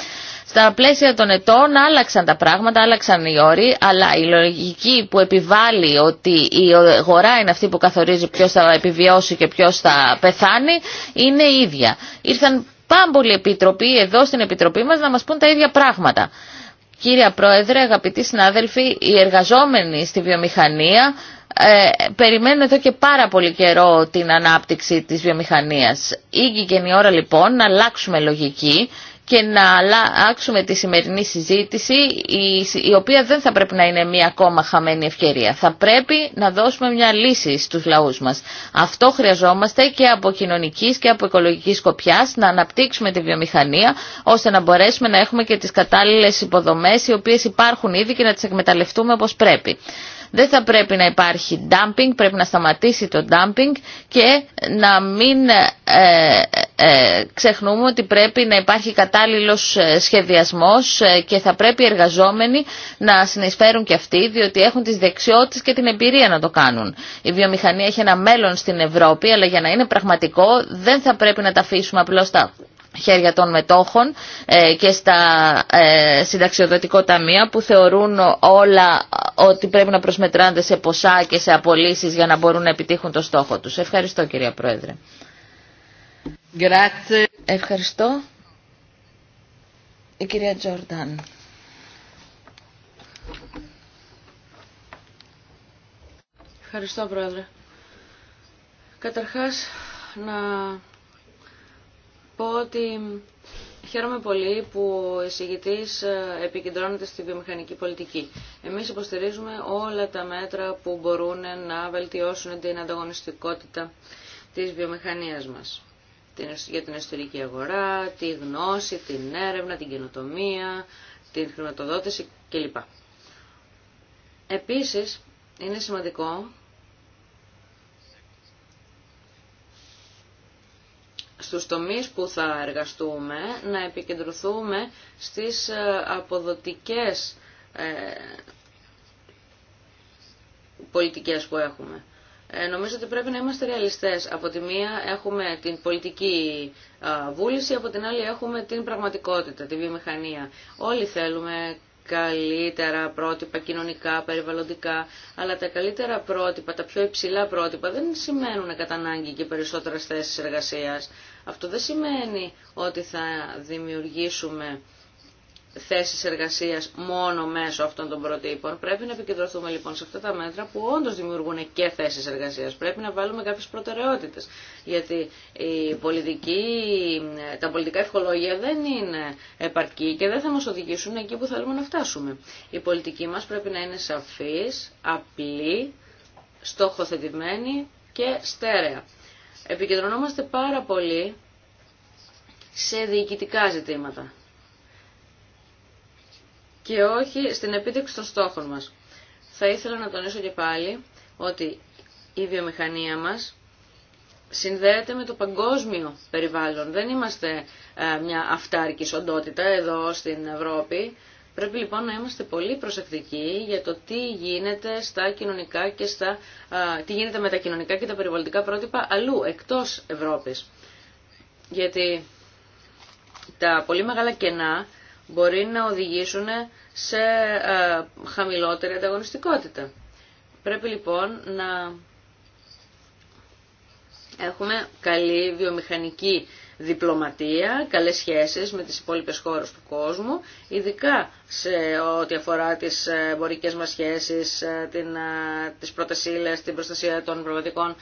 Στα πλαίσια των ετών άλλαξαν τα πράγματα, άλλαξαν οι όροι, αλλά η λογική που επιβάλλει ότι η αγορά είναι αυτή που καθορίζει ποιο θα επιβιώσει και ποιο θα πεθάνει είναι η ίδια. Ήρθαν πάμπολοι επιτροποί εδώ στην Επιτροπή μα να μα πούν τα ίδια πράγματα. Κύριε Πρόεδρε, αγαπητοί συνάδελφοι, οι εργαζόμενοι στη βιομηχανία ε, περιμένουν εδώ και πάρα πολύ καιρό την ανάπτυξη της βιομηχανίας. Ήγηκε η ώρα λοιπόν να αλλάξουμε λογική και να αλλάξουμε τη σημερινή συζήτηση, η οποία δεν θα πρέπει να είναι μία ακόμα χαμένη ευκαιρία. Θα πρέπει να δώσουμε μια λύση στους λαούς μας. Αυτό χρειαζόμαστε και από κοινωνικής και από οικολογικής σκοπιάς, να αναπτύξουμε τη βιομηχανία, ώστε να μπορέσουμε να έχουμε και τις κατάλληλες υποδομές, οι οποίες υπάρχουν ήδη και να τις εκμεταλλευτούμε όπως πρέπει. Δεν θα πρέπει να υπάρχει dumping, πρέπει να σταματήσει το dumping και να μην ε, ε, ξεχνούμε ότι πρέπει να υπάρχει κατάλληλος ε, σχεδιασμός ε, και θα πρέπει οι εργαζόμενοι να συνεισφέρουν και αυτοί διότι έχουν τις δεξιότητες και την εμπειρία να το κάνουν. Η βιομηχανία έχει ένα μέλλον στην Ευρώπη αλλά για να είναι πραγματικό δεν θα πρέπει να τα αφήσουμε απλώς στα χέρια των μετόχων ε, και στα συνταξιοδοτικό ταμεία που θεωρούν όλα ότι πρέπει να προσμετράνται σε ποσά και σε απολύσεις για να μπορούν να επιτύχουν το στόχο τους. Ευχαριστώ κυρία Πρόεδρε. Ευχαριστώ. Η κυρία Τζόρνταν. Ευχαριστώ, Πρόεδρε. Καταρχάς, να πω ότι χαίρομαι πολύ που ο εισηγητής ε, επικεντρώνεται στη βιομηχανική πολιτική. Εμείς υποστηρίζουμε όλα τα μέτρα που μπορούν να βελτιώσουν την ανταγωνιστικότητα της βιομηχανίας μας για την εσωτερική αγορά, τη γνώση, την έρευνα, την καινοτομία, την χρηματοδότηση κλπ. Επίσης, είναι σημαντικό στους τομείς που θα εργαστούμε να επικεντρωθούμε στις ε, αποδοτικές ε, πολιτικές που έχουμε. Ε, νομίζω ότι πρέπει να είμαστε ρεαλιστές. Από τη μία έχουμε την πολιτική βούληση, από την άλλη έχουμε την πραγματικότητα, τη βιομηχανία. Όλοι θέλουμε καλύτερα πρότυπα κοινωνικά, περιβαλλοντικά, αλλά τα καλύτερα πρότυπα, τα πιο υψηλά πρότυπα δεν σημαίνουν κατά ανάγκη και περισσότερες θέσεις εργασίας. Αυτό δεν σημαίνει ότι θα δημιουργήσουμε θέσεις εργασίας μόνο μέσω αυτών των προτύπων. Πρέπει να επικεντρωθούμε λοιπόν σε αυτά τα μέτρα που όντως δημιουργούν και θέσεις εργασίας. Πρέπει να βάλουμε κάποιες προτεραιότητες. Γιατί η πολιτική, τα πολιτικά ευχολόγια δεν είναι επαρκή και δεν θα μας οδηγήσουν εκεί που θέλουμε να φτάσουμε. Η πολιτική μας πρέπει να είναι σαφής, απλή, στόχοθετημένη και στέρεα. Επικεντρωνόμαστε πάρα πολύ σε διοικητικά ζητήματα και όχι στην επίτευξη των στόχων μας. Θα ήθελα να τονίσω και πάλι ότι η βιομηχανία μας συνδέεται με το παγκόσμιο περιβάλλον. Δεν είμαστε ε, μια αυτάρκης οντότητα εδώ στην Ευρώπη. Πρέπει λοιπόν να είμαστε πολύ προσεκτικοί για το τι γίνεται, στα κοινωνικά και στα, ε, τι γίνεται με τα κοινωνικά και τα περιβαλλοντικά πρότυπα αλλού, εκτός Ευρώπης. Γιατί τα πολύ μεγάλα κενά μπορεί να οδηγήσουν σε ε, χαμηλότερη ανταγωνιστικότητα. Πρέπει λοιπόν να έχουμε καλή βιομηχανική διπλωματία, καλές σχέσεις με τις υπόλοιπες χώρες του κόσμου, ειδικά σε ό,τι αφορά τις εμπορικές μας σχέσεις, ε, την, ε, τις πρότασίλες την προστασία των πνευματικών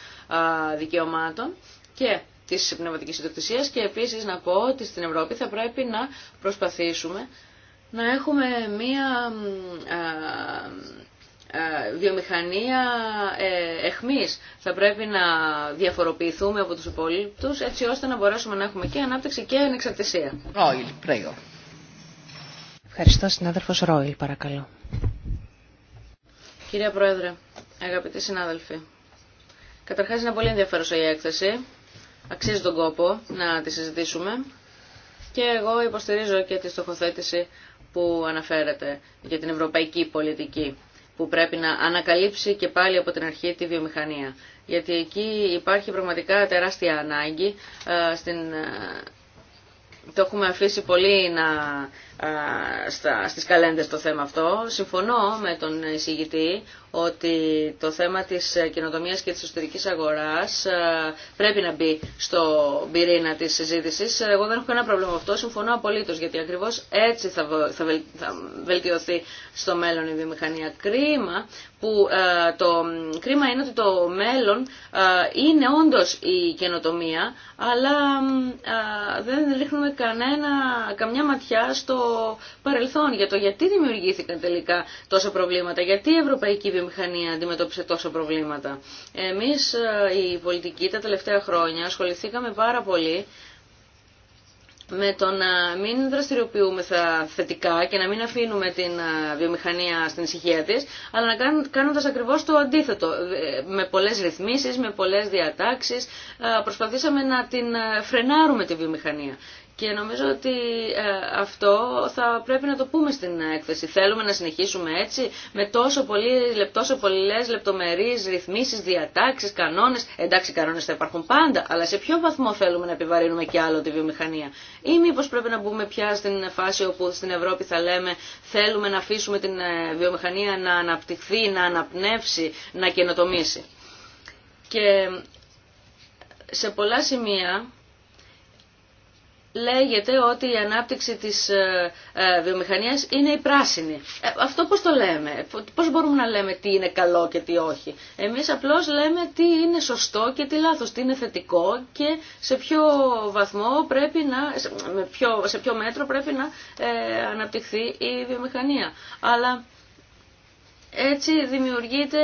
δικαιωμάτων και της πνευματικής ιδιοκτησίας και επίσης να πω ότι στην Ευρώπη θα πρέπει να προσπαθήσουμε να έχουμε μία βιομηχανία ε, εχμής. Θα πρέπει να διαφοροποιηθούμε από τους υπόλοιπους έτσι ώστε να μπορέσουμε να έχουμε και ανάπτυξη και ανεξαρτησία. Ρόιλ, Ευχαριστώ συνάδελφος Ρόιλ, παρακαλώ. Κυρία Πρόεδρε, αγαπητοί συνάδελφοι, καταρχάς είναι πολύ ενδιαφέρουσα η έκθεση. Αξίζει τον κόπο να τη συζητήσουμε και εγώ υποστηρίζω και τη στοχοθέτηση που αναφέρεται για την ευρωπαϊκή πολιτική που πρέπει να ανακαλύψει και πάλι από την αρχή τη βιομηχανία. Γιατί εκεί υπάρχει πραγματικά τεράστια ανάγκη. Ε, στην... Ε, το έχουμε αφήσει πολύ να στα, στις καλέντες το θέμα αυτό. Συμφωνώ με τον εισηγητή ότι το θέμα της καινοτομίας και της εσωτερικής αγοράς πρέπει να μπει στο πυρήνα της συζήτησης. Εγώ δεν έχω κανένα πρόβλημα με αυτό, συμφωνώ απολύτως, γιατί ακριβώς έτσι θα, βελτιωθεί στο μέλλον η βιομηχανία. Κρίμα, που, το κρίμα είναι ότι το μέλλον είναι όντως η καινοτομία, αλλά δεν ρίχνουμε κανένα, καμιά ματιά στο παρελθόν, για το γιατί δημιουργήθηκαν τελικά τόσα προβλήματα, γιατί η ευρωπαϊκή βιομηχανία αντιμετώπισε τόσα προβλήματα. Εμείς ε, οι πολιτικοί τα τελευταία χρόνια ασχοληθήκαμε πάρα πολύ με το να μην δραστηριοποιούμεθα θετικά και να μην αφήνουμε την ε, βιομηχανία στην ησυχία της, αλλά να κάνοντας ακριβώς το αντίθετο, ε, με πολλές ρυθμίσεις, με πολλές διατάξεις, προσπαθήσαμε να την φρενάρουμε τη βιομηχανία. Και νομίζω ότι ε, αυτό θα πρέπει να το πούμε στην έκθεση. Θέλουμε να συνεχίσουμε έτσι με τόσο, πολύ, τόσο πολλές λεπτομερείς ρυθμίσεις, διατάξεις, κανόνες. Εντάξει, κανόνες θα υπάρχουν πάντα, αλλά σε ποιο βαθμό θέλουμε να επιβαρύνουμε κι άλλο τη βιομηχανία. Ή μήπω πρέπει να μπούμε πια στην φάση όπου στην Ευρώπη θα λέμε θέλουμε να αφήσουμε την ε, βιομηχανία να αναπτυχθεί, να αναπνεύσει, να καινοτομήσει. Και σε πολλά σημεία λέγεται ότι η ανάπτυξη της ε, ε, βιομηχανίας είναι η πράσινη. Ε, αυτό πώς το λέμε, πώς μπορούμε να λέμε τι είναι καλό και τι όχι. Εμείς απλώς λέμε τι είναι σωστό και τι λάθος, τι είναι θετικό και σε ποιο βαθμό πρέπει να, σε ποιο μέτρο πρέπει να αναπτυχθεί η βιομηχανία. Αλλά έτσι δημιουργείται,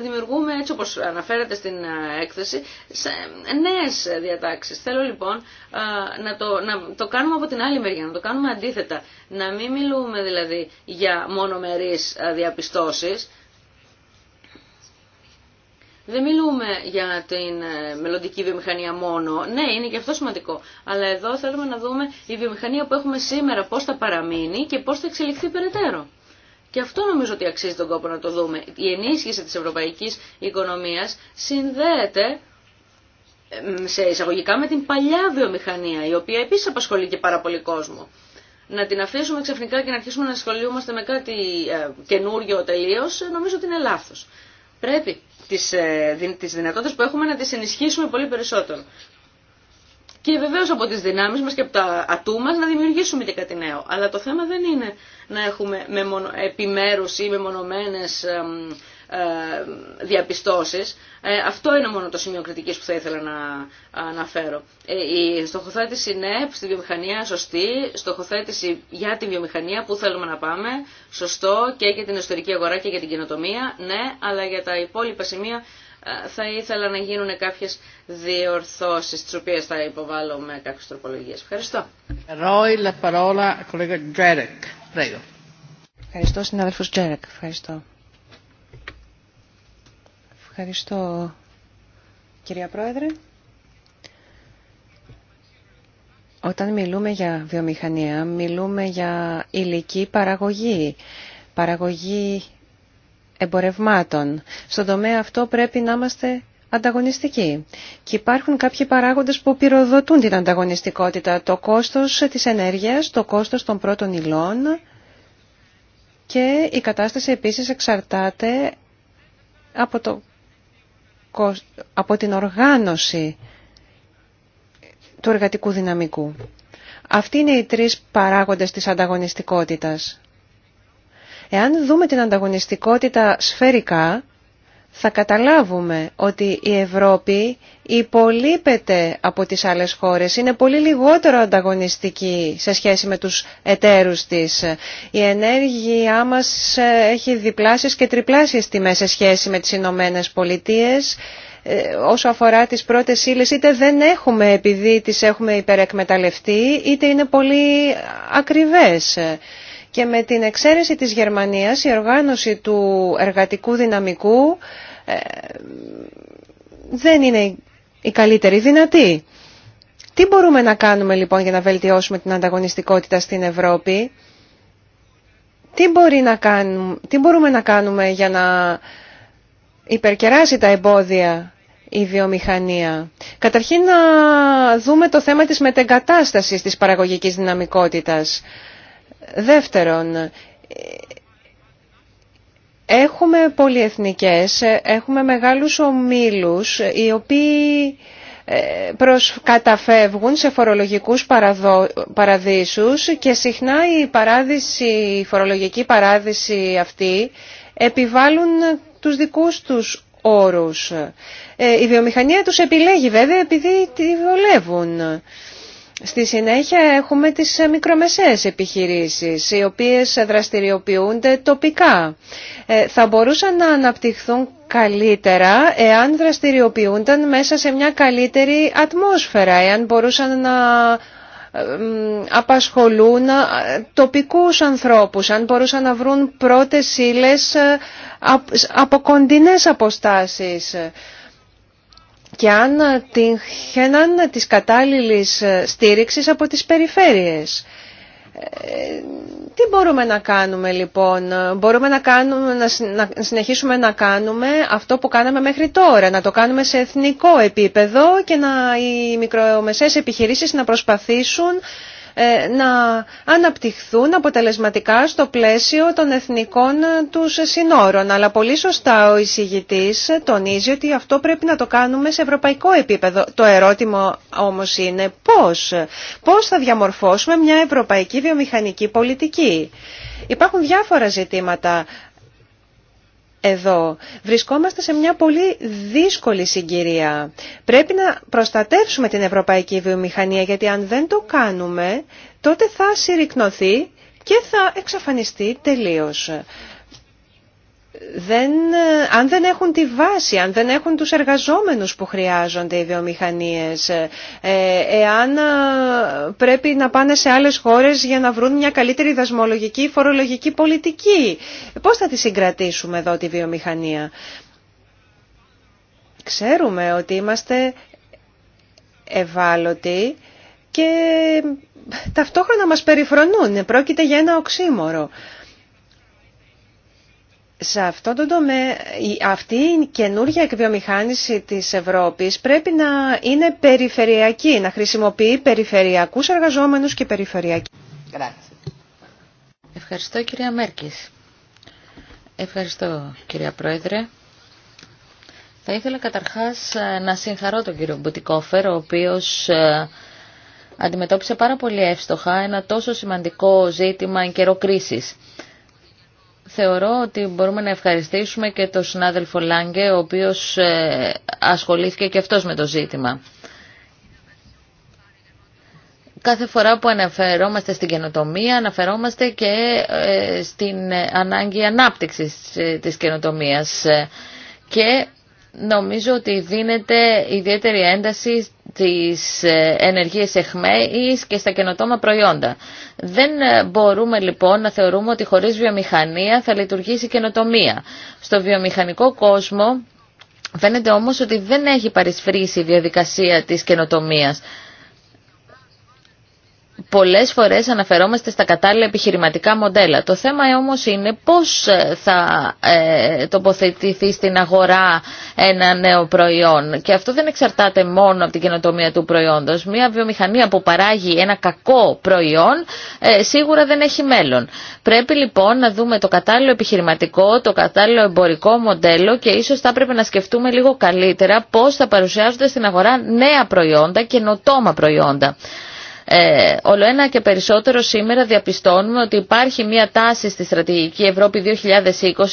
δημιουργούμε, έτσι όπως αναφέρεται στην ε, έκθεση, σε ε, νέες διατάξεις. Θέλω λοιπόν ε, να το, να το κάνουμε από την άλλη μεριά, να το κάνουμε αντίθετα. Να μην μιλούμε δηλαδή για μονομερείς διαπιστώσεις, δεν μιλούμε για την μελλοντική βιομηχανία μόνο. Ναι, είναι και αυτό σημαντικό. Αλλά εδώ θέλουμε να δούμε η βιομηχανία που έχουμε σήμερα πώς θα παραμείνει και πώς θα εξελιχθεί περαιτέρω. Και αυτό νομίζω ότι αξίζει τον κόπο να το δούμε. Η ενίσχυση της ευρωπαϊκής οικονομίας συνδέεται σε εισαγωγικά με την παλιά βιομηχανία, η οποία επίσης απασχολεί και πάρα πολύ κόσμο. Να την αφήσουμε ξαφνικά και να αρχίσουμε να ασχολούμαστε με κάτι ε, καινούριο τελείω, νομίζω ότι είναι λάθος. Πρέπει τις, ε, τις δυνατότητες που έχουμε να τις ενισχύσουμε πολύ περισσότερο και βεβαίω από τις δυνάμει μας και από τα ατού μας να δημιουργήσουμε και κάτι νέο. Αλλά το θέμα δεν είναι να έχουμε μεμονω... επιμέρους ή μεμονωμένες ε, διαπιστώσεις. Ε, αυτό είναι μόνο το σημείο κριτικής που θα ήθελα να αναφέρω. Ε, η στοχοθέτηση ναι, στη βιομηχανία σωστή, στοχοθέτηση για τη βιομηχανία που θέλουμε να πάμε, σωστό και για την εσωτερική αγορά και για την καινοτομία, ναι, αλλά για τα υπόλοιπα σημεία θα ήθελα να γίνουν κάποιες διορθώσεις, τις οποίες θα υποβάλω με κάποιες τροπολογίες. Ευχαριστώ. Ευχαριστώ, συνάδελφος Τζέρεκ. Ευχαριστώ. Ευχαριστώ, κυρία Πρόεδρε. Όταν μιλούμε για βιομηχανία, μιλούμε για υλική παραγωγή. Παραγωγή εμπορευμάτων. Στον τομέα αυτό πρέπει να είμαστε ανταγωνιστικοί. Και υπάρχουν κάποιοι παράγοντες που πυροδοτούν την ανταγωνιστικότητα. Το κόστος της ενέργειας, το κόστος των πρώτων υλών και η κατάσταση επίσης εξαρτάται από, από την οργάνωση του εργατικού δυναμικού. Αυτοί είναι οι τρεις παράγοντες της ανταγωνιστικότητας. Εάν δούμε την ανταγωνιστικότητα σφαιρικά, θα καταλάβουμε ότι η Ευρώπη υπολείπεται από τις άλλες χώρες. Είναι πολύ λιγότερο ανταγωνιστική σε σχέση με τους εταίρους της. Η ενέργειά μας ε, έχει διπλάσεις και τριπλάσεις τιμές σε σχέση με τις Ηνωμένε Πολιτείες. Ε, όσο αφορά τις πρώτες ύλες, είτε δεν έχουμε επειδή τις έχουμε υπερεκμεταλλευτεί, είτε είναι πολύ ακριβές. Και με την εξαίρεση της Γερμανίας η οργάνωση του εργατικού δυναμικού ε, δεν είναι η καλύτερη δυνατή. Τι μπορούμε να κάνουμε λοιπόν για να βελτιώσουμε την ανταγωνιστικότητα στην Ευρώπη. Τι, να κάνουμε, μπορούμε να κάνουμε για να υπερκεράσει τα εμπόδια η βιομηχανία. Καταρχήν να δούμε το θέμα της μετεγκατάστασης της παραγωγικής δυναμικότητας. Δεύτερον, έχουμε πολυεθνικές, έχουμε μεγάλους ομίλους οι οποίοι ε, προς, καταφεύγουν σε φορολογικούς παραδο, παραδείσους και συχνά η, παράδειση, φορολογική παράδειση αυτή επιβάλλουν τους δικούς τους όρους. Ε, η βιομηχανία τους επιλέγει βέβαια επειδή τη βολεύουν. Στη συνέχεια έχουμε τις μικρομεσαίες επιχειρήσεις, οι οποίες δραστηριοποιούνται τοπικά. Ε, θα μπορούσαν να αναπτυχθούν καλύτερα εάν δραστηριοποιούνταν μέσα σε μια καλύτερη ατμόσφαιρα, εάν μπορούσαν να απασχολούν ε, τοπικούς ανθρώπους, αν μπορούσαν να βρουν πρώτες ύλες ε, από κοντινές αποστάσεις και αν την χέναν της κατάλληλης ε, στήριξης από τις περιφέρειες. Ε, τι μπορούμε να κάνουμε λοιπόν, μπορούμε να, κάνουμε, να συνεχίσουμε να κάνουμε αυτό που κάναμε μέχρι τώρα, να το κάνουμε σε εθνικό επίπεδο και να οι μικρομεσαίες επιχειρήσεις να προσπαθήσουν ε, να αναπτυχθούν αποτελεσματικά στο πλαίσιο των εθνικών τους συνόρων. Αλλά πολύ σωστά ο εισηγητής τονίζει ότι αυτό πρέπει να το κάνουμε σε ευρωπαϊκό επίπεδο. Το ερώτημα όμως είναι πώς. Πώς θα διαμορφώσουμε μια ευρωπαϊκή βιομηχανική πολιτική. Υπάρχουν διάφορα ζητήματα εδώ. Βρισκόμαστε σε μια πολύ δύσκολη συγκυρία. Πρέπει να προστατεύσουμε την ευρωπαϊκή βιομηχανία γιατί αν δεν το κάνουμε τότε θα συρρυκνωθεί και θα εξαφανιστεί τελείως δεν, αν δεν έχουν τη βάση, αν δεν έχουν τους εργαζόμενους που χρειάζονται οι βιομηχανίες, ε, εάν πρέπει να πάνε σε άλλες χώρες για να βρουν μια καλύτερη δασμολογική, φορολογική πολιτική. Πώς θα τη συγκρατήσουμε εδώ τη βιομηχανία. Ξέρουμε ότι είμαστε ευάλωτοι και ταυτόχρονα μας περιφρονούν. Πρόκειται για ένα οξύμορο σε αυτό το τομέα, αυτή η καινούργια εκβιομηχάνηση της Ευρώπης πρέπει να είναι περιφερειακή, να χρησιμοποιεί περιφερειακούς εργαζόμενους και περιφερειακή. Ευχαριστώ κυρία Μέρκης. Ευχαριστώ κυρία Πρόεδρε. Θα ήθελα καταρχάς ε, να συγχαρώ τον κύριο Μπουτικόφερ, ο οποίος ε, αντιμετώπισε πάρα πολύ εύστοχα ένα τόσο σημαντικό ζήτημα εν καιρό κρίσης θεωρώ ότι μπορούμε να ευχαριστήσουμε και τον συνάδελφο Λάγκε, ο οποίος ε, ασχολήθηκε και αυτός με το ζήτημα. Κάθε φορά που αναφερόμαστε στην καινοτομία, αναφερόμαστε και ε, στην ανάγκη ανάπτυξης ε, της καινοτομίας. Και νομίζω ότι δίνεται ιδιαίτερη ένταση τις ε, ενεργείες εχμέης και στα καινοτόμα προϊόντα. Δεν ε, μπορούμε λοιπόν να θεωρούμε ότι χωρίς βιομηχανία θα λειτουργήσει καινοτομία. Στο βιομηχανικό κόσμο Φαίνεται όμως ότι δεν έχει παρισφρήσει η διαδικασία της καινοτομίας πολλές φορές αναφερόμαστε στα κατάλληλα επιχειρηματικά μοντέλα. Το θέμα όμως είναι πώς ε, θα ε, τοποθετηθεί στην αγορά ένα νέο προϊόν. Και αυτό δεν εξαρτάται μόνο από την καινοτομία του προϊόντος. Μια βιομηχανία που παράγει ένα κακό προϊόν ε, σίγουρα δεν έχει μέλλον. Πρέπει λοιπόν να δούμε το κατάλληλο επιχειρηματικό, το κατάλληλο εμπορικό μοντέλο και ίσως θα πρέπει να σκεφτούμε λίγο καλύτερα πώς θα παρουσιάζονται στην αγορά νέα προϊόντα, καινοτόμα προϊόντα. Ε, όλο ένα και περισσότερο σήμερα διαπιστώνουμε ότι υπάρχει μια τάση στη στρατηγική Ευρώπη 2020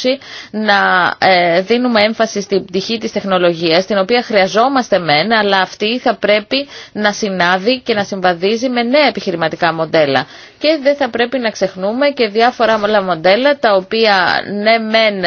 να ε, δίνουμε έμφαση στην πτυχή της τεχνολογίας, την οποία χρειαζόμαστε μεν, αλλά αυτή θα πρέπει να συνάδει και να συμβαδίζει με νέα επιχειρηματικά μοντέλα. Και δεν θα πρέπει να ξεχνούμε και διάφορα άλλα μοντέλα τα οποία ναι μεν...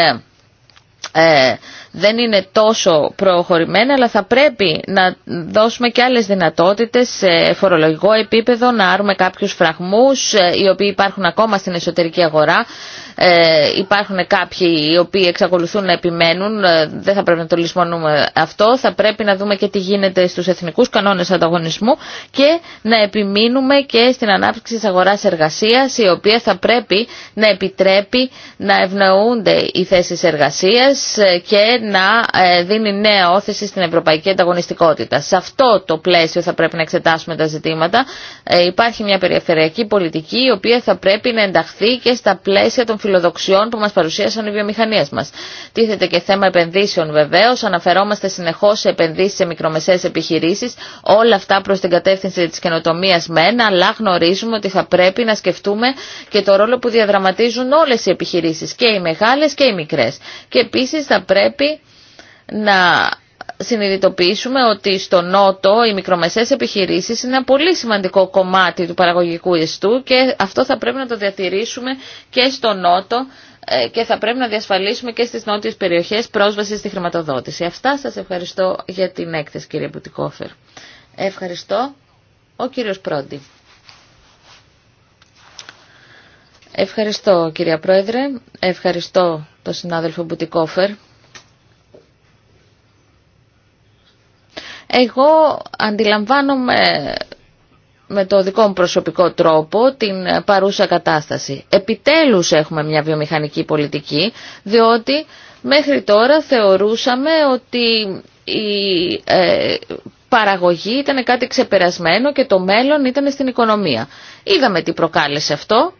Ε, δεν είναι τόσο προχωρημένα, αλλά θα πρέπει να δώσουμε και άλλες δυνατότητες σε φορολογικό επίπεδο, να άρουμε κάποιους φραγμούς, ε, οι οποίοι υπάρχουν ακόμα στην εσωτερική αγορά. Ε, υπάρχουν κάποιοι οι οποίοι εξακολουθούν να επιμένουν, ε, δεν θα πρέπει να το λησμονούμε αυτό, θα πρέπει να δούμε και τι γίνεται στους εθνικούς κανόνες ανταγωνισμού και να επιμείνουμε και στην ανάπτυξη της αγοράς εργασίας, η οποία θα πρέπει να επιτρέπει να ευνοούνται οι θέσεις εργασίας ε, και να ε, δίνει νέα όθηση στην ευρωπαϊκή ανταγωνιστικότητα. Σε αυτό το πλαίσιο θα πρέπει να εξετάσουμε τα ζητήματα. Ε, υπάρχει μια περιφερειακή πολιτική η οποία θα πρέπει να ενταχθεί και στα πλαίσια των φιλοδοξιών που μας παρουσίασαν οι βιομηχανίες μας. Τίθεται και θέμα επενδύσεων βεβαίως. Αναφερόμαστε συνεχώς σε επενδύσεις σε μικρομεσαίες επιχειρήσεις. Όλα αυτά προς την κατεύθυνση της καινοτομίας μεν, αλλά γνωρίζουμε ότι θα πρέπει να σκεφτούμε και το ρόλο που διαδραματίζουν όλες οι επιχειρήσεις, και οι μεγάλες και οι μικρές. Και επίσης θα πρέπει να συνειδητοποιήσουμε ότι στο Νότο οι μικρομεσαίες επιχειρήσεις είναι ένα πολύ σημαντικό κομμάτι του παραγωγικού ιστού και αυτό θα πρέπει να το διατηρήσουμε και στο Νότο ε, και θα πρέπει να διασφαλίσουμε και στις νότιες περιοχές πρόσβαση στη χρηματοδότηση. Αυτά σας ευχαριστώ για την έκθεση κύριε Μπουτικόφερ. Ευχαριστώ. Ο κύριος Πρόντι. Ευχαριστώ κυρία Πρόεδρε. Ευχαριστώ τον συνάδελφο Μπουτικόφερ Εγώ αντιλαμβάνομαι με το δικό μου προσωπικό τρόπο την παρούσα κατάσταση. Επιτέλους έχουμε μια βιομηχανική πολιτική, διότι μέχρι τώρα θεωρούσαμε ότι η ε, παραγωγή ήταν κάτι ξεπερασμένο και το μέλλον ήταν στην οικονομία. Είδαμε τι προκάλεσε αυτό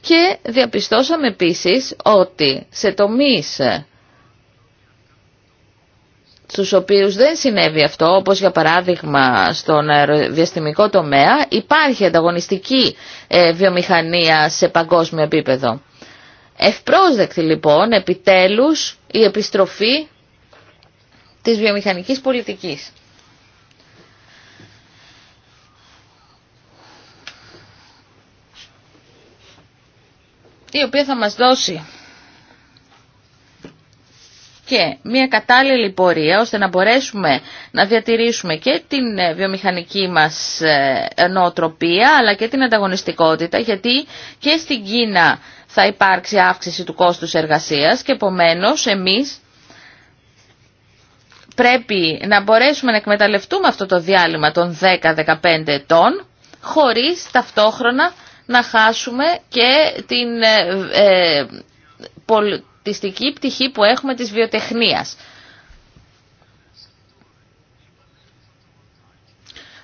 και διαπιστώσαμε επίσης ότι σε τομείς στους οποίους δεν συνέβη αυτό, όπως για παράδειγμα στον αεροδιαστημικό τομέα, υπάρχει ανταγωνιστική ε, βιομηχανία σε παγκόσμιο επίπεδο. Ευπρόσδεκτη λοιπόν επιτέλους η επιστροφή της βιομηχανικής πολιτικής. η οποία θα μας δώσει και μια κατάλληλη πορεία ώστε να μπορέσουμε να διατηρήσουμε και την ε, βιομηχανική μας ε, νοοτροπία αλλά και την ανταγωνιστικότητα γιατί και στην Κίνα θα υπάρξει αύξηση του κόστους εργασίας και επομένως εμείς πρέπει να μπορέσουμε να εκμεταλλευτούμε αυτό το διάλειμμα των 10-15 ετών χωρίς ταυτόχρονα να χάσουμε και την ε, ε πτυχή που έχουμε της βιοτεχνίας.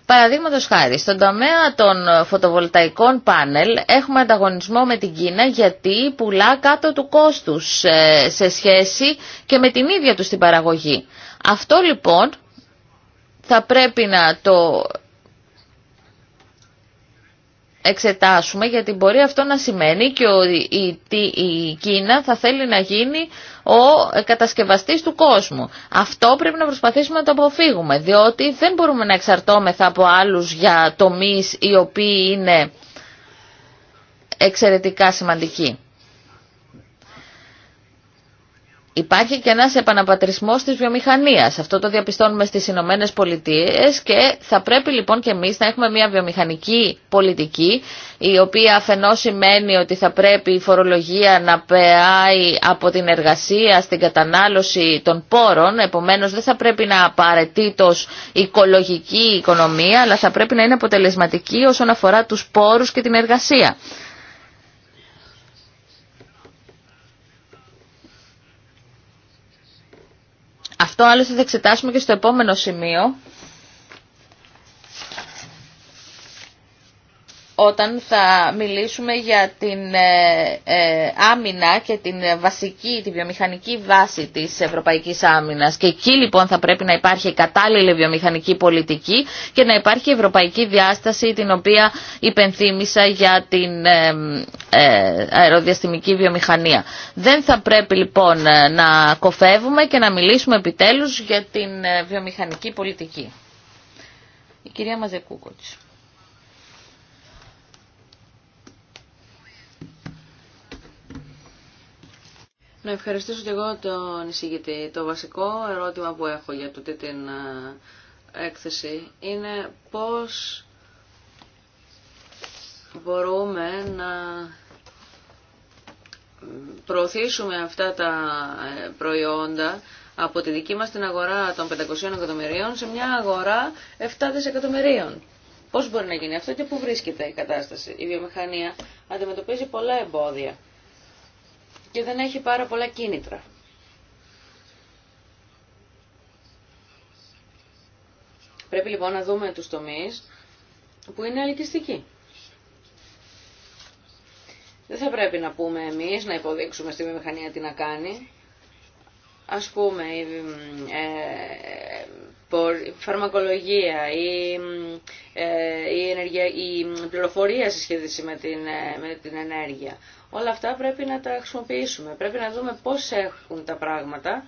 Παραδείγματο χάρη, στον τομέα των φωτοβολταϊκών πάνελ έχουμε ανταγωνισμό με την Κίνα γιατί πουλά κάτω του κόστου ε, σε σχέση και με την ίδια του την παραγωγή. Αυτό λοιπόν θα πρέπει να το εξετάσουμε γιατί μπορεί αυτό να σημαίνει και ότι η Κίνα θα θέλει να γίνει ο κατασκευαστής του κόσμου. Αυτό πρέπει να προσπαθήσουμε να το αποφύγουμε διότι δεν μπορούμε να εξαρτώμεθα από άλλους για τομείς οι οποίοι είναι εξαιρετικά σημαντικοί. Υπάρχει και ένας επαναπατρισμός της βιομηχανίας. Αυτό το διαπιστώνουμε στις Ηνωμένε Πολιτείε και θα πρέπει λοιπόν και εμείς να έχουμε μια βιομηχανική πολιτική η οποία αφενός σημαίνει ότι θα πρέπει η φορολογία να πεάει από την εργασία στην κατανάλωση των πόρων, επομένως δεν θα πρέπει να απαραίτητος οικολογική οικονομία, αλλά θα πρέπει να είναι αποτελεσματική όσον αφορά τους πόρους και την εργασία. Αυτό άλλωστε θα εξετάσουμε και στο επόμενο σημείο όταν θα μιλήσουμε για την ε, ε, άμυνα και την βασική, τη βιομηχανική βάση της ευρωπαϊκής άμυνας. Και εκεί λοιπόν θα πρέπει να υπάρχει κατάλληλη βιομηχανική πολιτική και να υπάρχει ευρωπαϊκή διάσταση την οποία υπενθύμησα για την ε, αεροδιαστημική βιομηχανία. Δεν θα πρέπει λοιπόν να κοφεύουμε και να μιλήσουμε επιτέλους για την βιομηχανική πολιτική. Η κυρία Μαζεκούκοτς. Να ευχαριστήσω και εγώ τον εισηγητή. Το βασικό ερώτημα που έχω για τούτη την ε, έκθεση είναι πώς μπορούμε να προωθήσουμε αυτά τα ε, προϊόντα από τη δική μας την αγορά των 500 εκατομμυρίων σε μια αγορά 7 δισεκατομμυρίων. Πώς μπορεί να γίνει αυτό και πού βρίσκεται η κατάσταση. Η βιομηχανία αντιμετωπίζει πολλά εμπόδια και δεν έχει πάρα πολλά κίνητρα. Πρέπει λοιπόν να δούμε τους τομείς που είναι ελκυστικοί. Δεν θα πρέπει να πούμε εμείς, να υποδείξουμε στη βιομηχανία τι να κάνει ας πούμε, η ε, φαρμακολογία, η, ε, η, ενεργεια, πληροφορία σε σχέση με την, ε, με την ενέργεια. Όλα αυτά πρέπει να τα χρησιμοποιήσουμε. Πρέπει να δούμε πώς έχουν τα πράγματα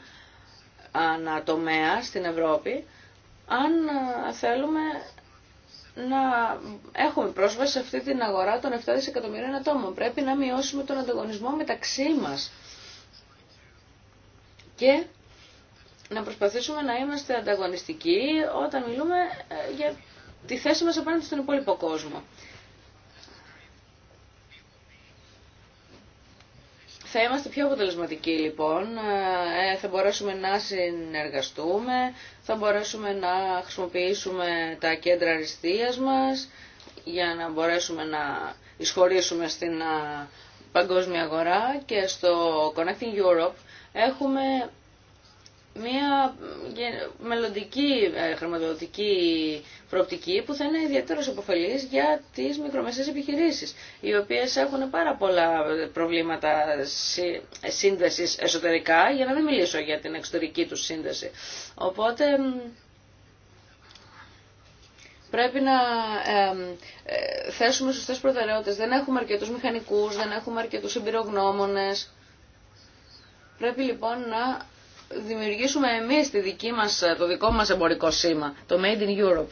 ανατομέα στην Ευρώπη, αν θέλουμε να έχουμε πρόσβαση σε αυτή την αγορά των 7 δισεκατομμυρίων ατόμων. Πρέπει να μειώσουμε τον ανταγωνισμό μεταξύ μας και να προσπαθήσουμε να είμαστε ανταγωνιστικοί όταν μιλούμε ε, για τη θέση μας απέναντι στον υπόλοιπο κόσμο. Θα είμαστε πιο αποτελεσματικοί λοιπόν, ε, ε, θα μπορέσουμε να συνεργαστούμε, θα μπορέσουμε να χρησιμοποιήσουμε τα κέντρα αριστείας μας για να μπορέσουμε να εισχωρήσουμε στην παγκόσμια αγορά και στο Connecting Europe έχουμε μια μελλοντική ε, χρηματοδοτική προοπτική που θα είναι ιδιαίτερο υποφελής για τις μικρομεσαίες επιχειρήσεις, οι οποίες έχουν πάρα πολλά προβλήματα σύνδεση εσωτερικά, για να μην μιλήσω για την εξωτερική τους σύνδεση. Οπότε πρέπει να ε, θέσουμε σωστές προτεραιότητες. Δεν έχουμε αρκετούς μηχανικούς, δεν έχουμε αρκετούς εμπειρογνώμονες. Πρέπει λοιπόν να δημιουργήσουμε εμείς το δικό μας εμπορικό σήμα, το Made in Europe.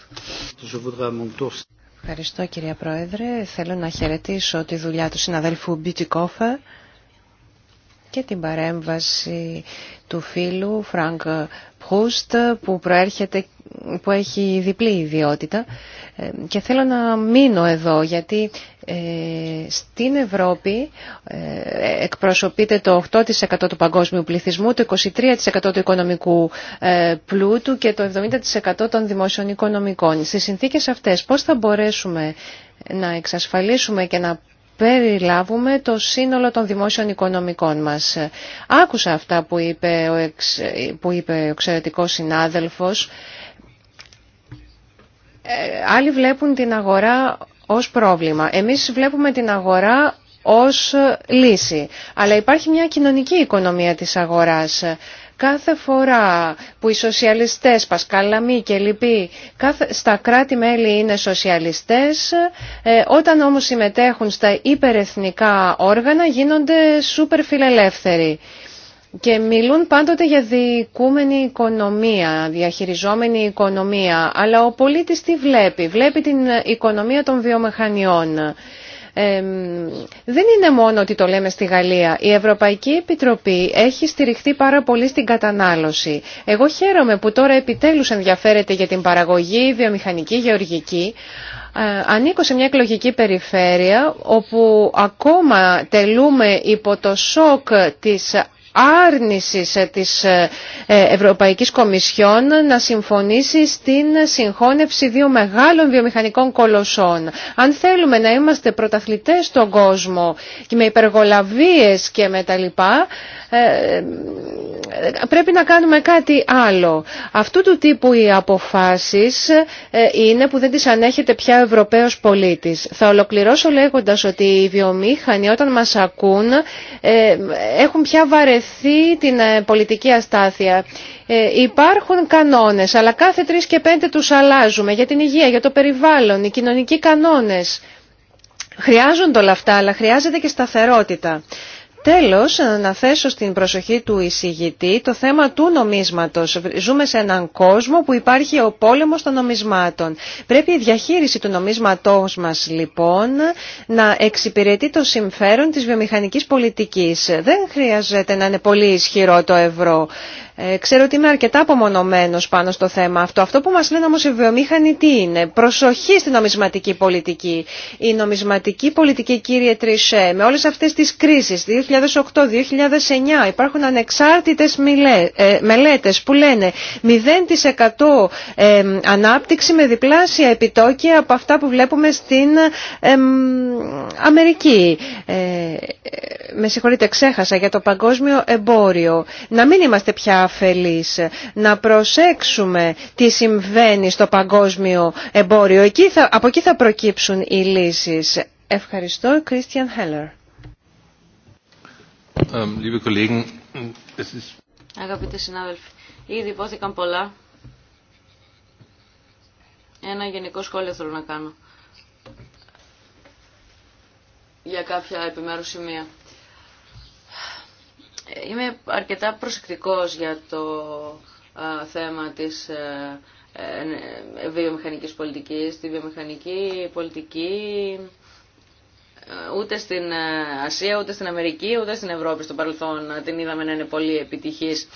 Ευχαριστώ κυρία Πρόεδρε. Θέλω να χαιρετήσω τη δουλειά του συναδέλφου Μπίτικόφε και την παρέμβαση του φίλου Φρανκ Προύστ που προέρχεται που έχει διπλή ιδιότητα ε, και θέλω να μείνω εδώ γιατί ε, στην Ευρώπη ε, εκπροσωπείται το 8% του παγκόσμιου πληθυσμού, το 23% του οικονομικού ε, πλούτου και το 70% των δημόσιων οικονομικών. Στις συνθήκες αυτές πώς θα μπορέσουμε να εξασφαλίσουμε και να περιλάβουμε το σύνολο των δημόσιων οικονομικών μας. Άκουσα αυτά που είπε ο, εξ, που είπε ο εξαιρετικός συνάδελφος. Άλλοι βλέπουν την αγορά ως πρόβλημα. Εμείς βλέπουμε την αγορά ως λύση. Αλλά υπάρχει μια κοινωνική οικονομία της αγοράς. Κάθε φορά που οι σοσιαλιστές, Πασκαλαμή και λοιποί, στα κράτη-μέλη είναι σοσιαλιστές, ε, όταν όμως συμμετέχουν στα υπερεθνικά όργανα γίνονται σούπερ φιλελεύθεροι. Και μιλούν πάντοτε για διοικούμενη οικονομία, διαχειριζόμενη οικονομία. Αλλά ο πολίτης τι βλέπει. Βλέπει την οικονομία των βιομηχανιών. δεν είναι μόνο ότι το λέμε στη Γαλλία. Η Ευρωπαϊκή Επιτροπή έχει στηριχθεί πάρα πολύ στην κατανάλωση. Εγώ χαίρομαι που τώρα επιτέλους ενδιαφέρεται για την παραγωγή βιομηχανική, γεωργική. Ε, ανήκω σε μια εκλογική περιφέρεια όπου ακόμα τελούμε υπό το σοκ της άρνησης ε, της ε, ε, Ευρωπαϊκής Κομισιόν να συμφωνήσει στην συγχώνευση δύο μεγάλων βιομηχανικών κολοσσών. Αν θέλουμε να είμαστε πρωταθλητές στον κόσμο και με υπεργολαβίες και με τα λοιπά, πρέπει να κάνουμε κάτι άλλο. Αυτού του τύπου οι αποφάσεις είναι που δεν τις ανέχεται πια ο Ευρωπαίος πολίτης. Θα ολοκληρώσω λέγοντας ότι οι βιομήχανοι όταν μας ακούν έχουν πια βαρεθεί την ε, πολιτική αστάθεια. Ε, υπάρχουν κανόνες, αλλά κάθε τρεις και πέντε τους αλλάζουμε για την υγεία, για το περιβάλλον, οι κοινωνικοί κανόνες. Χρειάζονται όλα αυτά, αλλά χρειάζεται και σταθερότητα. Τέλος, να θέσω στην προσοχή του εισηγητή το θέμα του νομίσματος. Ζούμε σε έναν κόσμο που υπάρχει ο πόλεμος των νομισμάτων. Πρέπει η διαχείριση του νομίσματός μας, λοιπόν, να εξυπηρετεί το συμφέρον της βιομηχανικής πολιτικής. Δεν χρειάζεται να είναι πολύ ισχυρό το ευρώ. Ε, ξέρω ότι είμαι αρκετά απομονωμένο πάνω στο θέμα αυτό. Αυτό που μας λένε όμως οι βιομήχανοι τι είναι. Προσοχή στην νομισματική πολιτική. Η νομισματική πολιτική κύριε Τρισέ με όλες αυτές τις κρίσεις 2008-2009 υπάρχουν ανεξάρτητες ε, μελέτες που λένε 0% ε, ανάπτυξη με διπλάσια επιτόκια από αυτά που βλέπουμε στην Αμερική. Με συγχωρείτε ξέχασα για το παγκόσμιο εμπόριο. Να μην είμαστε πια να προσέξουμε τι συμβαίνει στο παγκόσμιο εμπόριο. Εκεί θα, από εκεί θα προκύψουν οι λύσεις. Ευχαριστώ, Κρίστιαν Χέλλερ. Αγαπητοί συνάδελφοι, ήδη υπόθηκαν πολλά. Ένα γενικό σχόλιο θέλω να κάνω για κάποια επιμέρους σημεία. Είμαι αρκετά προσεκτικός για το θέμα της ε, ε, βιομηχανικής πολιτικής. Τη βιομηχανική πολιτική ε, ούτε στην Ασία, ούτε στην Αμερική, ούτε στην Ευρώπη στο παρελθόν την είδαμε να είναι πολύ επιτυχής.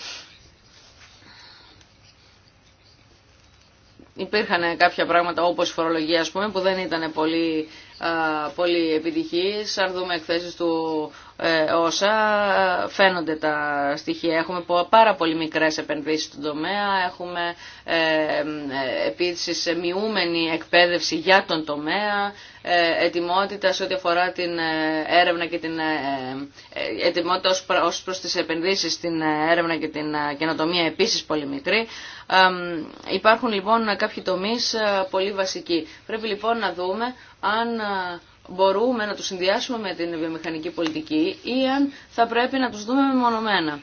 Υπήρχαν κάποια πράγματα όπως η φορολογία ας πούμε, που δεν ήταν πολύ, πολύ επιτυχής. Αν δούμε εκθέσεις του ε, όσα ε, φαίνονται τα στοιχεία. Έχουμε πάρα πολύ μικρές επενδύσεις στον τομέα, έχουμε ε, επίσης μειούμενη εκπαίδευση για τον τομέα, ετοιμότητα σε ό,τι αφορά την έρευνα και την ετοιμότητα ως προς τις επενδύσεις στην έρευνα και την καινοτομία επίσης πολύ μικρή. Υπάρχουν λοιπόν κάποιοι τομείς πολύ βασικοί. Πρέπει λοιπόν να δούμε αν μπορούμε να τους συνδυάσουμε με την βιομηχανική πολιτική ή αν θα πρέπει να τους δούμε μεμονωμένα.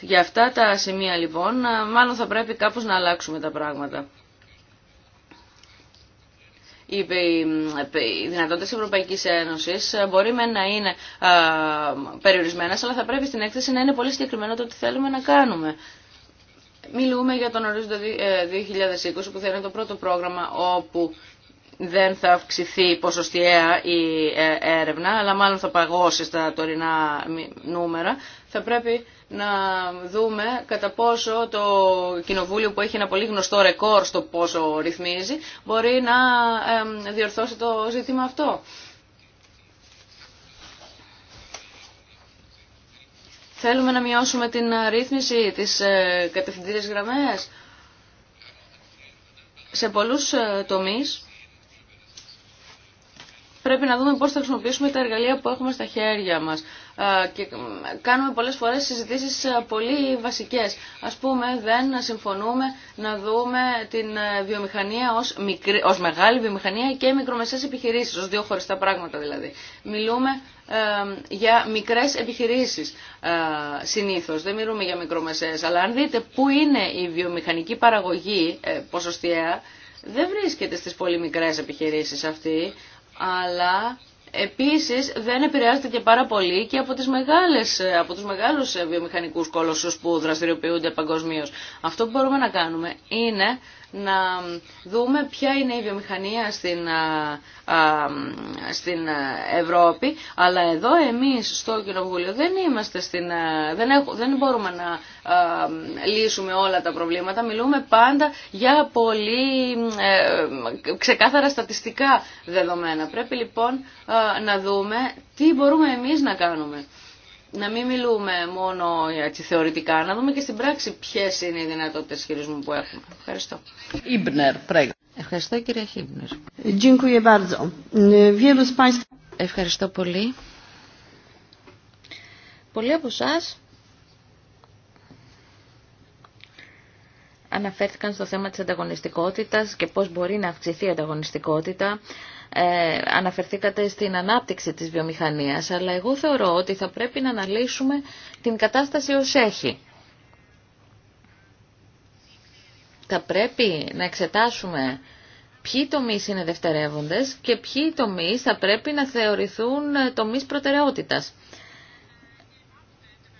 Για αυτά τα σημεία λοιπόν, μάλλον θα πρέπει κάπως να αλλάξουμε τα πράγματα. Οι δυνατότητε τη Ευρωπαϊκή Ένωση μπορεί με να είναι περιορισμένε, αλλά θα πρέπει στην έκθεση να είναι πολύ συγκεκριμένο το τι θέλουμε να κάνουμε. Μιλούμε για τον ορίζοντα 2020 ε, που θα είναι το πρώτο πρόγραμμα όπου δεν θα αυξηθεί ποσοστιαία η ε, έρευνα, αλλά μάλλον θα παγώσει στα τωρινά νούμερα. Θα πρέπει να δούμε κατά πόσο το κοινοβούλιο που έχει ένα πολύ γνωστό ρεκόρ στο πόσο ρυθμίζει μπορεί να διορθώσει το ζήτημα αυτό. Θέλουμε να μειώσουμε την ρύθμιση, της ε, κατευθυντήριας γραμμές. Σε πολλούς ε, τομείς πρέπει να δούμε πώς θα χρησιμοποιήσουμε τα εργαλεία που έχουμε στα χέρια μας. Και κάνουμε πολλές φορές συζητήσεις πολύ βασικές. Ας πούμε δεν συμφωνούμε να δούμε την ε, βιομηχανία ως, ως μεγάλη βιομηχανία και μικρομεσαίες επιχειρήσεις, ως δύο χωριστά πράγματα δηλαδή. Μιλούμε ε, για μικρές επιχειρήσεις ε, συνήθως, δεν μιλούμε για μικρομεσαίες. Αλλά αν δείτε πού είναι η βιομηχανική παραγωγή ποσοστιαία, δεν βρίσκεται στις πολύ μικρές επιχειρήσεις αυτή, αλλά Επίσης δεν επηρεάζεται και πάρα πολύ και από, τις μεγάλες, από τους μεγάλους βιομηχανικούς κόλωσους που δραστηριοποιούνται παγκοσμίω. Αυτό που μπορούμε να κάνουμε είναι να δούμε ποια είναι η βιομηχανία στην, στην Ευρώπη, αλλά εδώ εμείς στο Κοινοβούλιο δεν είμαστε στην, δεν, δεν μπορούμε να λύσουμε όλα τα προβλήματα. Μιλούμε πάντα για πολύ ε, ξεκάθαρα στατιστικά δεδομένα. Πρέπει λοιπόν να δούμε τι μπορούμε εμείς να κάνουμε να μην μιλούμε μόνο έτσι, θεωρητικά, να δούμε και στην πράξη ποιε είναι οι δυνατότητε χειρισμού που έχουμε. Ευχαριστώ. Ευχαριστώ κύριε Χίμπνερ. Ευχαριστώ πολύ. Πολλοί από εσά αναφέρθηκαν στο θέμα της ανταγωνιστικότητας και πώς μπορεί να αυξηθεί η ανταγωνιστικότητα ε, αναφερθήκατε στην ανάπτυξη της βιομηχανίας, αλλά εγώ θεωρώ ότι θα πρέπει να αναλύσουμε την κατάσταση ως έχει. Θα πρέπει να εξετάσουμε ποιοι τομείς είναι δευτερεύοντες και ποιοι τομείς θα πρέπει να θεωρηθούν τομείς προτεραιότητας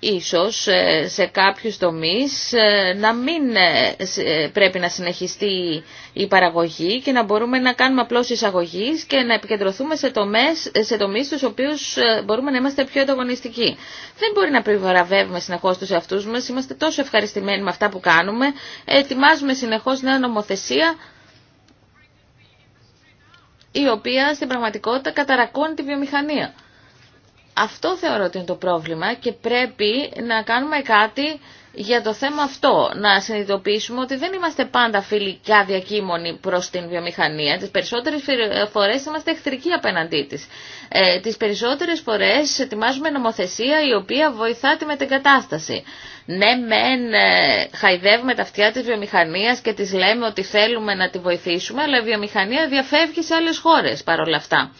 ίσως ε, σε κάποιους τομείς ε, να μην ε, πρέπει να συνεχιστεί η παραγωγή και να μπορούμε να κάνουμε απλώς εισαγωγή και να επικεντρωθούμε σε, τομείς, σε τομείς στους οποίους μπορούμε να είμαστε πιο ανταγωνιστικοί. Δεν μπορεί να επιβαραβεύουμε συνεχώς τους εαυτούς μας, είμαστε τόσο ευχαριστημένοι με αυτά που κάνουμε, ετοιμάζουμε συνεχώς νέα νομοθεσία η οποία στην πραγματικότητα καταρακώνει τη βιομηχανία. Αυτό θεωρώ ότι είναι το πρόβλημα και πρέπει να κάνουμε κάτι για το θέμα αυτό. Να συνειδητοποιήσουμε ότι δεν είμαστε πάντα φιλικά διακύμονοι προς την βιομηχανία. Τις περισσότερες φορές είμαστε εχθρικοί απέναντί της. Ε, τις περισσότερες φορές ετοιμάζουμε νομοθεσία η οποία βοηθά τη μετεγκατάσταση. Ναι, μεν ε, χαϊδεύουμε τα αυτιά της βιομηχανίας και της λέμε ότι θέλουμε να τη βοηθήσουμε, αλλά η βιομηχανία διαφεύγει σε άλλες χώρες παρόλα αυτά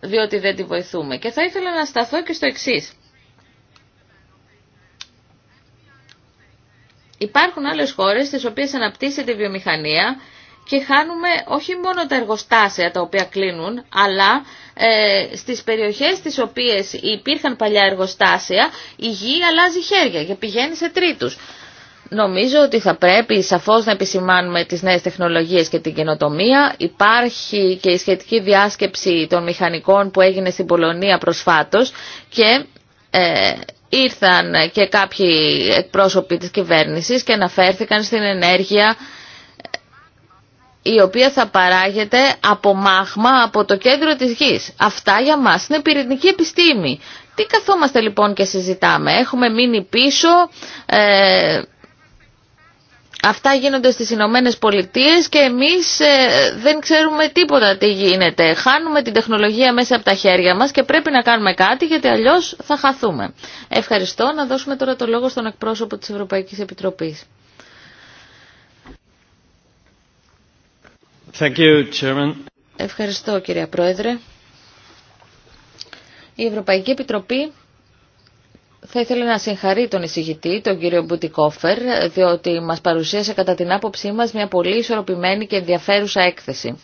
διότι δεν τη βοηθούμε. Και θα ήθελα να σταθώ και στο εξή. Υπάρχουν άλλες χώρες στις οποίες αναπτύσσεται η βιομηχανία και χάνουμε όχι μόνο τα εργοστάσια τα οποία κλείνουν, αλλά ε, στις περιοχές στις οποίες υπήρχαν παλιά εργοστάσια η γη αλλάζει χέρια και πηγαίνει σε τρίτους. Νομίζω ότι θα πρέπει σαφώς να επισημάνουμε τις νέες τεχνολογίες και την καινοτομία. Υπάρχει και η σχετική διάσκεψη των μηχανικών που έγινε στην Πολωνία προσφάτως και ε, ήρθαν και κάποιοι εκπρόσωποι της κυβέρνησης και αναφέρθηκαν στην ενέργεια η οποία θα παράγεται από μάχμα από το κέντρο της γης. Αυτά για μας είναι πυρηνική επιστήμη. Τι καθόμαστε λοιπόν και συζητάμε. Έχουμε μείνει πίσω... Ε, Αυτά γίνονται στις Ηνωμένε Πολιτείε και εμείς ε, δεν ξέρουμε τίποτα τι γίνεται. Χάνουμε την τεχνολογία μέσα από τα χέρια μας και πρέπει να κάνουμε κάτι γιατί αλλιώς θα χαθούμε. Ευχαριστώ. Να δώσουμε τώρα το λόγο στον εκπρόσωπο της Ευρωπαϊκής Επιτροπής. Thank you, Ευχαριστώ κυρία Πρόεδρε. Η Ευρωπαϊκή Επιτροπή θα ήθελα να συγχαρεί τον εισηγητή, τον κύριο Μπουτικόφερ, διότι μας παρουσίασε κατά την άποψή μας μια πολύ ισορροπημένη και ενδιαφέρουσα έκθεση.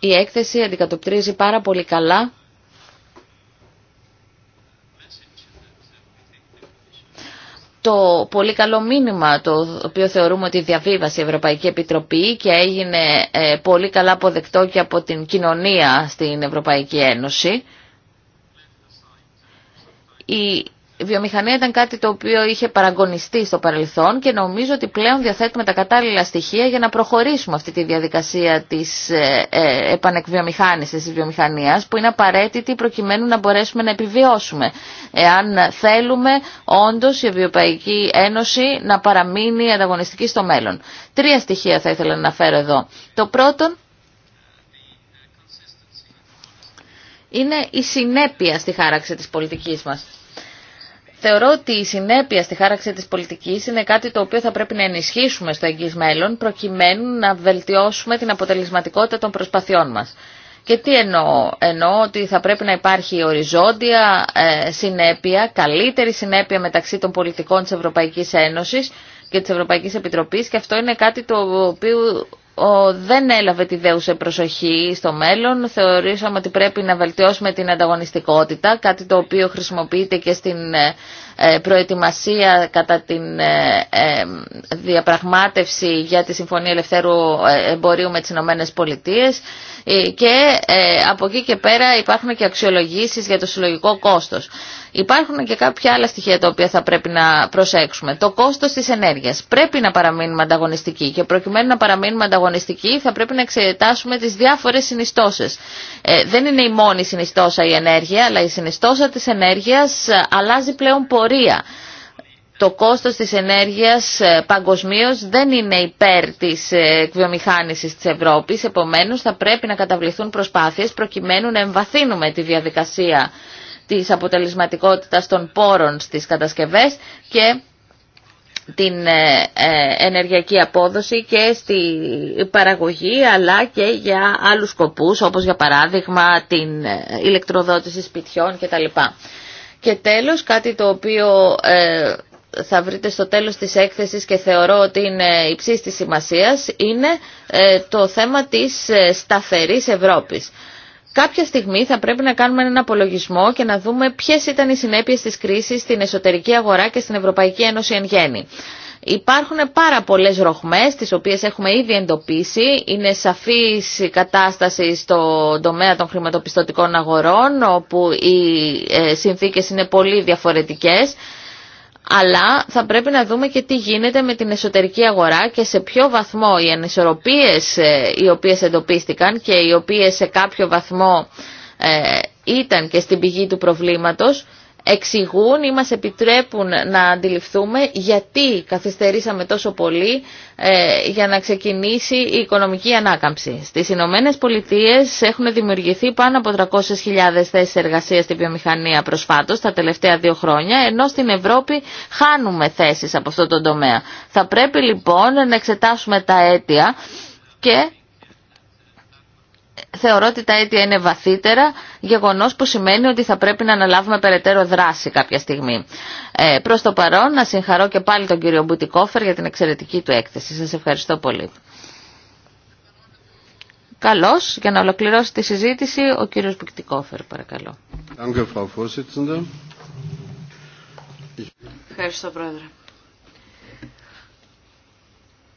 Η έκθεση αντικατοπτρίζει πάρα πολύ καλά το πολύ καλό μήνυμα το οποίο θεωρούμε ότι διαβίβασε η Ευρωπαϊκή Επιτροπή και έγινε ε, πολύ καλά αποδεκτό και από την κοινωνία στην Ευρωπαϊκή Ένωση η βιομηχανία ήταν κάτι το οποίο είχε παραγωνιστεί στο παρελθόν και νομίζω ότι πλέον διαθέτουμε τα κατάλληλα στοιχεία για να προχωρήσουμε αυτή τη διαδικασία της ε, ε, επανεκβιομηχάνησης της βιομηχανίας που είναι απαραίτητη προκειμένου να μπορέσουμε να επιβιώσουμε εάν θέλουμε όντως η Ευρωπαϊκή Ένωση να παραμείνει ανταγωνιστική στο μέλλον. Τρία στοιχεία θα ήθελα να αναφέρω εδώ. Το πρώτο είναι η συνέπεια στη χάραξη της πολιτικής μας. Θεωρώ ότι η συνέπεια στη χάραξη της πολιτικής είναι κάτι το οποίο θα πρέπει να ενισχύσουμε στο εγγύς μέλλον προκειμένου να βελτιώσουμε την αποτελεσματικότητα των προσπαθειών μας. Και τι εννοώ. Εννοώ ότι θα πρέπει να υπάρχει οριζόντια ε, συνέπεια, καλύτερη συνέπεια μεταξύ των πολιτικών της Ευρωπαϊκής Ένωσης και της Ευρωπαϊκής Επιτροπής και αυτό είναι κάτι το οποίο ο, δεν έλαβε τη δέουσα προσοχή στο μέλλον. Θεωρήσαμε ότι πρέπει να βελτιώσουμε την ανταγωνιστικότητα, κάτι το οποίο χρησιμοποιείται και στην ε, ε, προετοιμασία κατά την ε, διαπραγμάτευση για τη Συμφωνία Ελευθέρου Εμπορίου με τις Ηνωμένες Πολιτείες και από εκεί και πέρα υπάρχουν και αξιολογήσεις για το συλλογικό κόστος. Υπάρχουν και κάποια άλλα στοιχεία τα οποία θα πρέπει να προσέξουμε. Το κόστος της ενέργειας. Πρέπει να παραμείνουμε ανταγωνιστικοί και προκειμένου να παραμείνουμε ανταγωνιστικοί θα πρέπει να εξετάσουμε τις διάφορες συνιστώσεις. Ε, δεν είναι η μόνη συνιστόσα η ενέργεια, αλλά η συνιστόσα της ενέργειας ε, αλλάζει πλέον πορεία. Το κόστος της ενέργειας ε, παγκοσμίω δεν είναι υπέρ της βιομηχάνησης της Ευρώπης, επομένως θα πρέπει να καταβληθούν προσπάθειες προκειμένου να εμβαθύνουμε τη διαδικασία της αποτελεσματικότητας των πόρων στις κατασκευές και την ε, ε, ενεργειακή απόδοση και στη παραγωγή αλλά και για άλλους σκοπούς όπως για παράδειγμα την ε, ηλεκτροδότηση σπιτιών κτλ. Και τέλος κάτι το οποίο θα βρείτε στο τέλος της έκθεσης και θεωρώ ότι είναι υψής της σημασίας είναι το θέμα της σταθερής Ευρώπης κάποια στιγμή θα πρέπει να κάνουμε έναν απολογισμό και να δούμε ποιες ήταν οι συνέπειες της κρίσης στην εσωτερική αγορά και στην Ευρωπαϊκή Ένωση εν γέννη. Υπάρχουν πάρα πολλές ροχμές, τις οποίες έχουμε ήδη εντοπίσει. Είναι σαφής η κατάσταση στον τομέα των χρηματοπιστωτικών αγορών, όπου οι ε, συνθήκες είναι πολύ διαφορετικές αλλά θα πρέπει να δούμε και τι γίνεται με την εσωτερική αγορά και σε ποιο βαθμό οι ανισορροπίες ε, οι οποίες εντοπίστηκαν και οι οποίες σε κάποιο βαθμό ε, ήταν και στην πηγή του προβλήματος εξηγούν ή μας επιτρέπουν να αντιληφθούμε γιατί καθυστερήσαμε τόσο πολύ ε, για να ξεκινήσει η οικονομική ανάκαμψη. Στις Ηνωμένε Πολιτείε έχουν δημιουργηθεί πάνω από 300.000 θέσεις εργασίας στη βιομηχανία προσφάτως τα τελευταία δύο χρόνια, ενώ στην Ευρώπη χάνουμε θέσεις από αυτό το τομέα. Θα πρέπει λοιπόν να εξετάσουμε τα αίτια και θεωρώ ότι τα αίτια είναι βαθύτερα, γεγονός που σημαίνει ότι θα πρέπει να αναλάβουμε περαιτέρω δράση κάποια στιγμή. Ε, προς το παρόν, να συγχαρώ και πάλι τον κύριο Μπουτικόφερ για την εξαιρετική του έκθεση. Σας ευχαριστώ πολύ. Καλώς, για να ολοκληρώσει τη συζήτηση, ο κύριος Μπουτικόφερ, παρακαλώ. Ευχαριστώ, Πρόεδρε.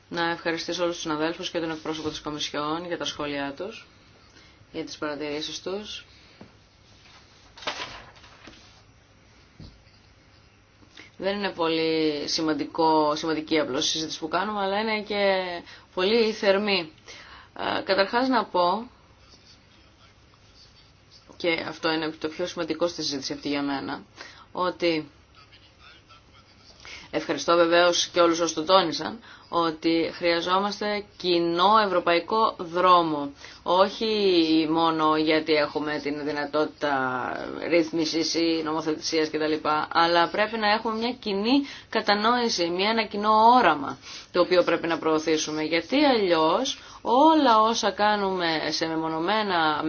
Να ευχαριστήσω όλους τους συναδέλφους και τον εκπρόσωπο της Κομισιόν για τα σχόλιά τους για τις παρατηρήσεις τους. Δεν είναι πολύ σημαντικό, σημαντική απλώ η συζήτηση που κάνουμε, αλλά είναι και πολύ θερμή. Ε, καταρχάς να πω, και αυτό είναι το πιο σημαντικό στη συζήτηση αυτή για μένα, ότι ευχαριστώ βεβαίως και όλους όσους το τόνισαν, ότι χρειαζόμαστε κοινό ευρωπαϊκό δρόμο. Όχι μόνο γιατί έχουμε την δυνατότητα ρύθμισης ή νομοθετησίας κτλ. Αλλά πρέπει να έχουμε μια κοινή κατανόηση, μια, ένα κοινό όραμα το οποίο πρέπει να προωθήσουμε. Γιατί αλλιώς όλα όσα κάνουμε σε μεμονωμένα,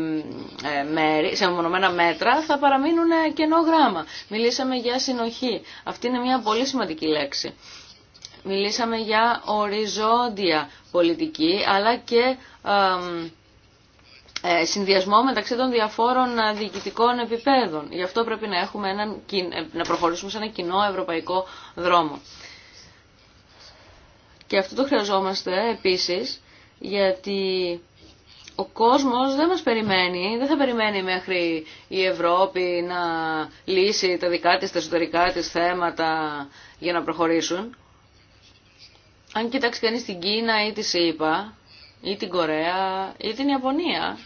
ε, μέρη, σε μεμονωμένα μέτρα θα παραμείνουν κενό γράμμα. Μιλήσαμε για συνοχή. Αυτή είναι μια πολύ σημαντική λέξη. Μιλήσαμε για οριζόντια πολιτική, αλλά και ε, συνδυασμό μεταξύ των διαφόρων διοικητικών επιπέδων. Γι' αυτό πρέπει να, έχουμε έναν, ε, να προχωρήσουμε σε ένα κοινό ευρωπαϊκό δρόμο. Και αυτό το χρειαζόμαστε επίσης, γιατί ο κόσμος δεν μας περιμένει, δεν θα περιμένει μέχρι η Ευρώπη να λύσει τα δικά της, τα εσωτερικά της θέματα για να προχωρήσουν αν κοιτάξει κανείς την Κίνα ή τη ΣΥΠΑ ή την Κορέα ή την Ιαπωνία,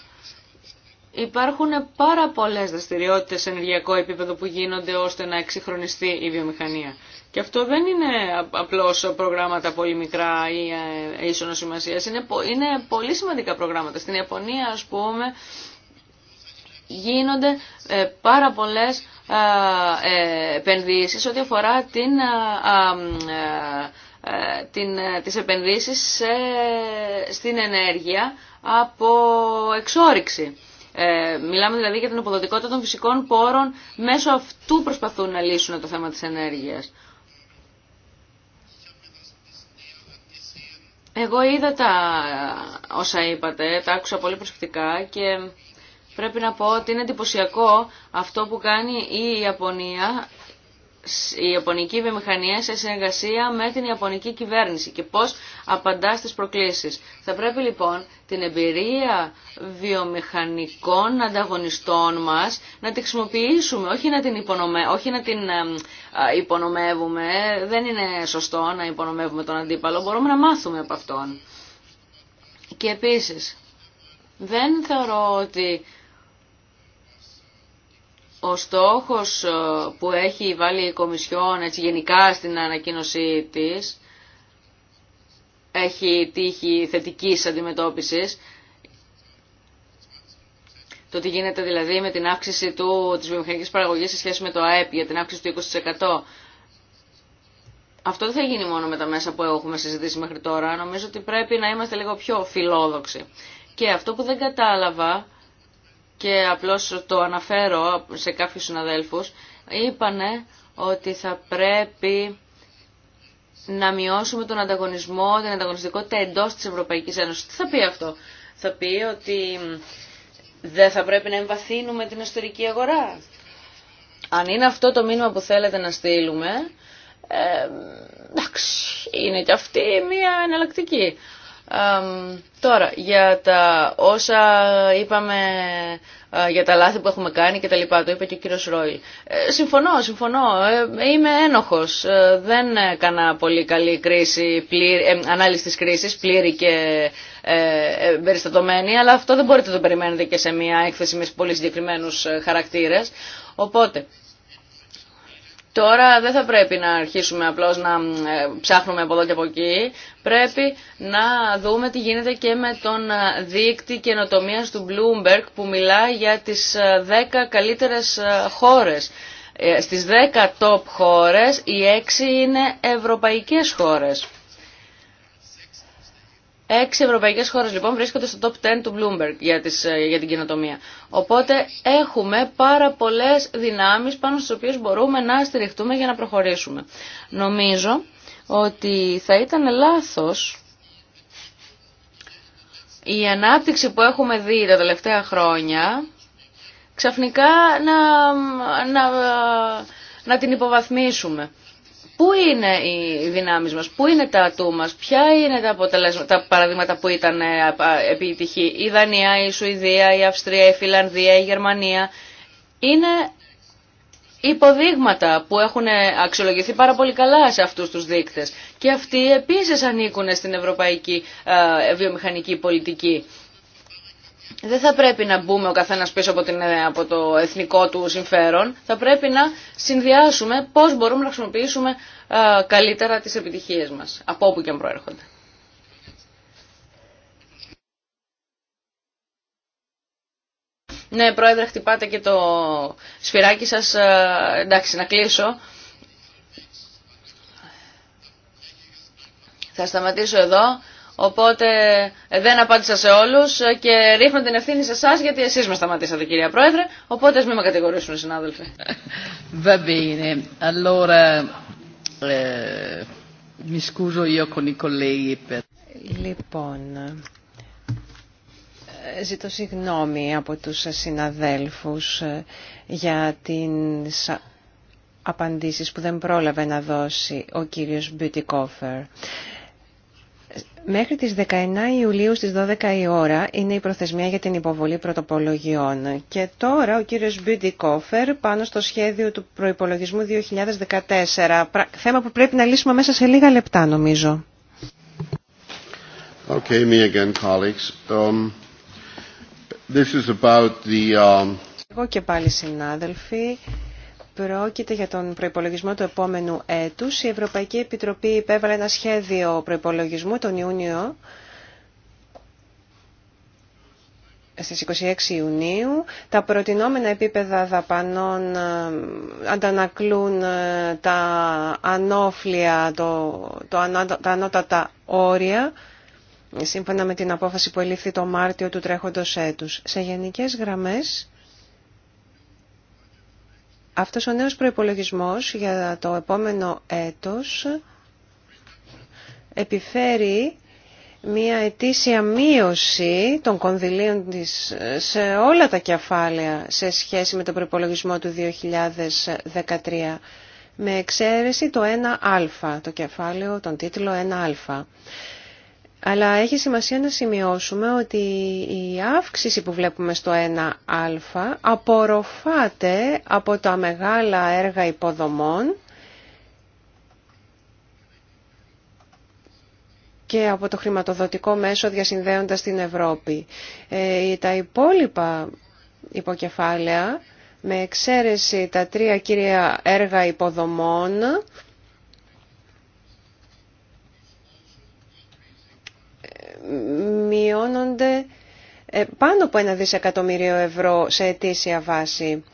υπάρχουν πάρα πολλές δραστηριότητες σε ενεργειακό επίπεδο που γίνονται ώστε να εξυγχρονιστεί η βιομηχανία. Και αυτό δεν είναι απλώς προγράμματα πολύ μικρά ή ε, ίσονος σημασίας, είναι, είναι πολύ σημαντικά προγράμματα. Στην Ιαπωνία, ας πούμε, γίνονται ε, πάρα πολλές ε, επενδύσεις ό,τι αφορά την κορεα η την ιαπωνια υπαρχουν παρα πολλες δραστηριοτητες σε ενεργειακο επιπεδο που γινονται ωστε να εξυγχρονιστει η βιομηχανια και αυτο δεν ειναι απλως προγραμματα πολυ μικρα η ίσονο σημασιας ειναι ειναι πολυ σημαντικα προγραμματα στην ιαπωνια ας πουμε γινονται παρα πολλες επενδυσεις οτι αφορα την ε, την, ε, τις επενδύσεις στην ενέργεια από εξόριξη. Ε, μιλάμε δηλαδή για την αποδοτικότητα των φυσικών πόρων, μέσω αυτού προσπαθούν να λύσουν το θέμα της ενέργειας. Εγώ είδα τα όσα είπατε, τα άκουσα πολύ προσεκτικά και πρέπει να πω ότι είναι εντυπωσιακό αυτό που κάνει η Ιαπωνία η Ιαπωνική βιομηχανία σε συνεργασία με την Ιαπωνική κυβέρνηση και πώς απαντά στις προκλήσεις. Θα πρέπει λοιπόν την εμπειρία βιομηχανικών ανταγωνιστών μας να τη χρησιμοποιήσουμε, όχι να την, όχι να την υπονομεύουμε. Δεν είναι σωστό να υπονομεύουμε τον αντίπαλο, μπορούμε να μάθουμε από αυτόν. Και επίσης, δεν θεωρώ ότι ο στόχος ε, που έχει βάλει η Κομισιόν έτσι γενικά στην ανακοίνωσή της έχει τύχει θετικής αντιμετώπισης. Το τι γίνεται δηλαδή με την αύξηση του, της βιομηχανικής παραγωγής σε σχέση με το ΑΕΠ για την αύξηση του 20%. Αυτό δεν θα γίνει μόνο με τα μέσα που έχουμε συζητήσει μέχρι τώρα. Νομίζω ότι πρέπει να είμαστε λίγο πιο φιλόδοξοι. Και αυτό που δεν κατάλαβα και απλώς το αναφέρω σε κάποιους συναδέλφους, είπανε ότι θα πρέπει να μειώσουμε τον ανταγωνισμό, την ανταγωνιστικότητα εντός της Ευρωπαϊκής Ένωσης. Τι θα πει αυτό. Θα πει ότι δεν θα πρέπει να εμβαθύνουμε την εσωτερική αγορά. Αν είναι αυτό το μήνυμα που θέλετε να στείλουμε, ε, εντάξει, είναι και αυτή μια εναλλακτική τώρα, για τα όσα είπαμε, για τα λάθη που έχουμε κάνει και τα λοιπά, το είπε και ο κύριος Ρόιλ. Ε, συμφωνώ, συμφωνώ, ε, είμαι ένοχος. Ε, δεν έκανα πολύ καλή κρίση, ανάλυση της κρίσης, πλήρη και περιστατωμένη, αλλά αυτό δεν μπορείτε να το περιμένετε και σε μια έκθεση με πολύ συγκεκριμένους χαρακτήρες. Οπότε, Τώρα δεν θα πρέπει να αρχίσουμε απλώς να ε, ψάχνουμε από εδώ και από εκεί. Πρέπει να δούμε τι γίνεται και με τον ε, δείκτη καινοτομία του Bloomberg που μιλά για τις 10 ε, καλύτερες χώρες. Στις 10 top χώρες οι 6 είναι ευρωπαϊκές χώρες. Έξι ευρωπαϊκές χώρες λοιπόν βρίσκονται στο top 10 του Bloomberg για, τις, ε, για την κοινοτομία. Οπότε έχουμε πάρα πολλέ δυνάμεις πάνω στι οποίε μπορούμε να στηριχτούμε για να προχωρήσουμε. Νομίζω ότι θα ήταν λάθο η ανάπτυξη που έχουμε δει τα τελευταία χρόνια ξαφνικά να, να, να την υποβαθμίσουμε. Πού είναι οι δυνάμεις μας, πού είναι τα ατού μας, ποια είναι τα, τα παραδείγματα που ήταν ε, επιτυχή. Η Δανία, η Σουηδία, η Αυστρία, η Φιλανδία, η Γερμανία. Είναι υποδείγματα που έχουν ε, αξιολογηθεί πάρα πολύ καλά σε αυτούς τους δείκτες. Και αυτοί επίσης ανήκουν στην ευρωπαϊκή ε, βιομηχανική πολιτική δεν θα πρέπει να μπούμε ο καθένας πίσω από, την, από το εθνικό του συμφέρον. Θα πρέπει να συνδυάσουμε πώς μπορούμε να χρησιμοποιήσουμε καλύτερα τις επιτυχίες μας, από όπου και αν προέρχονται. Ναι, πρόεδρε, χτυπάτε και το σφυράκι σας. εντάξει, να κλείσω. Θα σταματήσω εδώ. Οπότε ε, δεν απάντησα σε όλου ε, και ρίχνω την ευθύνη σε εσά γιατί εσεί με σταματήσατε, κυρία Πρόεδρε. Οπότε α μην με κατηγορήσουν οι συνάδελφοι. Ε, λοιπόν, ζητώ συγγνώμη από τους συναδέλφους για τι απαντήσεις που δεν πρόλαβε να δώσει ο κύριος Μπιουτικόφερ. Μέχρι τις 19 Ιουλίου στις 12 η ώρα είναι η προθεσμία για την υποβολή πρωτοπολογιών. Και τώρα ο κύριος Μπιντι πάνω στο σχέδιο του προϋπολογισμού 2014. Θέμα που πρέπει να λύσουμε μέσα σε λίγα λεπτά νομίζω. Okay, me again, colleagues. Um, this is about the, um, Εγώ και πάλι συνάδελφοι. Πρόκειται για τον προπολογισμό του επόμενου έτους. Η Ευρωπαϊκή Επιτροπή υπέβαλε ένα σχέδιο προπολογισμού τον Ιούνιο στις 26 Ιουνίου. Τα προτινόμενα επίπεδα δαπανών ε, αντανακλούν ε, τα ανώφλια, το, το, τα ανώτατα όρια, σύμφωνα με την απόφαση που ελήφθη το Μάρτιο του τρέχοντος έτους. Σε γενικές γραμμές αυτός ο νέος προϋπολογισμός για το επόμενο έτος επιφέρει μία ετήσια μείωση των κονδυλίων της σε όλα τα κεφάλαια σε σχέση με τον προϋπολογισμό του 2013 με εξαίρεση το 1α, το κεφάλαιο, τον τίτλο 1α. Αλλά έχει σημασία να σημειώσουμε ότι η αύξηση που βλέπουμε στο 1α απορροφάται από τα μεγάλα έργα υποδομών και από το χρηματοδοτικό μέσο διασυνδέοντας την Ευρώπη. Ε, τα υπόλοιπα υποκεφάλαια, με εξαίρεση τα τρία κύρια έργα υποδομών, μειώνονται ε, πάνω από ένα δισεκατομμύριο ευρώ σε ετήσια βάση.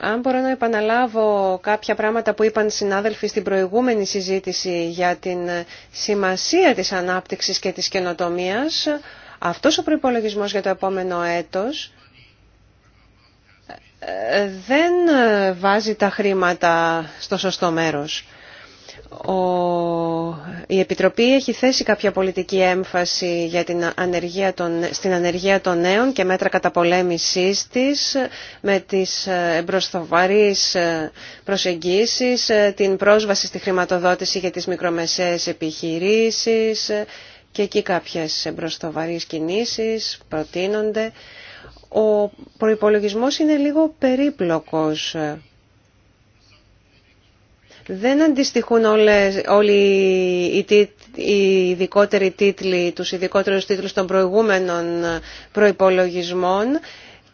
Αν μπορώ να επαναλάβω κάποια πράγματα που είπαν συνάδελφοι στην προηγούμενη συζήτηση για την σημασία της ανάπτυξης και της καινοτομίας, αυτός ο προϋπολογισμός για το επόμενο έτος ε, ε, δεν βάζει τα χρήματα στο σωστό μέρος η Επιτροπή έχει θέσει κάποια πολιτική έμφαση για την ανεργία των, στην ανεργία των νέων και μέτρα καταπολέμησής της με τις εμπροσθοβαρείς ε, προσεγγίσεις, ε, την πρόσβαση στη χρηματοδότηση για τις μικρομεσαίες επιχειρήσεις ε, και εκεί κάποιες εμπροσθοβαρείς κινήσεις προτείνονται. Ο προϋπολογισμός είναι λίγο περίπλοκος δεν αντιστοιχούν όλες, όλοι οι, τίτ, οι ειδικότεροι τίτλοι, τους ειδικότερους τίτλους των προηγούμενων προϋπολογισμών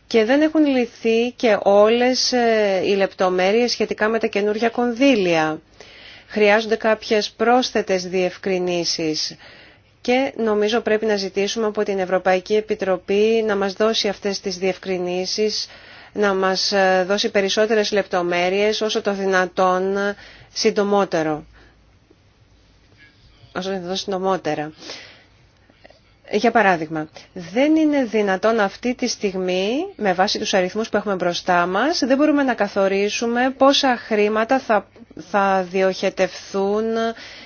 και δεν έχουν λυθεί και όλες ε, οι λεπτομέρειες σχετικά με τα καινούργια κονδύλια. Χρειάζονται κάποιες πρόσθετες διευκρινήσεις και νομίζω πρέπει να ζητήσουμε από την Ευρωπαϊκή Επιτροπή να μας δώσει αυτές τις διευκρινήσεις να μας ε, δώσει περισσότερες λεπτομέρειες όσο το δυνατόν συντομότερο. Όσο το δυνατόν συντομότερα. Για παράδειγμα, δεν είναι δυνατόν αυτή τη στιγμή, με βάση τους αριθμούς που έχουμε μπροστά μας, δεν μπορούμε να καθορίσουμε πόσα χρήματα θα, θα διοχετευθούν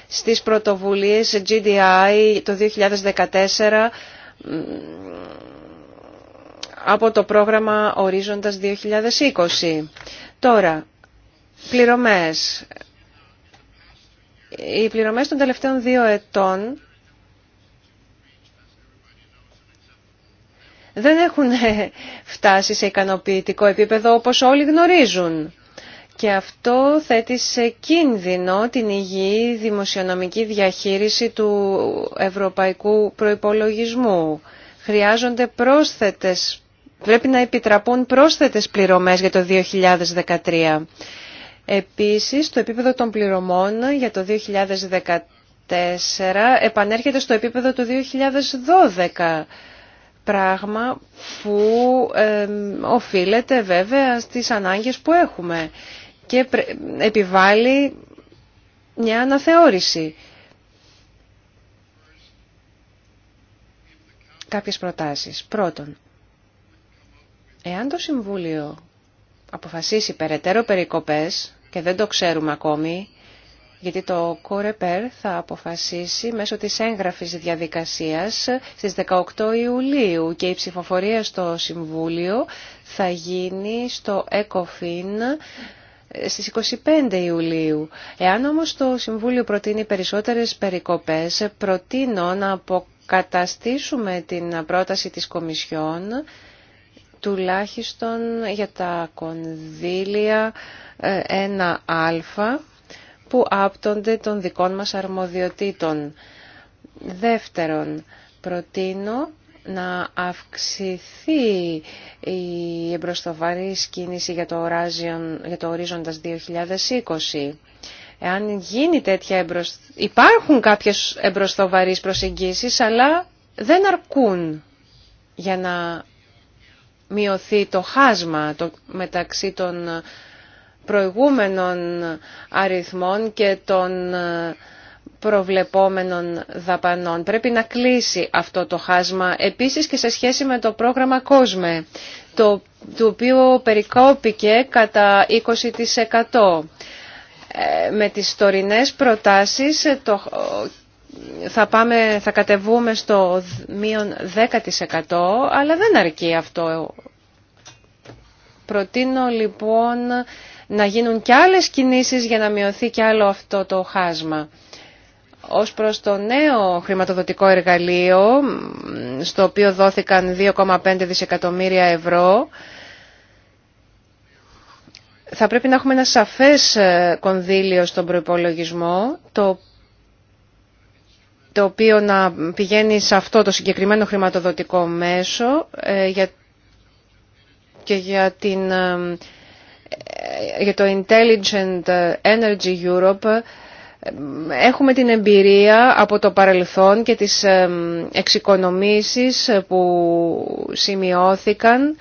στις πρωτοβουλίες GDI το 2014 από το πρόγραμμα Ορίζοντας 2020. Τώρα, πληρωμές. Οι πληρωμές των τελευταίων δύο ετών δεν έχουν φτάσει σε ικανοποιητικό επίπεδο όπως όλοι γνωρίζουν. Και αυτό θέτει σε κίνδυνο την υγιή δημοσιονομική διαχείριση του ευρωπαϊκού προϋπολογισμού. Χρειάζονται πρόσθετες πρέπει να επιτραπούν πρόσθετες πληρωμές για το 2013. Επίσης, το επίπεδο των πληρωμών για το 2014 επανέρχεται στο επίπεδο του 2012. Πράγμα που οφείλεται βέβαια στις ανάγκες που έχουμε και επιβάλλει μια αναθεώρηση. Κάποιες προτάσεις. Πρώτον, Εάν το Συμβούλιο αποφασίσει περαιτέρω περικοπές και δεν το ξέρουμε ακόμη, γιατί το Κορεπέρ θα αποφασίσει μέσω της έγγραφης διαδικασίας στις 18 Ιουλίου και η ψηφοφορία στο Συμβούλιο θα γίνει στο ΕΚΟΦΗΝ στις 25 Ιουλίου. Εάν όμως το Συμβούλιο προτείνει περισσότερες περικοπές, προτείνω να αποκαταστήσουμε την πρόταση της Κομισιόν τουλάχιστον για τα κονδύλια 1α ε, που άπτονται των δικών μας αρμοδιοτήτων. Δεύτερον, προτείνω να αυξηθεί η εμπροστοβαρή κίνηση για το, οράζιον για το ορίζοντας 2020. Εάν γίνει τέτοια εμπροσ... υπάρχουν κάποιες εμπροστοβαρείς προσεγγίσεις, αλλά δεν αρκούν για να μειωθεί το χάσμα το, μεταξύ των προηγούμενων αριθμών και των προβλεπόμενων δαπανών. Πρέπει να κλείσει αυτό το χάσμα επίσης και σε σχέση με το πρόγραμμα COSME, το, οποίο περικόπηκε κατά 20%. Ε, με τις τωρινές προτάσεις το θα, πάμε, θα κατεβούμε στο μείον 10% αλλά δεν αρκεί αυτό. Προτείνω λοιπόν να γίνουν και άλλες κινήσεις για να μειωθεί και άλλο αυτό το χάσμα. Ως προς το νέο χρηματοδοτικό εργαλείο, στο οποίο δόθηκαν 2,5 δισεκατομμύρια ευρώ, θα πρέπει να έχουμε ένα σαφές κονδύλιο στον προϋπολογισμό, το το οποίο να πηγαίνει σε αυτό το συγκεκριμένο χρηματοδοτικό μέσο ε, και για, την, ε, ε, για το Intelligent Energy Europe έχουμε την εμπειρία από το παρελθόν και τις εξοικονομήσεις που σημειώθηκαν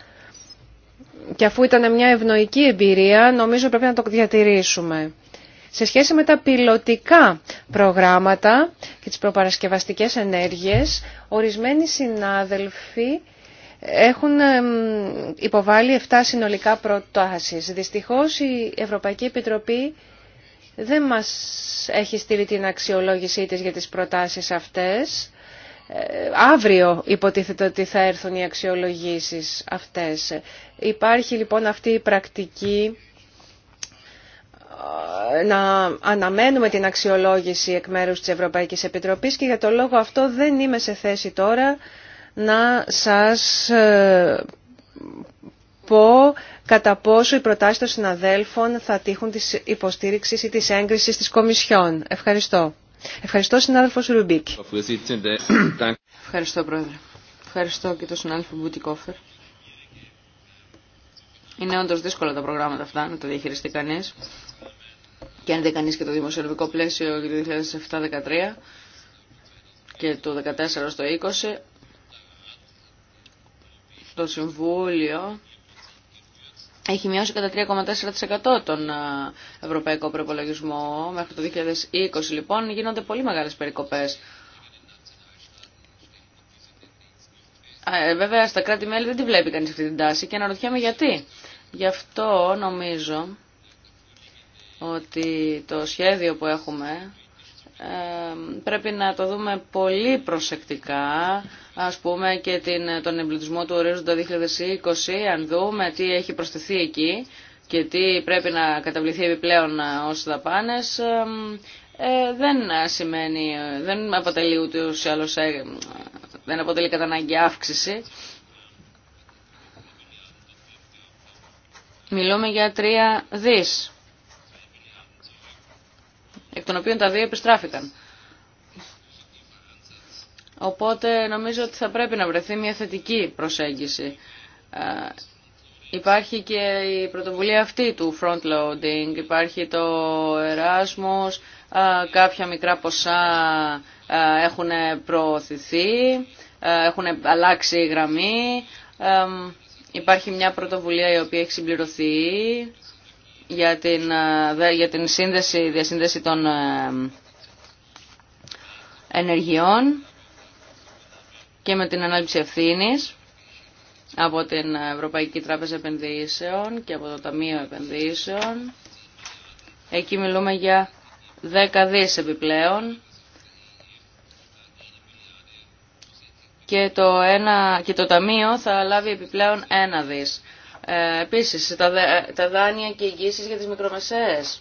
και αφού ήταν μια ευνοϊκή εμπειρία νομίζω πρέπει να το διατηρήσουμε. Σε σχέση με τα πιλωτικά προγράμματα και τις προπαρασκευαστικές ενέργειες, ορισμένοι συνάδελφοι έχουν υποβάλει 7 συνολικά προτάσεις. Δυστυχώς η Ευρωπαϊκή Επιτροπή δεν μας έχει στείλει την αξιολόγησή της για τις προτάσεις αυτές. Ε, αύριο υποτίθεται ότι θα έρθουν οι αξιολογήσεις αυτές. Υπάρχει λοιπόν αυτή η πρακτική να αναμένουμε την αξιολόγηση εκ μέρους της Ευρωπαϊκής Επιτροπής και για το λόγο αυτό δεν είμαι σε θέση τώρα να σας ε, πω κατά πόσο οι προτάσεις των συναδέλφων θα τύχουν της υποστήριξης ή της έγκρισης της Κομισιόν. Ευχαριστώ. Ευχαριστώ συνάδελφος Ρουμπίκ. Ευχαριστώ πρόεδρε. Ευχαριστώ και τον συνάδελφο Μπουτικόφερ. Είναι όντως δύσκολα τα προγράμματα αυτά να τα διαχειριστεί κανεί και αν δεν κανείς και το δημοσιονομικό πλαίσιο για το 2007-2013 και το 2014 στο 20, το Συμβούλιο έχει μειώσει κατά 3,4% τον ευρωπαϊκό προπολογισμό. Μέχρι το 2020 λοιπόν γίνονται πολύ μεγάλες περικοπές. Ε, βέβαια στα κράτη-μέλη δεν τη βλέπει κανείς αυτή την τάση και αναρωτιέμαι γιατί. Γι' αυτό νομίζω ότι το σχέδιο που έχουμε πρέπει να το δούμε πολύ προσεκτικά, ας πούμε και την, τον εμπλουτισμό του ορίζοντα 2020, αν δούμε τι έχει προσθεθεί εκεί και τι πρέπει να καταβληθεί επιπλέον ε, ως δαπάνες, ε, δεν σημαίνει, ε, δεν αποτελεί ούτε δεν αποτελεί κατά ανάγκη αύξηση. Μιλούμε για τρία δις εκ των οποίων τα δύο επιστράφηκαν. Οπότε νομίζω ότι θα πρέπει να βρεθεί μια θετική προσέγγιση. Υπάρχει και η πρωτοβουλία αυτή του front-loading. υπάρχει το Erasmus, κάποια μικρά ποσά έχουν προωθηθεί, έχουν αλλάξει η γραμμή, υπάρχει μια πρωτοβουλία η οποία έχει συμπληρωθεί για την, ε, για την διασύνδεση των ε, ενεργειών και με την ανάληψη ευθύνης από την Ευρωπαϊκή Τράπεζα Επενδύσεων και από το Ταμείο Επενδύσεων. Εκεί μιλούμε για 10 δις επιπλέον και το, ένα, και το Ταμείο θα λάβει επιπλέον 1 δις. Ε, επίσης, τα δάνεια και εγγύσεις για τις μικρομεσαίες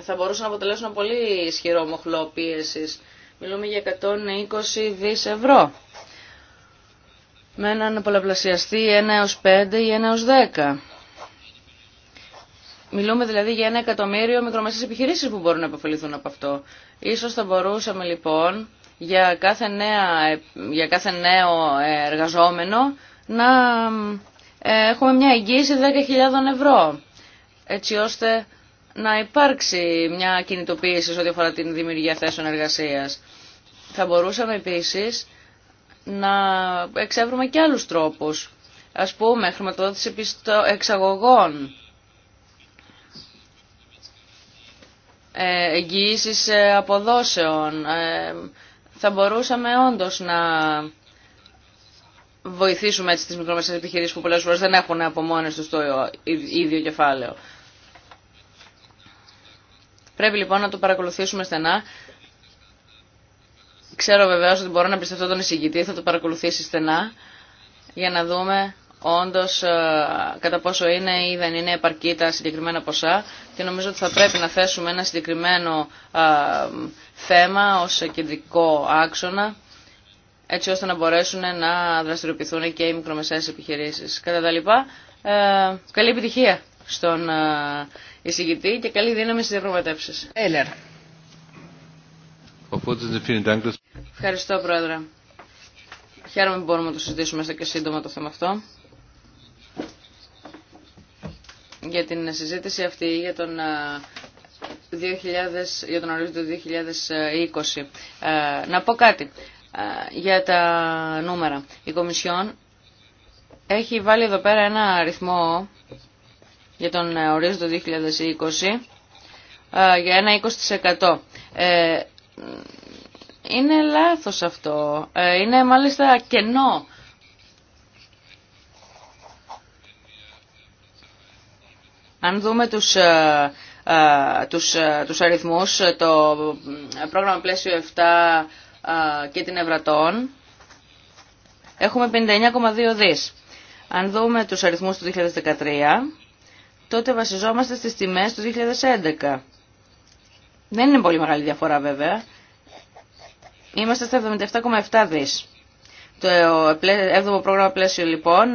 θα μπορούσαν να αποτελέσουν πολύ ισχυρό μοχλό πίεσης. Μιλούμε για 120 δις ευρώ. Με έναν πολλαπλασιαστή 1 έως 5 ή 1 έως 10. Μιλούμε δηλαδή για ένα εκατομμύριο μικρομεσαίες επιχειρήσεις που μπορούν να επωφεληθούν από αυτό. Ίσως θα μπορούσαμε λοιπόν για κάθε ε, νέο ε, εργαζόμενο να έχουμε μια εγγύηση 10.000 ευρώ, έτσι ώστε να υπάρξει μια κινητοποίηση σε ό,τι αφορά την δημιουργία θέσεων εργασίας. Θα μπορούσαμε επίσης να εξεύρουμε και άλλους τρόπους, ας πούμε χρηματοδότηση εξαγωγών, ε, εγγυήσεις ε, αποδόσεων. Ε, θα μπορούσαμε όντως να βοηθήσουμε έτσι τις μικρομεσαίες επιχειρήσεις που πολλές φορές δεν έχουν από μόνες τους το ίδιο κεφάλαιο. Πρέπει λοιπόν να το παρακολουθήσουμε στενά. Ξέρω βεβαίω ότι μπορώ να πιστεύω τον εισηγητή, θα το παρακολουθήσει στενά για να δούμε όντω ε, κατά πόσο είναι ή δεν είναι επαρκή τα συγκεκριμένα ποσά και νομίζω ότι θα πρέπει να θέσουμε ένα συγκεκριμένο ε, θέμα ως κεντρικό άξονα έτσι ώστε να μπορέσουν να δραστηριοποιηθούν και οι μικρομεσαίες επιχειρήσεις. Κατά τα λοιπά, ε, καλή επιτυχία στον ε, εισηγητή και καλή δύναμη στις διαπραγματεύσεις. Έλερ. Ευχαριστώ, Πρόεδρε. Χαίρομαι που μπορούμε να το συζητήσουμε στο και σύντομα το θέμα αυτό. Για την συζήτηση αυτή για τον, 2000, ε, για τον ορίζοντα 2020. να πω κάτι. Ε, για τα νούμερα. Η Κομισιόν έχει βάλει εδώ πέρα ένα αριθμό για τον ε, ορίζοντα 2020 ε, για ένα 20%. Είναι λάθος αυτό. Είναι μάλιστα κενό. Αν δούμε τους, τους, τους αριθμούς, το πρόγραμμα πλαίσιο 7 και την Ευρατών έχουμε 59,2 δις. Αν δούμε τους αριθμούς του 2013, τότε βασιζόμαστε στις τιμές του 2011. Δεν είναι πολύ μεγάλη διαφορά βέβαια. Είμαστε στα 77,7 δις. Το 7ο πρόγραμμα πλαίσιο λοιπόν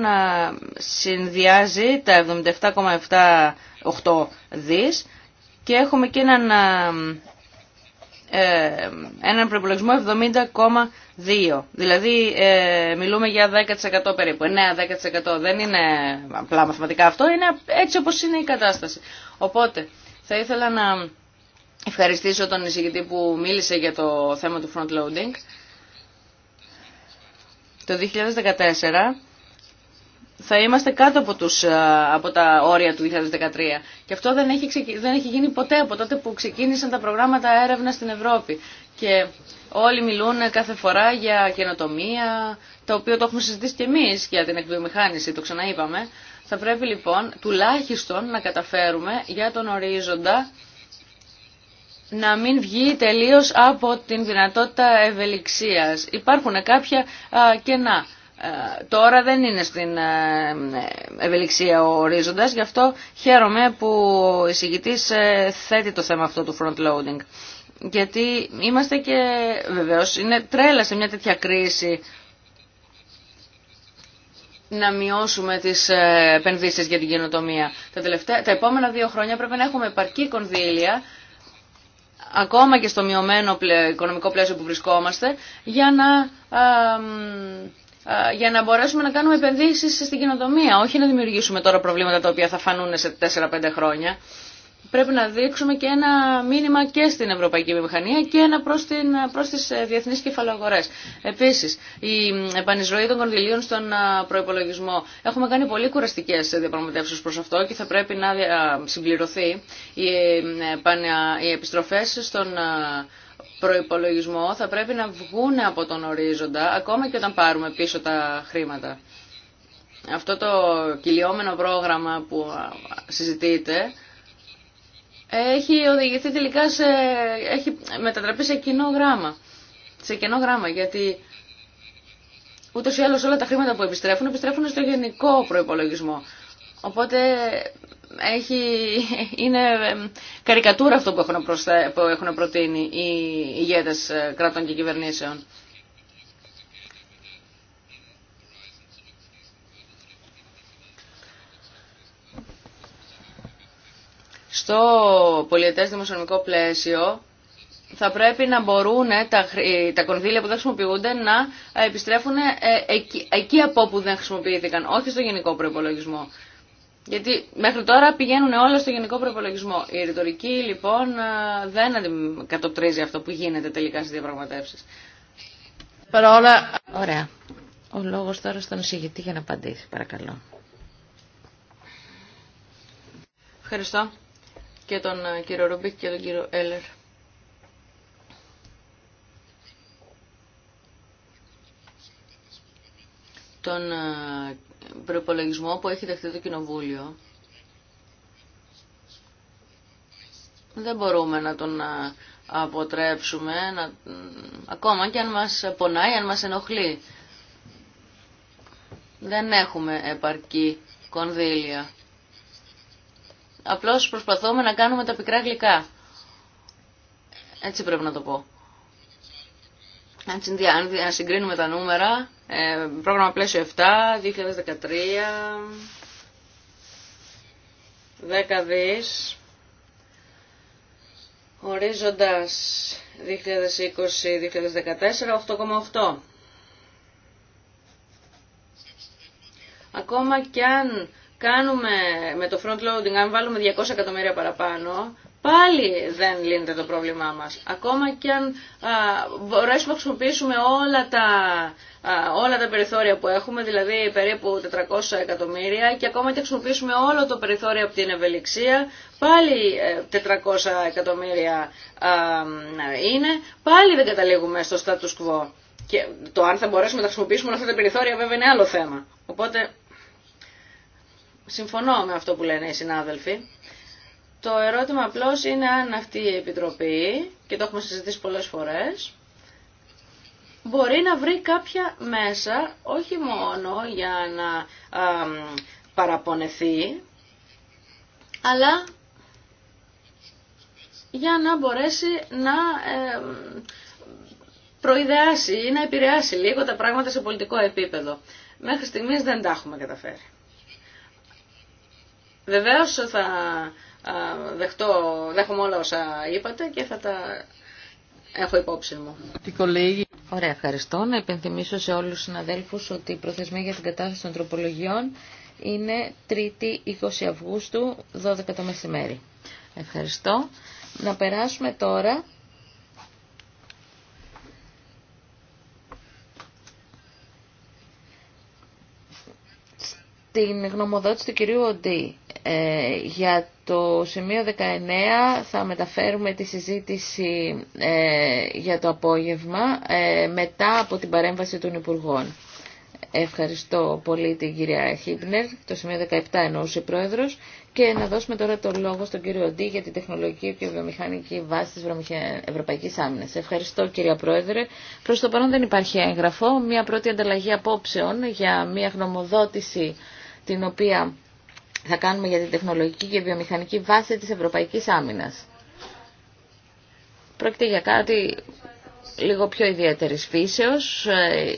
συνδυάζει τα 77,78 δις και έχουμε και έναν ε, έναν προπολογισμό 70,2. Δηλαδή ε, μιλούμε για 10% περίπου, 9-10%. Ε, ναι, Δεν είναι απλά μαθηματικά αυτό, είναι έτσι όπως είναι η κατάσταση. Οπότε θα ήθελα να ευχαριστήσω τον εισηγητή που μίλησε για το θέμα του front loading. Το 2014 θα είμαστε κάτω από, τους, ε, από τα όρια του 2013. Και αυτό δεν έχει, δεν έχει γίνει ποτέ από τότε που ξεκίνησαν τα προγράμματα έρευνα στην Ευρώπη. Και όλοι μιλούν κάθε φορά για καινοτομία, το οποίο το έχουμε συζητήσει και εμείς για την εκβιομηχάνηση, το ξαναείπαμε. Θα πρέπει λοιπόν τουλάχιστον να καταφέρουμε για τον ορίζοντα να μην βγει τελείως από την δυνατότητα ευελιξίας. Υπάρχουν κάποια κενά. Ε, τώρα δεν είναι στην ε, ευελιξία ο ορίζοντας, γι' αυτό χαίρομαι που ο εισηγητής ε, θέτει το θέμα αυτό του front-loading. Γιατί είμαστε και βεβαίως είναι τρέλα σε μια τέτοια κρίση να μειώσουμε τις επενδύσεις για την καινοτομία. Τα, τελευταία, τα επόμενα δύο χρόνια πρέπει να έχουμε επαρκή κονδύλια ακόμα και στο μειωμένο οικονομικό πλαίσιο που βρισκόμαστε, για να για να μπορέσουμε να κάνουμε επενδύσει στην κοινοτομία, όχι να δημιουργήσουμε τώρα προβλήματα τα οποία θα φανούν σε 4-5 χρόνια. Πρέπει να δείξουμε και ένα μήνυμα και στην ευρωπαϊκή βιομηχανία και ένα προ τι προς τις ε, διεθνείς Επίσης, η επανεισρωή των κονδυλίων στον προπολογισμό. Έχουμε κάνει πολύ κουραστικέ διαπραγματεύσει προ αυτό και θα πρέπει να συμπληρωθεί οι, επιστροφέ στον προϋπολογισμό θα πρέπει να βγουν από τον ορίζοντα ακόμα και όταν πάρουμε πίσω τα χρήματα. Αυτό το κυλιόμενο πρόγραμμα που συζητείτε έχει οδηγηθεί τελικά σε, έχει μετατραπεί σε κοινό γράμμα. Σε κοινό γράμμα γιατί ούτως ή άλλως όλα τα χρήματα που επιστρέφουν επιστρέφουν στο γενικό προϋπολογισμό. Οπότε είναι καρικατούρα αυτό που έχουν, που έχουν προτείνει οι ηγέτες ε, κρατών και κυβερνήσεων. Στο πολιετές δημοσιονομικό πλαίσιο θα πρέπει να μπορούν ε, τα, ε, τα κονδύλια που δεν χρησιμοποιούνται να επιστρέφουν εκεί, εκεί από όπου δεν χρησιμοποιήθηκαν, όχι στο γενικό προϋπολογισμό. Γιατί μέχρι τώρα πηγαίνουν όλα στο γενικό προπολογισμό. Η ρητορική λοιπόν ε, δεν κατοπτρίζει αυτό που γίνεται τελικά στις διαπραγματεύσεις. Παρόλα... Ωραία. Ο λόγος τώρα στον εισηγητή για να απαντήσει, παρακαλώ. Ευχαριστώ και τον ε, κύριο Ρούμπικ και τον κύριο Έλερ. Τον ε, προπολογισμό που έχει δεχτεί το Κοινοβούλιο, δεν μπορούμε να τον αποτρέψουμε, να... ακόμα και αν μας πονάει, αν μας ενοχλεί. Δεν έχουμε επαρκή κονδύλια. Απλώς προσπαθούμε να κάνουμε τα πικρά γλυκά. Έτσι πρέπει να το πω. Αν συγκρίνουμε τα νούμερα, ε, πρόγραμμα πλαίσιο 7, 2013, 10 δις, ορίζοντας 2020-2014, 8,8. Ακόμα κι αν κάνουμε με το front loading, αν βάλουμε 200 εκατομμύρια παραπάνω, πάλι δεν λύνεται το πρόβλημά μας. Ακόμα και αν μπορέσουμε να χρησιμοποιήσουμε όλα τα, όλα τα περιθώρια που έχουμε, δηλαδή περίπου 400 εκατομμύρια και ακόμα και χρησιμοποιήσουμε όλο το περιθώριο από την ευελιξία, πάλι 400 ε, εκατομμύρια είναι, πάλι δεν καταλήγουμε στο status quo. Και το αν θα μπορέσουμε να τα χρησιμοποιήσουμε όλα αυτά τα περιθώρια βέβαια είναι άλλο θέμα. Οπότε συμφωνώ με αυτό που λένε οι συνάδελφοι. Το ερώτημα απλώς είναι αν αυτή η Επιτροπή, και το έχουμε συζητήσει πολλές φορές, μπορεί να βρει κάποια μέσα, όχι μόνο για να παραπονεθεί, αλλά για να μπορέσει να ε, προειδεάσει ή να επηρεάσει λίγο τα πράγματα σε πολιτικό επίπεδο. Μέχρι στιγμής δεν τα έχουμε καταφέρει. Βεβαίως θα δεχτώ, δέχομαι όλα όσα είπατε και θα τα έχω υπόψη μου. Ωραία, ευχαριστώ. Να υπενθυμίσω σε όλους τους συναδέλφους ότι η προθεσμία για την κατάσταση των τροπολογιών είναι 3η 20 Αυγούστου, 12 το μεσημέρι. Ευχαριστώ. Να περάσουμε τώρα... Την γνωμοδότηση του κυρίου Οντή ε, για το σημείο 19 θα μεταφέρουμε τη συζήτηση ε, για το απόγευμα ε, μετά από την παρέμβαση των Υπουργών. Ευχαριστώ πολύ την κυρία Χίμπνερ, το σημείο 17 εννοούσε η Πρόεδρος και να δώσουμε τώρα το λόγο στον κύριο Ντί για την τεχνολογική και βιομηχανική βάση της Ευρωπαϊκής Άμυνας. Ευχαριστώ κυρία Πρόεδρε. Προς το παρόν δεν υπάρχει έγγραφο. Μια πρώτη ανταλλαγή απόψεων για μια γνωμοδότηση την οποία θα κάνουμε για την τεχνολογική και βιομηχανική βάση της Ευρωπαϊκής Άμυνας. Πρόκειται για κάτι λίγο πιο ιδιαίτερης φύσεως, ε,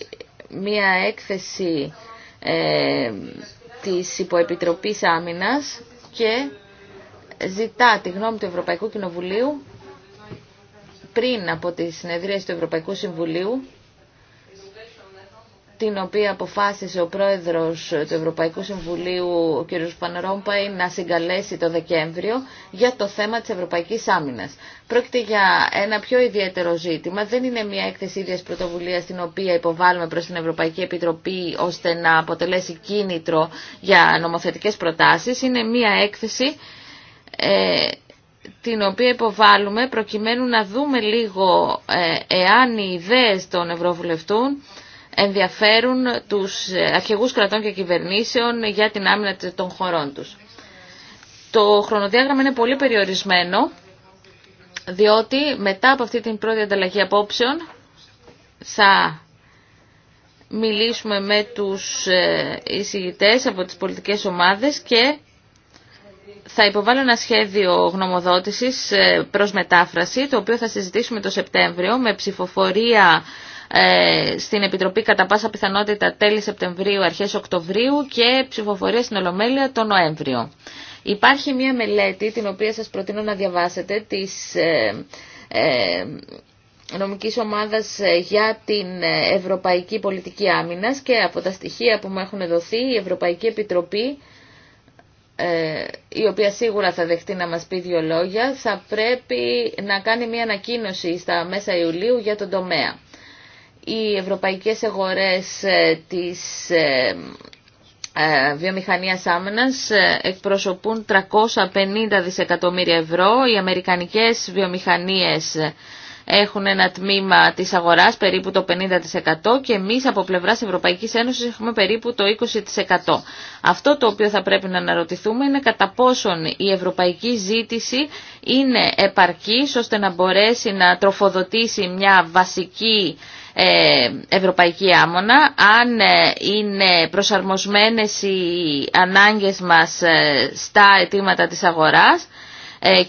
μία έκθεση ε, της Υποεπιτροπής Άμυνας και ζητά τη γνώμη του Ευρωπαϊκού Κοινοβουλίου πριν από τη συνεδρίαση του Ευρωπαϊκού Συμβουλίου την οποία αποφάσισε ο πρόεδρος του Ευρωπαϊκού Συμβουλίου, ο κ. να συγκαλέσει το Δεκέμβριο για το θέμα της Ευρωπαϊκής Άμυνας. Πρόκειται για ένα πιο ιδιαίτερο ζήτημα. Δεν είναι μια έκθεση ίδιας πρωτοβουλίας την οποία υποβάλλουμε προς την Ευρωπαϊκή Επιτροπή ώστε να αποτελέσει κίνητρο για νομοθετικές προτάσεις. Είναι μια έκθεση ε, την οποία υποβάλλουμε προκειμένου να δούμε λίγο ε, εάν οι ιδέες των Ευρωβουλευτών ενδιαφέρουν τους αρχηγούς κρατών και κυβερνήσεων για την άμυνα των χωρών τους. Το χρονοδιάγραμμα είναι πολύ περιορισμένο, διότι μετά από αυτή την πρώτη ανταλλαγή απόψεων θα μιλήσουμε με τους ε, εισηγητές από τις πολιτικές ομάδες και θα υποβάλω ένα σχέδιο γνωμοδότησης ε, προς μετάφραση, το οποίο θα συζητήσουμε το Σεπτέμβριο με ψηφοφορία ε, στην Επιτροπή κατά πάσα πιθανότητα τέλη Σεπτεμβρίου, αρχές Οκτωβρίου και ψηφοφορία στην Ολομέλεια το Νοέμβριο. Υπάρχει μια μελέτη την οποία σας προτείνω να διαβάσετε της ε, ε, νομικής ομάδας για την Ευρωπαϊκή Πολιτική Άμυνας και από τα στοιχεία που μου έχουν δοθεί η Ευρωπαϊκή Επιτροπή ε, η οποία σίγουρα θα δεχτεί να μας πει δύο λόγια, θα πρέπει να κάνει μια ανακοίνωση στα μέσα Ιουλίου για τον τομέα οι ευρωπαϊκές αγορές ε, της ε, ε, βιομηχανίας άμυνας εκπροσωπούν 350 δισεκατομμύρια ευρώ. Οι αμερικανικές βιομηχανίες έχουν ένα τμήμα της αγοράς περίπου το 50% και εμείς από πλευράς Ευρωπαϊκής Ένωσης έχουμε περίπου το 20%. Αυτό το οποίο θα πρέπει να αναρωτηθούμε είναι κατά πόσον η ευρωπαϊκή ζήτηση είναι επαρκής ώστε να μπορέσει να τροφοδοτήσει μια βασική ε, ευρωπαϊκή άμονα, αν ε, είναι προσαρμοσμένες οι ανάγκες μας ε, στα αιτήματα της αγοράς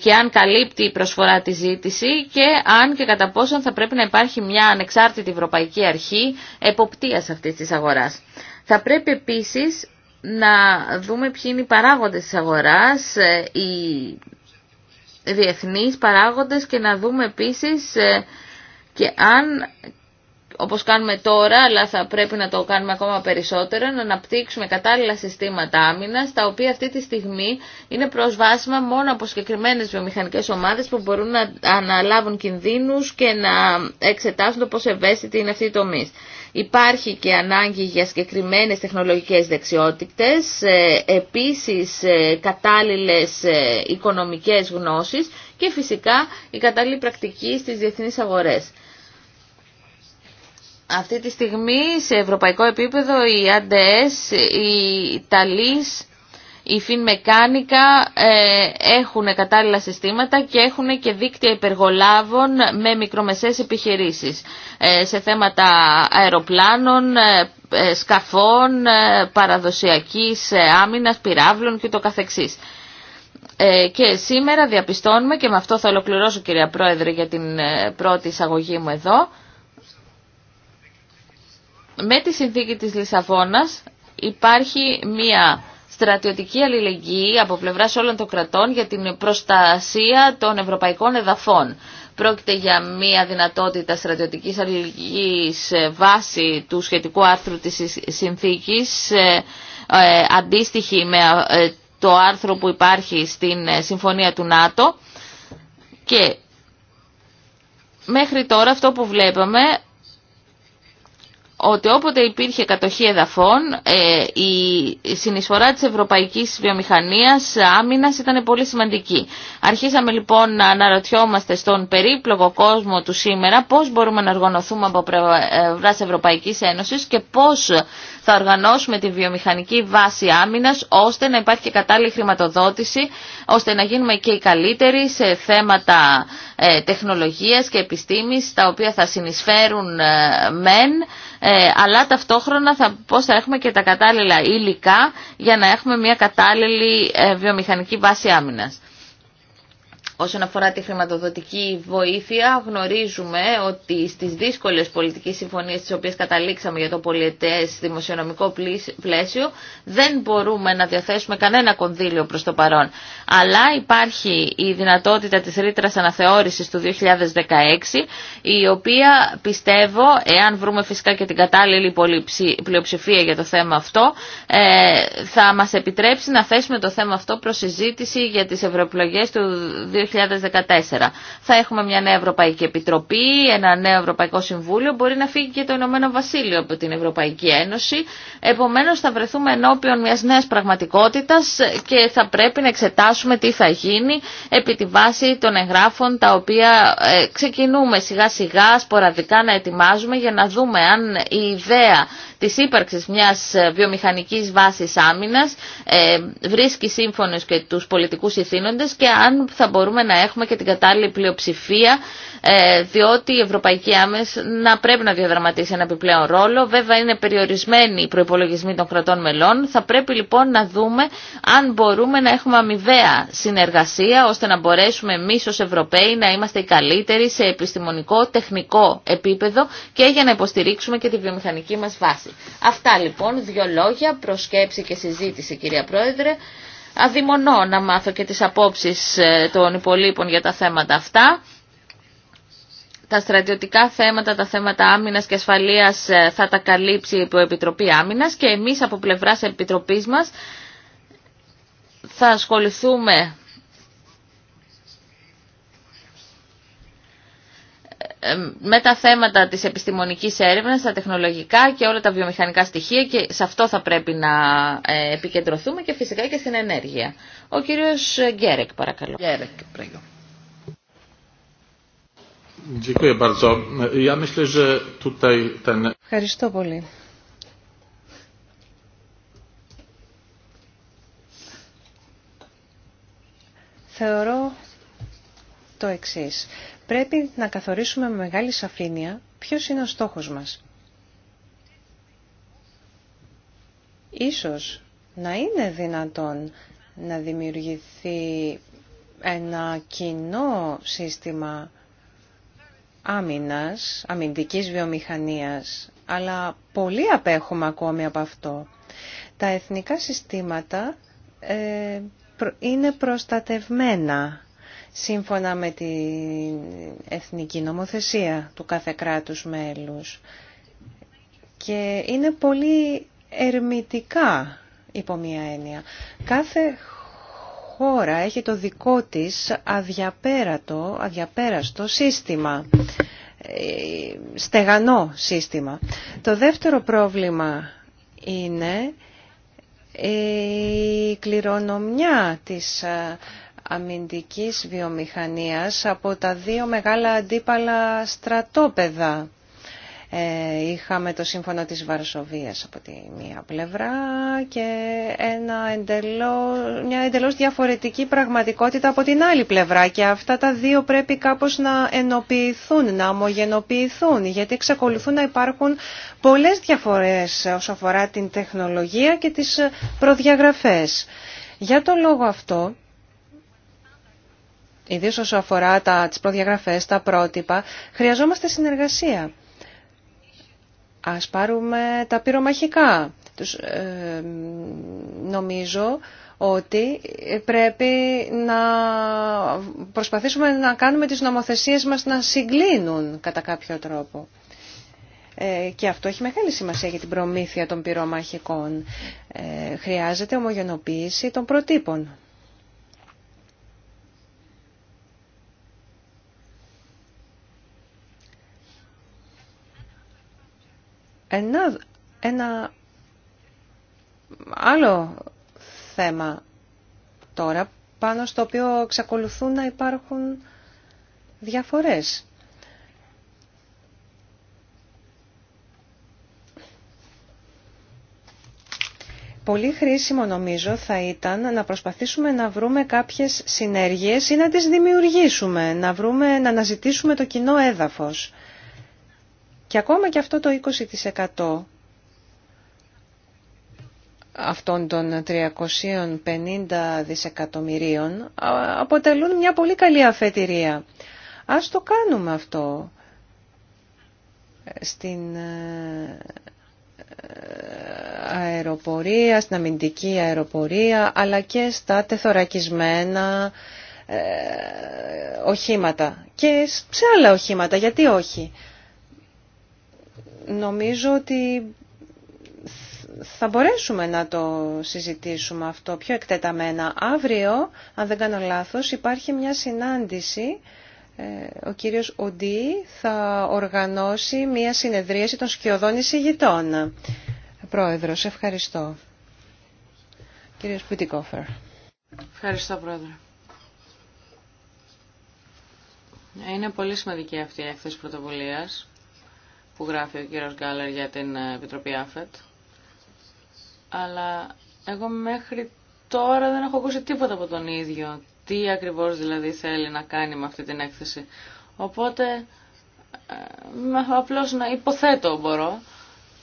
και αν καλύπτει η προσφορά τη ζήτηση και αν και κατά πόσον θα πρέπει να υπάρχει μια ανεξάρτητη ευρωπαϊκή αρχή εποπτείας αυτής της αγοράς. Θα πρέπει επίσης να δούμε ποιοι είναι οι παράγοντες της αγοράς, οι διεθνείς παράγοντες και να δούμε επίσης και αν όπως κάνουμε τώρα, αλλά θα πρέπει να το κάνουμε ακόμα περισσότερο, να αναπτύξουμε κατάλληλα συστήματα άμυνας, τα οποία αυτή τη στιγμή είναι προσβάσιμα μόνο από συγκεκριμένε βιομηχανικές ομάδες που μπορούν να αναλάβουν κινδύνους και να εξετάσουν το πόσο ευαίσθητη είναι αυτή η τομή. Υπάρχει και ανάγκη για συγκεκριμένε τεχνολογικές δεξιότητες, ε, επίσης ε, κατάλληλες ε, οικονομικές γνώσεις και φυσικά η κατάλληλη πρακτική στις διεθνείς αγορές. Αυτή τη στιγμή σε ευρωπαϊκό επίπεδο οι ADS, οι Ταλής, οι Φινμεκάνικα ε, έχουν κατάλληλα συστήματα και έχουν και δίκτυα υπεργολάβων με μικρομεσαίες επιχειρήσεις ε, σε θέματα αεροπλάνων, ε, ε, σκαφών, παραδοσιακής άμυνας, πυράβλων και το καθεξής. Και σήμερα διαπιστώνουμε, και με αυτό θα ολοκληρώσω κυρία Πρόεδρε για την πρώτη εισαγωγή μου εδώ, με τη συνθήκη της Λισαβόνας υπάρχει μία στρατιωτική αλληλεγγύη από πλευράς όλων των κρατών για την προστασία των ευρωπαϊκών εδαφών. Πρόκειται για μία δυνατότητα στρατιωτικής αλληλεγγύης βάση του σχετικού άρθρου της συνθήκης ε, ε, αντίστοιχη με ε, το άρθρο που υπάρχει στην Συμφωνία του ΝΑΤΟ και μέχρι τώρα αυτό που βλέπαμε ότι όποτε υπήρχε κατοχή εδαφών, ε, η συνεισφορά της ευρωπαϊκής βιομηχανίας άμυνας ήταν πολύ σημαντική. Αρχίσαμε λοιπόν να αναρωτιόμαστε στον περίπλοκο κόσμο του σήμερα πώς μπορούμε να οργανωθούμε από πλευράς ε, Ευρωπαϊκής Ένωσης και πώς θα οργανώσουμε τη βιομηχανική βάση άμυνας ώστε να υπάρχει και κατάλληλη χρηματοδότηση, ώστε να γίνουμε και οι καλύτεροι σε θέματα ε, τεχνολογίας και επιστήμης, τα οποία θα συνεισφέρουν μεν, ε, αλλά ταυτόχρονα θα, πώς θα έχουμε και τα κατάλληλα υλικά για να έχουμε μια κατάλληλη ε, βιομηχανική βάση άμυνας. Όσον αφορά τη χρηματοδοτική βοήθεια, γνωρίζουμε ότι στις δύσκολες πολιτικές συμφωνίες τις οποίες καταλήξαμε για το πολιετές δημοσιονομικό πλαίσιο δεν μπορούμε να διαθέσουμε κανένα κονδύλιο προς το παρόν. Αλλά υπάρχει η δυνατότητα της ρήτρα αναθεώρησης του 2016 η οποία πιστεύω, εάν βρούμε φυσικά και την κατάλληλη πλειοψηφία για το θέμα αυτό, ε, θα μας επιτρέψει να θέσουμε το θέμα αυτό προς συζήτηση για τις ευρωεκλογέ του 2014. Θα έχουμε μια νέα Ευρωπαϊκή Επιτροπή, ένα νέο Ευρωπαϊκό Συμβούλιο, μπορεί να φύγει και το Ηνωμένο Βασίλειο από την Ευρωπαϊκή Ένωση. Επομένως θα βρεθούμε ενώπιον μιας νέας πραγματικότητας και θα πρέπει να εξετάσουμε τι θα γίνει επί τη βάση των εγγράφων τα οποία ε, ξεκινούμε σιγά σιγά σποραδικά να ετοιμάζουμε για να δούμε αν η ιδέα της ύπαρξης μιας ε, βιομηχανικής βάσης άμυνας ε, βρίσκει σύμφωνος και τους πολιτικούς ηθήνοντες και αν θα μπορούμε να έχουμε και την κατάλληλη πλειοψηφία ε, διότι η Ευρωπαϊκή Άμεση να πρέπει να διαδραματίσει ένα επιπλέον ρόλο. Βέβαια είναι περιορισμένοι οι προπολογισμοί των κρατών μελών. Θα πρέπει λοιπόν να δούμε αν μπορούμε να έχουμε αμοιβαία συνεργασία ώστε να μπορέσουμε εμεί ω Ευρωπαίοι να είμαστε οι καλύτεροι σε επιστημονικό, τεχνικό επίπεδο και για να υποστηρίξουμε και τη βιομηχανική μα βάση. Αυτά λοιπόν, δύο λόγια, προσκέψη και συζήτηση κυρία Πρόεδρε. Αδειμονώ να μάθω και τις απόψεις ε, των υπολείπων για τα θέματα αυτά τα στρατιωτικά θέματα, τα θέματα άμυνας και ασφαλείας ε, θα τα καλύψει η Επιτροπή Άμυνας και εμείς από πλευράς Επιτροπής μας θα ασχοληθούμε ε, με τα θέματα της επιστημονικής έρευνας, τα τεχνολογικά και όλα τα βιομηχανικά στοιχεία και σε αυτό θα πρέπει να ε, επικεντρωθούμε και φυσικά και στην ενέργεια. Ο κύριος Γκέρεκ παρακαλώ. Γκέρεκ, πρέπει. Ευχαριστώ πολύ. Θεωρώ το εξής. Πρέπει να καθορίσουμε με μεγάλη σαφήνεια ποιος είναι ο στόχος μας. Ίσως να είναι δυνατόν να δημιουργηθεί ένα κοινό σύστημα άμυνας, αμυντικής βιομηχανίας, αλλά πολύ απέχουμε ακόμη από αυτό. Τα εθνικά συστήματα ε, είναι προστατευμένα σύμφωνα με την εθνική νομοθεσία του κάθε κράτους μέλους και είναι πολύ ερμητικά υπό μία έννοια. Κάθε χώρα έχει το δικό της αδιαπέρατο, αδιαπέραστο σύστημα, ε, στεγανό σύστημα. Το δεύτερο πρόβλημα είναι ε, η κληρονομιά της ε, αμυντικής βιομηχανίας από τα δύο μεγάλα αντίπαλα στρατόπεδα ε, είχαμε το σύμφωνο της Βαρσοβίας από τη μία πλευρά και ένα εντελώς, μια εντελώς διαφορετική πραγματικότητα από την άλλη πλευρά και αυτά τα δύο πρέπει κάπως να ενοποιηθούν, να ομογενοποιηθούν γιατί εξακολουθούν να υπάρχουν πολλές διαφορές όσο αφορά την τεχνολογία και τις προδιαγραφές. Για τον λόγο αυτό Ιδίω όσο αφορά τα, τις προδιαγραφές, τα πρότυπα, χρειαζόμαστε συνεργασία. Ας πάρουμε τα πυρομαχικά. Τους, ε, νομίζω ότι πρέπει να προσπαθήσουμε να κάνουμε τις νομοθεσίες μας να συγκλίνουν κατά κάποιο τρόπο. Ε, και αυτό έχει μεγάλη σημασία για την προμήθεια των πυρομαχικών. Ε, χρειάζεται ομογενοποίηση των προτύπων. Ένα, άλλο θέμα τώρα πάνω στο οποίο εξακολουθούν να υπάρχουν διαφορές. Πολύ χρήσιμο νομίζω θα ήταν να προσπαθήσουμε να βρούμε κάποιες συνέργειες ή να τις δημιουργήσουμε, να, βρούμε, να αναζητήσουμε το κοινό έδαφος. Και ακόμα και αυτό το 20% αυτών των 350 δισεκατομμυρίων αποτελούν μια πολύ καλή αφετηρία. Ας το κάνουμε αυτό στην ε, ε, αεροπορία, στην αμυντική αεροπορία, αλλά και στα τεθωρακισμένα ε, οχήματα και σε άλλα οχήματα, γιατί όχι νομίζω ότι θα μπορέσουμε να το συζητήσουμε αυτό πιο εκτεταμένα. Αύριο, αν δεν κάνω λάθος, υπάρχει μια συνάντηση. Ε, ο κύριος Οντί θα οργανώσει μια συνεδρίαση των σκιωδών εισηγητών. Πρόεδρος, ευχαριστώ. Κύριος Πουτικόφερ. Ευχαριστώ, Πρόεδρε. Είναι πολύ σημαντική αυτή η έκθεση πρωτοβουλίας που γράφει ο κύριος Γκάλερ για την ε, Επιτροπή ΑΦΕΤ. Αλλά εγώ μέχρι τώρα δεν έχω ακούσει τίποτα από τον ίδιο. Τι ακριβώς δηλαδή θέλει να κάνει με αυτή την έκθεση. Οπότε ε, απλώς να υποθέτω μπορώ.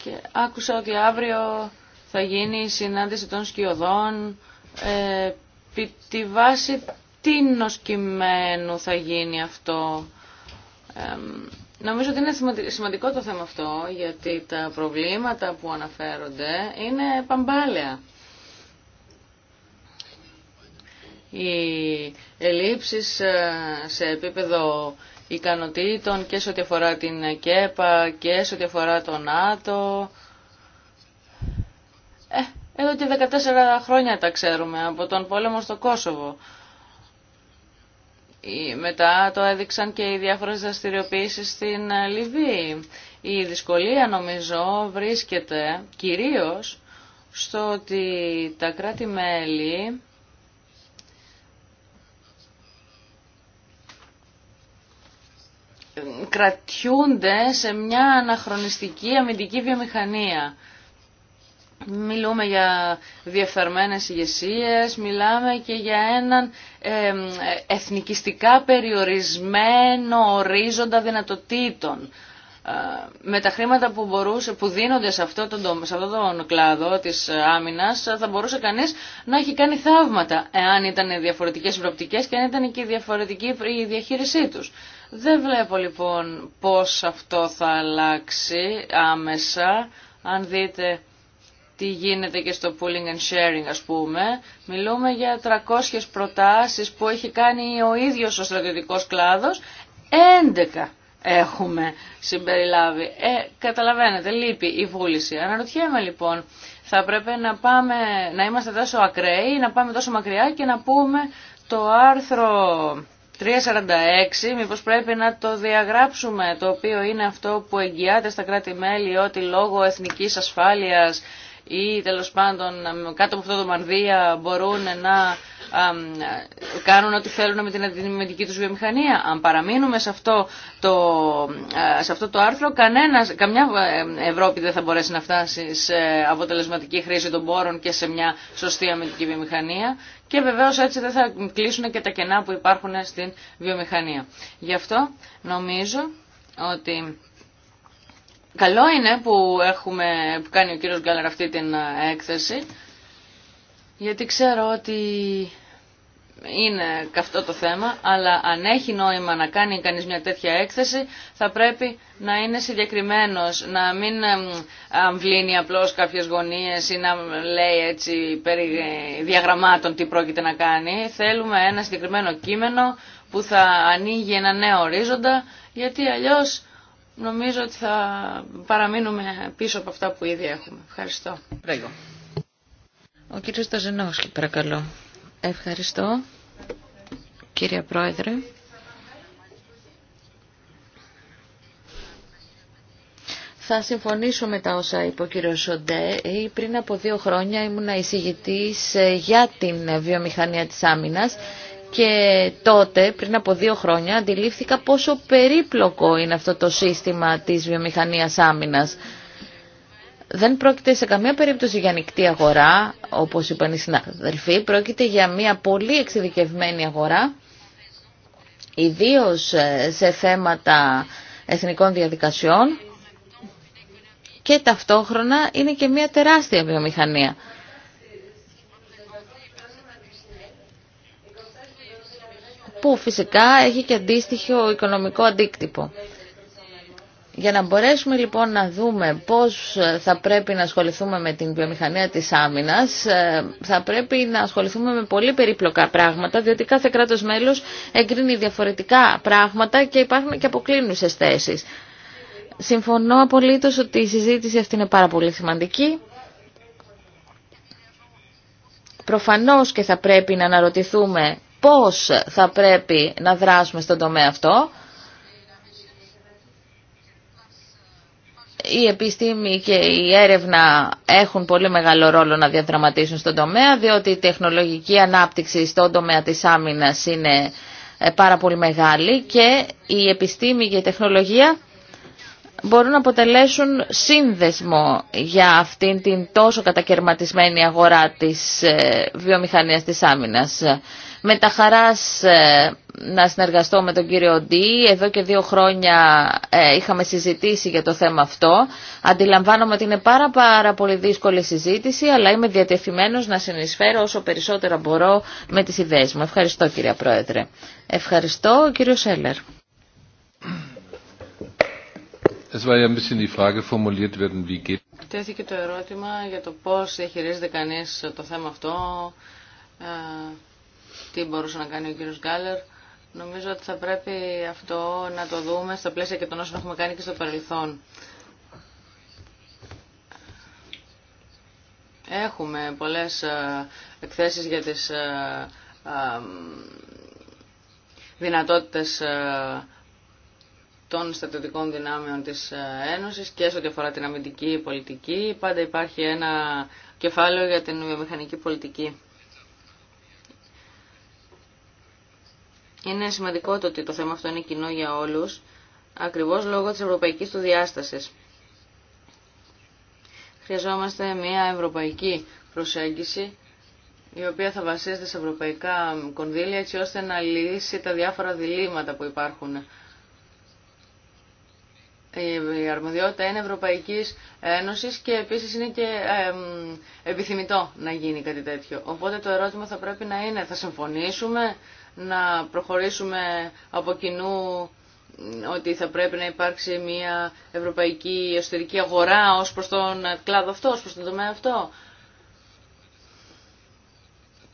Και άκουσα ότι αύριο θα γίνει η συνάντηση των σκιωδών. Ε, τη βάση τι θα γίνει αυτό. Ε, Νομίζω ότι είναι σημαντικό το θέμα αυτό, γιατί τα προβλήματα που αναφέρονται είναι παμπάλαια. Οι ελλείψεις ε, σε επίπεδο ικανοτήτων και σε ό,τι αφορά την ΚΕΠΑ και σε ό,τι αφορά το ΝΑΤΟ. Ε, εδώ και 14 χρόνια τα ξέρουμε από τον πόλεμο στο Κόσοβο. Ε, μετά το έδειξαν και οι διάφορες δραστηριοποιήσεις στην ε, Λιβύη. Η δυσκολία νομίζω βρίσκεται κυρίως στο ότι τα κράτη-μέλη κρατιούνται σε μια αναχρονιστική αμυντική βιομηχανία. Μιλούμε για διεφθαρμένες ηγεσίε, μιλάμε και για έναν εθνικιστικά περιορισμένο ορίζοντα δυνατοτήτων. Ε, με τα χρήματα που, μπορούσε, που δίνονται σε αυτόν τον, τον κλάδο της άμυνας θα μπορούσε κανείς να έχει κάνει θαύματα εάν ήταν διαφορετικές προοπτικές και αν ήταν και διαφορετική η διαχείρισή τους. Δεν βλέπω λοιπόν πώς αυτό θα αλλάξει άμεσα αν δείτε τι γίνεται και στο pooling and sharing ας πούμε. Μιλούμε για 300 προτάσεις που έχει κάνει ο ίδιος ο στρατιωτικός κλάδος. 11 έχουμε συμπεριλάβει. Ε, καταλαβαίνετε, λείπει η βούληση. Αναρωτιέμαι λοιπόν, θα πρέπει να, πάμε, να είμαστε τόσο ακραίοι, να πάμε τόσο μακριά και να πούμε το άρθρο 346, μήπως πρέπει να το διαγράψουμε, το οποίο είναι αυτό που εγγυάται στα κράτη-μέλη ότι λόγω εθνικής ασφάλειας ή τέλος πάντων κάτω από αυτό το μανδύα μπορούν να κάνουν ό,τι θέλουν με την αντιμετική τους βιομηχανία. Αν παραμείνουμε σε αυτό το, άρθρο, καμιά ε, Ευρώπη δεν θα μπορέσει να φτάσει σε αποτελεσματική χρήση των πόρων και σε μια σωστή αμυντική βιομηχανία και βεβαίως έτσι δεν θα κλείσουν και τα κενά που υπάρχουν στην βιομηχανία. Γι' αυτό νομίζω ότι Καλό είναι που, έχουμε, που κάνει ο κύριος Γκάλερ αυτή την ε, έκθεση, γιατί ξέρω ότι είναι καυτό το θέμα, αλλά αν έχει νόημα να κάνει κανείς μια τέτοια έκθεση, θα πρέπει να είναι συγκεκριμένος, να μην αμβλύνει απλώς κάποιες γωνίες ή να λέει έτσι περί διαγραμμάτων τι πρόκειται να κάνει. Θέλουμε ένα συγκεκριμένο κείμενο που θα ανοίγει ένα νέο ορίζοντα, γιατί αλλιώς νομίζω ότι θα παραμείνουμε πίσω από αυτά που ήδη έχουμε. Ευχαριστώ. Ο κύριος Ταζενόσκη, παρακαλώ. Ευχαριστώ, κύριε Πρόεδρε. Θα συμφωνήσω με τα όσα είπε ο κύριος Σοντέ. Ε, πριν από δύο χρόνια ήμουν εισηγητής ε, για την βιομηχανία της άμυνας και τότε, πριν από δύο χρόνια, αντιλήφθηκα πόσο περίπλοκο είναι αυτό το σύστημα της βιομηχανίας άμυνας. Δεν πρόκειται σε καμία περίπτωση για ανοιχτή αγορά, όπως είπαν οι συναδελφοί. Πρόκειται για μια πολύ εξειδικευμένη αγορά, ιδίως ε, σε θέματα εθνικών διαδικασιών και ταυτόχρονα είναι και μια τεράστια βιομηχανία. που φυσικά έχει και αντίστοιχο οικονομικό αντίκτυπο. Για να μπορέσουμε λοιπόν να δούμε πώς θα πρέπει να ασχοληθούμε με την βιομηχανία της άμυνας, ε, θα πρέπει να ασχοληθούμε με πολύ περίπλοκα πράγματα, διότι κάθε κράτος μέλος εγκρίνει διαφορετικά πράγματα και υπάρχουν και αποκλίνουσες θέσεις. Συμφωνώ απολύτως ότι η συζήτηση αυτή είναι πάρα πολύ σημαντική. Προφανώς και θα πρέπει να αναρωτηθούμε πώς θα πρέπει να δράσουμε στον τομέα αυτό. η επιστήμη και η έρευνα έχουν πολύ μεγάλο ρόλο να διαδραματίσουν στον τομέα, διότι η τεχνολογική ανάπτυξη στον τομέα της άμυνας είναι ε, πάρα πολύ μεγάλη και η επιστήμη και η τεχνολογία μπορούν να αποτελέσουν σύνδεσμο για αυτήν την τόσο κατακαιρματισμένη αγορά της ε, βιομηχανίας της άμυνας. Με τα χαράς ε, να συνεργαστώ με τον κύριο Ντί. Εδώ και δύο χρόνια ε, είχαμε συζητήσει για το θέμα αυτό. Αντιλαμβάνομαι ότι είναι πάρα, πάρα πολύ δύσκολη συζήτηση, αλλά είμαι διατεθειμένος να συνεισφέρω όσο περισσότερο μπορώ με τις ιδέες μου. Ευχαριστώ κύριε Πρόεδρε. Ευχαριστώ κύριο Σέλλερ. Τέθηκε το ερώτημα για το πώς διαχειρίζεται κανείς το θέμα αυτό, ε, τι μπορούσε να κάνει ο κύριος Γκάλερ. Νομίζω ότι θα πρέπει αυτό να το δούμε στα πλαίσια και των όσων έχουμε κάνει και στο παρελθόν. Έχουμε πολλές ε, εκθέσεις για τις ε, δυνατότητες των στρατιωτικών δυνάμεων της ε, Ένωσης και σε ό,τι αφορά την αμυντική πολιτική. Πάντα υπάρχει ένα κεφάλαιο για την βιομηχανική πολιτική. Είναι σημαντικό το ότι το θέμα αυτό είναι κοινό για όλους, ακριβώς λόγω της ευρωπαϊκής του διάστασης. Χρειαζόμαστε μια ευρωπαϊκή προσέγγιση, η οποία θα βασίζεται σε ευρωπαϊκά κονδύλια, έτσι ώστε να λύσει τα διάφορα διλήμματα που υπάρχουν η αρμοδιότητα είναι Ευρωπαϊκής Ένωσης και επίσης είναι και επιθυμητό να γίνει κάτι τέτοιο. Οπότε το ερώτημα θα πρέπει να είναι, θα συμφωνήσουμε να προχωρήσουμε από κοινού ότι θα πρέπει να υπάρξει μια ευρωπαϊκή εσωτερική αγορά ως προς τον κλάδο αυτό, ως προς τον τομέα αυτό.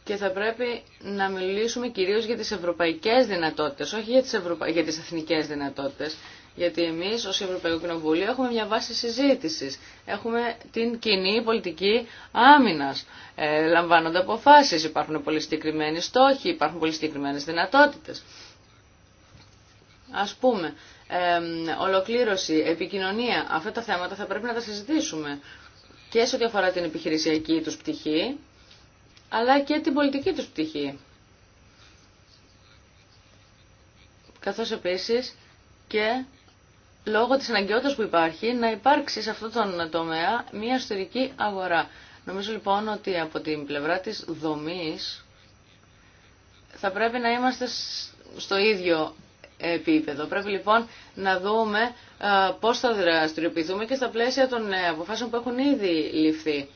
Και θα πρέπει να μιλήσουμε κυρίως για τις ευρωπαϊκές δυνατότητες, όχι για τις, ευρωπα... για τις εθνικές δυνατότητες. Γιατί εμείς ως Ευρωπαϊκό Κοινοβούλιο έχουμε μια βάση συζήτησης. Έχουμε την κοινή πολιτική άμυνας. Ε, λαμβάνονται αποφάσεις, υπάρχουν πολύ συγκεκριμένοι στόχοι, υπάρχουν πολύ συγκεκριμένε δυνατότητες. Ας πούμε, ε, ολοκλήρωση, επικοινωνία, αυτά τα θέματα θα πρέπει να τα συζητήσουμε και σε ό,τι αφορά την επιχειρησιακή του πτυχή, αλλά και την πολιτική του πτυχή. Καθώς επίσης και λόγω της αναγκαιότητας που υπάρχει να υπάρξει σε αυτό τον τομέα μια ιστορική αγορά. Νομίζω λοιπόν ότι από την πλευρά της δομής θα πρέπει να είμαστε στο ίδιο επίπεδο. Πρέπει λοιπόν να δούμε ε, πώς θα δραστηριοποιηθούμε και στα πλαίσια των ε, αποφάσεων που έχουν ήδη ληφθεί.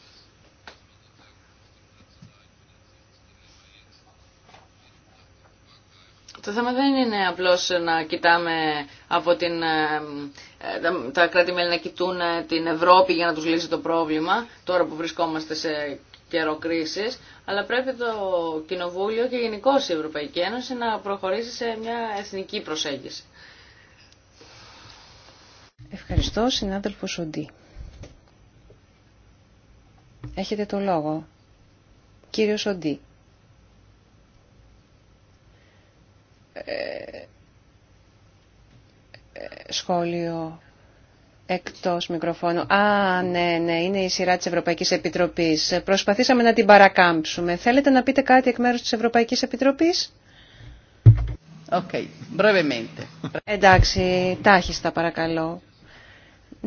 Το θέμα δεν είναι απλώς να κοιτάμε από την, ε, ε, τα κράτη-μέλη να κοιτούν ε, την Ευρώπη για να τους λύσει το πρόβλημα, τώρα που βρισκόμαστε σε καιρό κρίσης, αλλά πρέπει το Κοινοβούλιο και γενικώ η Ευρωπαϊκή Ένωση να προχωρήσει σε μια εθνική προσέγγιση. Ευχαριστώ, συνάδελφο Σοντή. Έχετε το λόγο. Κύριο Σοντή. Ε, ε, σχόλιο εκτός μικροφώνου. Α, ναι, ναι, είναι η σειρά της Ευρωπαϊκής Επιτροπής. Προσπαθήσαμε να την παρακάμψουμε. Θέλετε να πείτε κάτι εκ μέρους της Ευρωπαϊκής Επιτροπής? Okay, Εντάξει, τάχιστα παρακαλώ.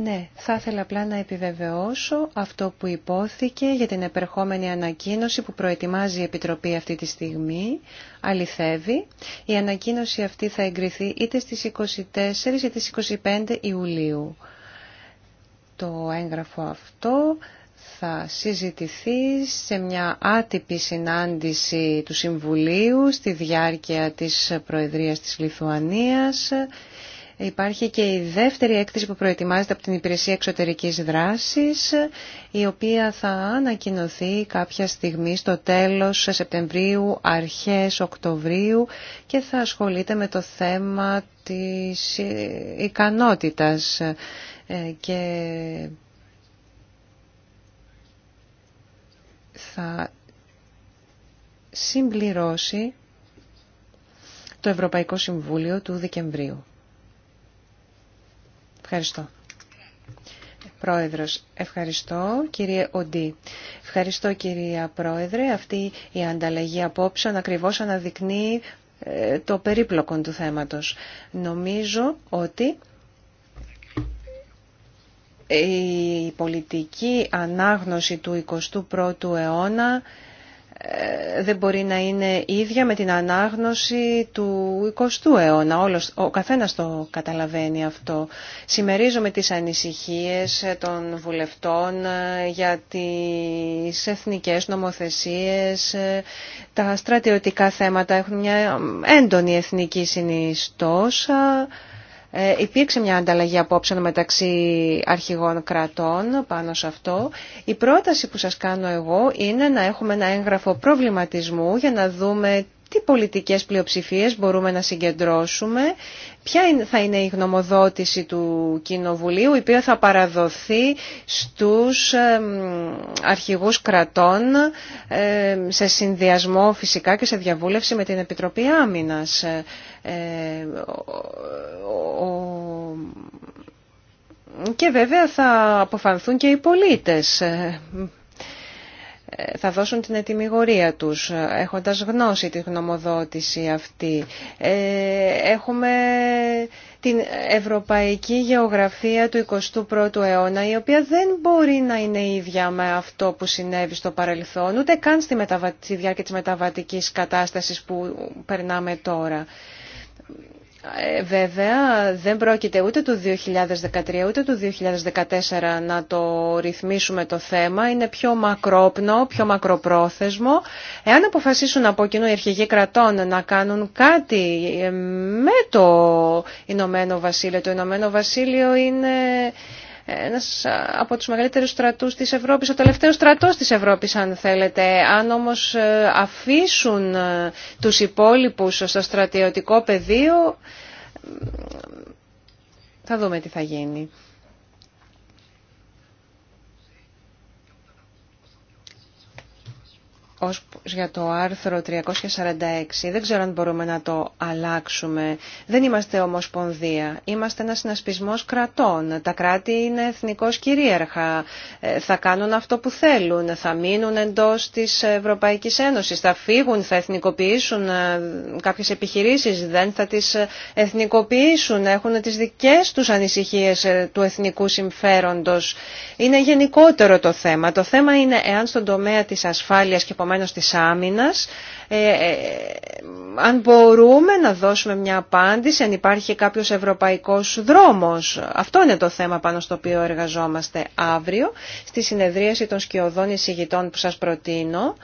Ναι, θα ήθελα απλά να επιβεβαιώσω αυτό που υπόθηκε για την επερχόμενη ανακοίνωση που προετοιμάζει η Επιτροπή αυτή τη στιγμή. Αληθεύει. Η ανακοίνωση αυτή θα εγκριθεί είτε στις 24 είτε στις 25 Ιουλίου. Το έγγραφο αυτό θα συζητηθεί σε μια άτυπη συνάντηση του Συμβουλίου στη διάρκεια της Προεδρίας της Λιθουανίας Υπάρχει και η δεύτερη έκθεση που προετοιμάζεται από την Υπηρεσία Εξωτερικής Δράσης, η οποία θα ανακοινωθεί κάποια στιγμή στο τέλος Σεπτεμβρίου, αρχές Οκτωβρίου και θα ασχολείται με το θέμα της ικανότητας ε, και θα συμπληρώσει το Ευρωπαϊκό Συμβούλιο του Δεκεμβρίου. Ευχαριστώ. Πρόεδρος, ευχαριστώ. Κύριε Οντί, ευχαριστώ κυρία Πρόεδρε. Αυτή η ανταλλαγή απόψεων ακριβώς αναδεικνύει ε, το περίπλοκο του θέματος. Νομίζω ότι η πολιτική ανάγνωση του 21ου αιώνα ε, δεν μπορεί να είναι ίδια με την ανάγνωση του 20ου αιώνα. Όλος, ο καθένας το καταλαβαίνει αυτό. Σημερίζομαι τις ανησυχίες των βουλευτών ε, για τις εθνικές νομοθεσίες. Ε, τα στρατιωτικά θέματα έχουν μια έντονη εθνική συνιστόσα. Ε, υπήρξε μια ανταλλαγή απόψεων μεταξύ αρχηγών κρατών πάνω σε αυτό. Η πρόταση που σας κάνω εγώ είναι να έχουμε ένα έγγραφο προβληματισμού για να δούμε τι πολιτικές πλειοψηφίες μπορούμε να συγκεντρώσουμε, ποια θα είναι η γνωμοδότηση του Κοινοβουλίου, η οποία θα παραδοθεί στους αρχηγούς κρατών σε συνδυασμό φυσικά και σε διαβούλευση με την Επιτροπή Άμυνας. Ε, και βέβαια θα αποφανθούν και οι πολίτες ε, ε, θα δώσουν την ετοιμιγορία τους ε, έχοντας γνώση τη γνωμοδότηση αυτή. Ε, έχουμε την ευρωπαϊκή γεωγραφία του 21ου αιώνα η οποία δεν μπορεί να είναι ίδια με αυτό που συνέβη στο παρελθόν ούτε καν στη διάρκεια της μεταβατικής κατάστασης που περνάμε τώρα. Ε, βέβαια δεν πρόκειται ούτε του 2013 ούτε του 2014 να το ρυθμίσουμε το θέμα. Είναι πιο μακρόπνο, πιο μακροπρόθεσμο. Εάν αποφασίσουν από κοινού οι αρχηγοί κρατών να κάνουν κάτι ε, με το Ηνωμένο Βασίλειο, το Ηνωμένο Βασίλειο είναι ένας από τους μεγαλύτερους στρατούς της Ευρώπης, ο τελευταίος στρατός της Ευρώπης αν θέλετε. Αν όμως ε, αφήσουν ε, τους υπόλοιπους στο στρατιωτικό πεδίο θα δούμε τι θα γίνει. ως για το άρθρο 346. Δεν ξέρω αν μπορούμε να το αλλάξουμε. Δεν είμαστε ομοσπονδία. Είμαστε ένα συνασπισμός κρατών. Τα κράτη είναι Εθνικός κυρίαρχα. Ε, θα κάνουν αυτό που θέλουν. Θα μείνουν εντός της Ευρωπαϊκής Ένωσης. Θα φύγουν, θα εθνικοποιήσουν ε, κάποιες επιχειρήσεις. Δεν θα τις ε, εθνικοποιήσουν. Έχουν τις δικές τους ανησυχίες του εθνικού συμφέροντος. Είναι γενικότερο το θέμα. Το θέμα είναι εάν στον τομέα ενδεχομένως της άμυνας. Ε, ε, αν μπορούμε να δώσουμε μια απάντηση, αν υπάρχει κάποιος ευρωπαϊκός δρόμος. Αυτό είναι το θέμα πάνω στο οποίο εργαζόμαστε αύριο, στη συνεδρίαση των σκιωδών εισηγητών που σας προτείνω.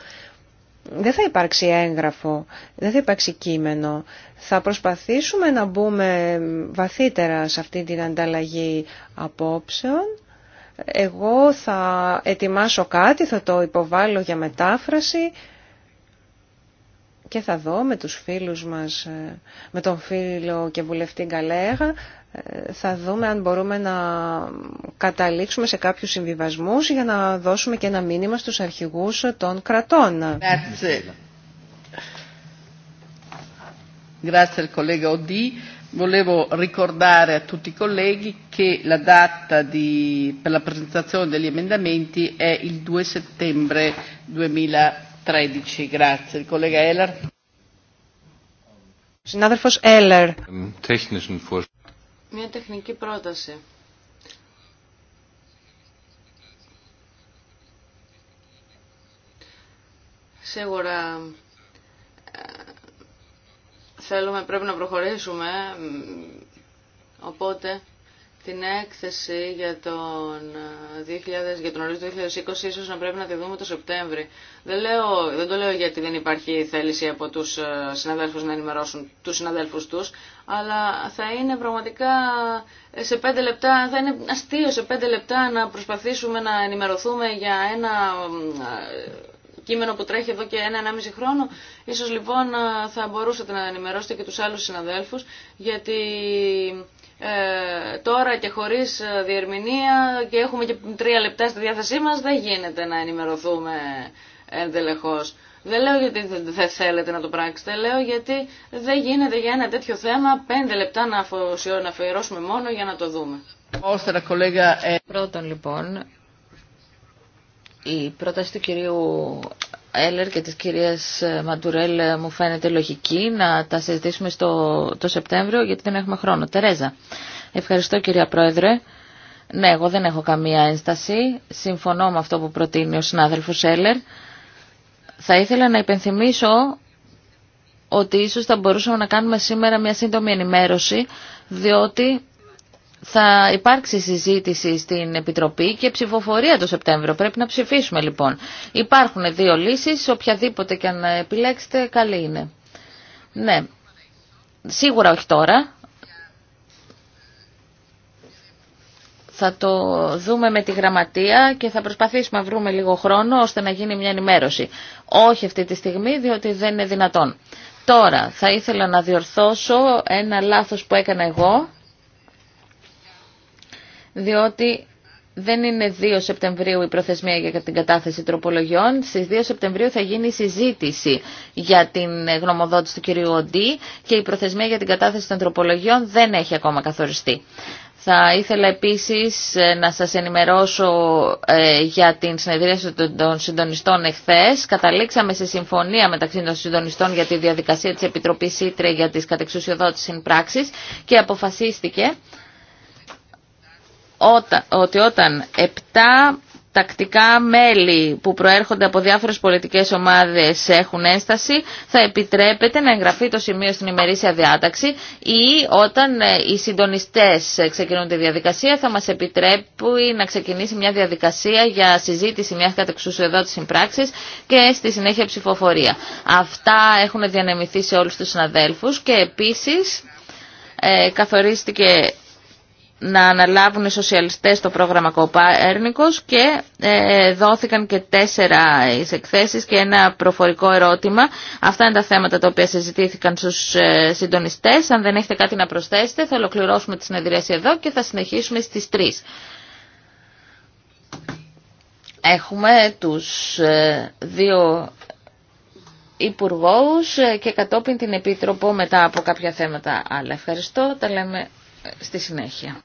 Δεν θα υπάρξει έγγραφο, δεν θα υπάρξει κείμενο. Θα προσπαθήσουμε να μπούμε βαθύτερα σε αυτή την ανταλλαγή απόψεων εγώ θα ετοιμάσω κάτι, θα το υποβάλω για μετάφραση και θα δω με τους φίλους μας, ε, με τον φίλο και βουλευτή Γκαλέγα, ε, θα δούμε αν μπορούμε να καταλήξουμε σε κάποιους συμβιβασμούς για να δώσουμε και ένα μήνυμα στους αρχηγούς των κρατών. Volevo ricordare a tutti i colleghi che la data di, per la presentazione degli emendamenti è il 2 settembre 2013. Grazie. Il collega Eller. Μια τεχνική πρόταση. Σίγουρα θέλουμε, πρέπει να προχωρήσουμε, οπότε την έκθεση για τον, 2000, ε, για τον 2020 ίσως να πρέπει να τη δούμε το Σεπτέμβρη. Δεν, λέω, δεν το λέω γιατί δεν υπάρχει θέληση από τους ε, συναδέλφους να ενημερώσουν τους συναδέλφους τους, αλλά θα είναι πραγματικά ε, σε πέντε λεπτά, θα είναι αστείο σε πέντε λεπτά να προσπαθήσουμε να ενημερωθούμε για ένα κείμενο που τρέχει εδώ και ένα-ενάμιση χρόνο. Ίσως λοιπόν θα μπορούσατε να ενημερώσετε και τους άλλους συναδέλφους, γιατί ε, τώρα και χωρίς ε, διερμηνία και έχουμε και τρία λεπτά στη διάθεσή μας, δεν γίνεται να ενημερωθούμε εντελεχώς. Δεν λέω γιατί δεν θέλετε να το πράξετε, λέω γιατί δεν γίνεται για ένα τέτοιο θέμα πέντε λεπτά να αφιερώσουμε μόνο για να το δούμε. Ε, Πρώτον λοιπόν, η πρόταση του κυρίου Έλερ και της κυρίας Μαντουρέλ μου φαίνεται λογική να τα συζητήσουμε στο, το Σεπτέμβριο γιατί δεν έχουμε χρόνο. Τερέζα, ευχαριστώ κυρία Πρόεδρε. Ναι, εγώ δεν έχω καμία ένσταση. Συμφωνώ με αυτό που προτείνει ο συνάδελφος Έλερ. Θα ήθελα να υπενθυμίσω ότι ίσως θα μπορούσαμε να κάνουμε σήμερα μια σύντομη ενημέρωση διότι θα υπάρξει συζήτηση στην Επιτροπή και ψηφοφορία το Σεπτέμβριο. Πρέπει να ψηφίσουμε λοιπόν. Υπάρχουν δύο λύσεις, οποιαδήποτε και αν επιλέξετε καλή είναι. Ναι, σίγουρα όχι τώρα. Θα το δούμε με τη γραμματεία και θα προσπαθήσουμε να βρούμε λίγο χρόνο ώστε να γίνει μια ενημέρωση. Όχι αυτή τη στιγμή διότι δεν είναι δυνατόν. Τώρα θα ήθελα να διορθώσω ένα λάθος που έκανα εγώ διότι δεν είναι 2 Σεπτεμβρίου η προθεσμία για την κατάθεση τροπολογιών. Στις 2 Σεπτεμβρίου θα γίνει η συζήτηση για την γνωμοδότηση του κυρίου Οντή και η προθεσμία για την κατάθεση των τροπολογιών δεν έχει ακόμα καθοριστεί. Θα ήθελα επίσης ε, να σας ενημερώσω ε, για την συνεδρίαση των συντονιστών εχθές. Καταλήξαμε σε συμφωνία μεταξύ των συντονιστών για τη διαδικασία της Επιτροπής Ήτρε για τις κατεξουσιοδότησης πράξης και αποφασίστηκε ότι όταν 7 τακτικά μέλη που προέρχονται από διάφορες πολιτικές ομάδες έχουν ένσταση, θα επιτρέπεται να εγγραφεί το σημείο στην ημερήσια διάταξη ή όταν ε, οι συντονιστές ξεκινούν τη διαδικασία θα μας επιτρέπει να ξεκινήσει μια διαδικασία για συζήτηση μιας κατεξουσιοδότησης συμπράξης και στη συνέχεια ψηφοφορία. Αυτά έχουν διανεμηθεί σε όλους τους συναδέλφους και επίσης ε, καθορίστηκε να αναλάβουν οι σοσιαλιστές το πρόγραμμα έρνικος και ε, δόθηκαν και τέσσερα εκθέσεις και ένα προφορικό ερώτημα. Αυτά είναι τα θέματα τα οποία συζητήθηκαν στους ε, συντονιστές. Αν δεν έχετε κάτι να προσθέσετε θα ολοκληρώσουμε τη συνεδρίαση εδώ και θα συνεχίσουμε στις 3. Έχουμε τους ε, δύο υπουργούς και κατόπιν την Επίτροπο μετά από κάποια θέματα άλλα. Ευχαριστώ. Τα λέμε στη συνέχεια.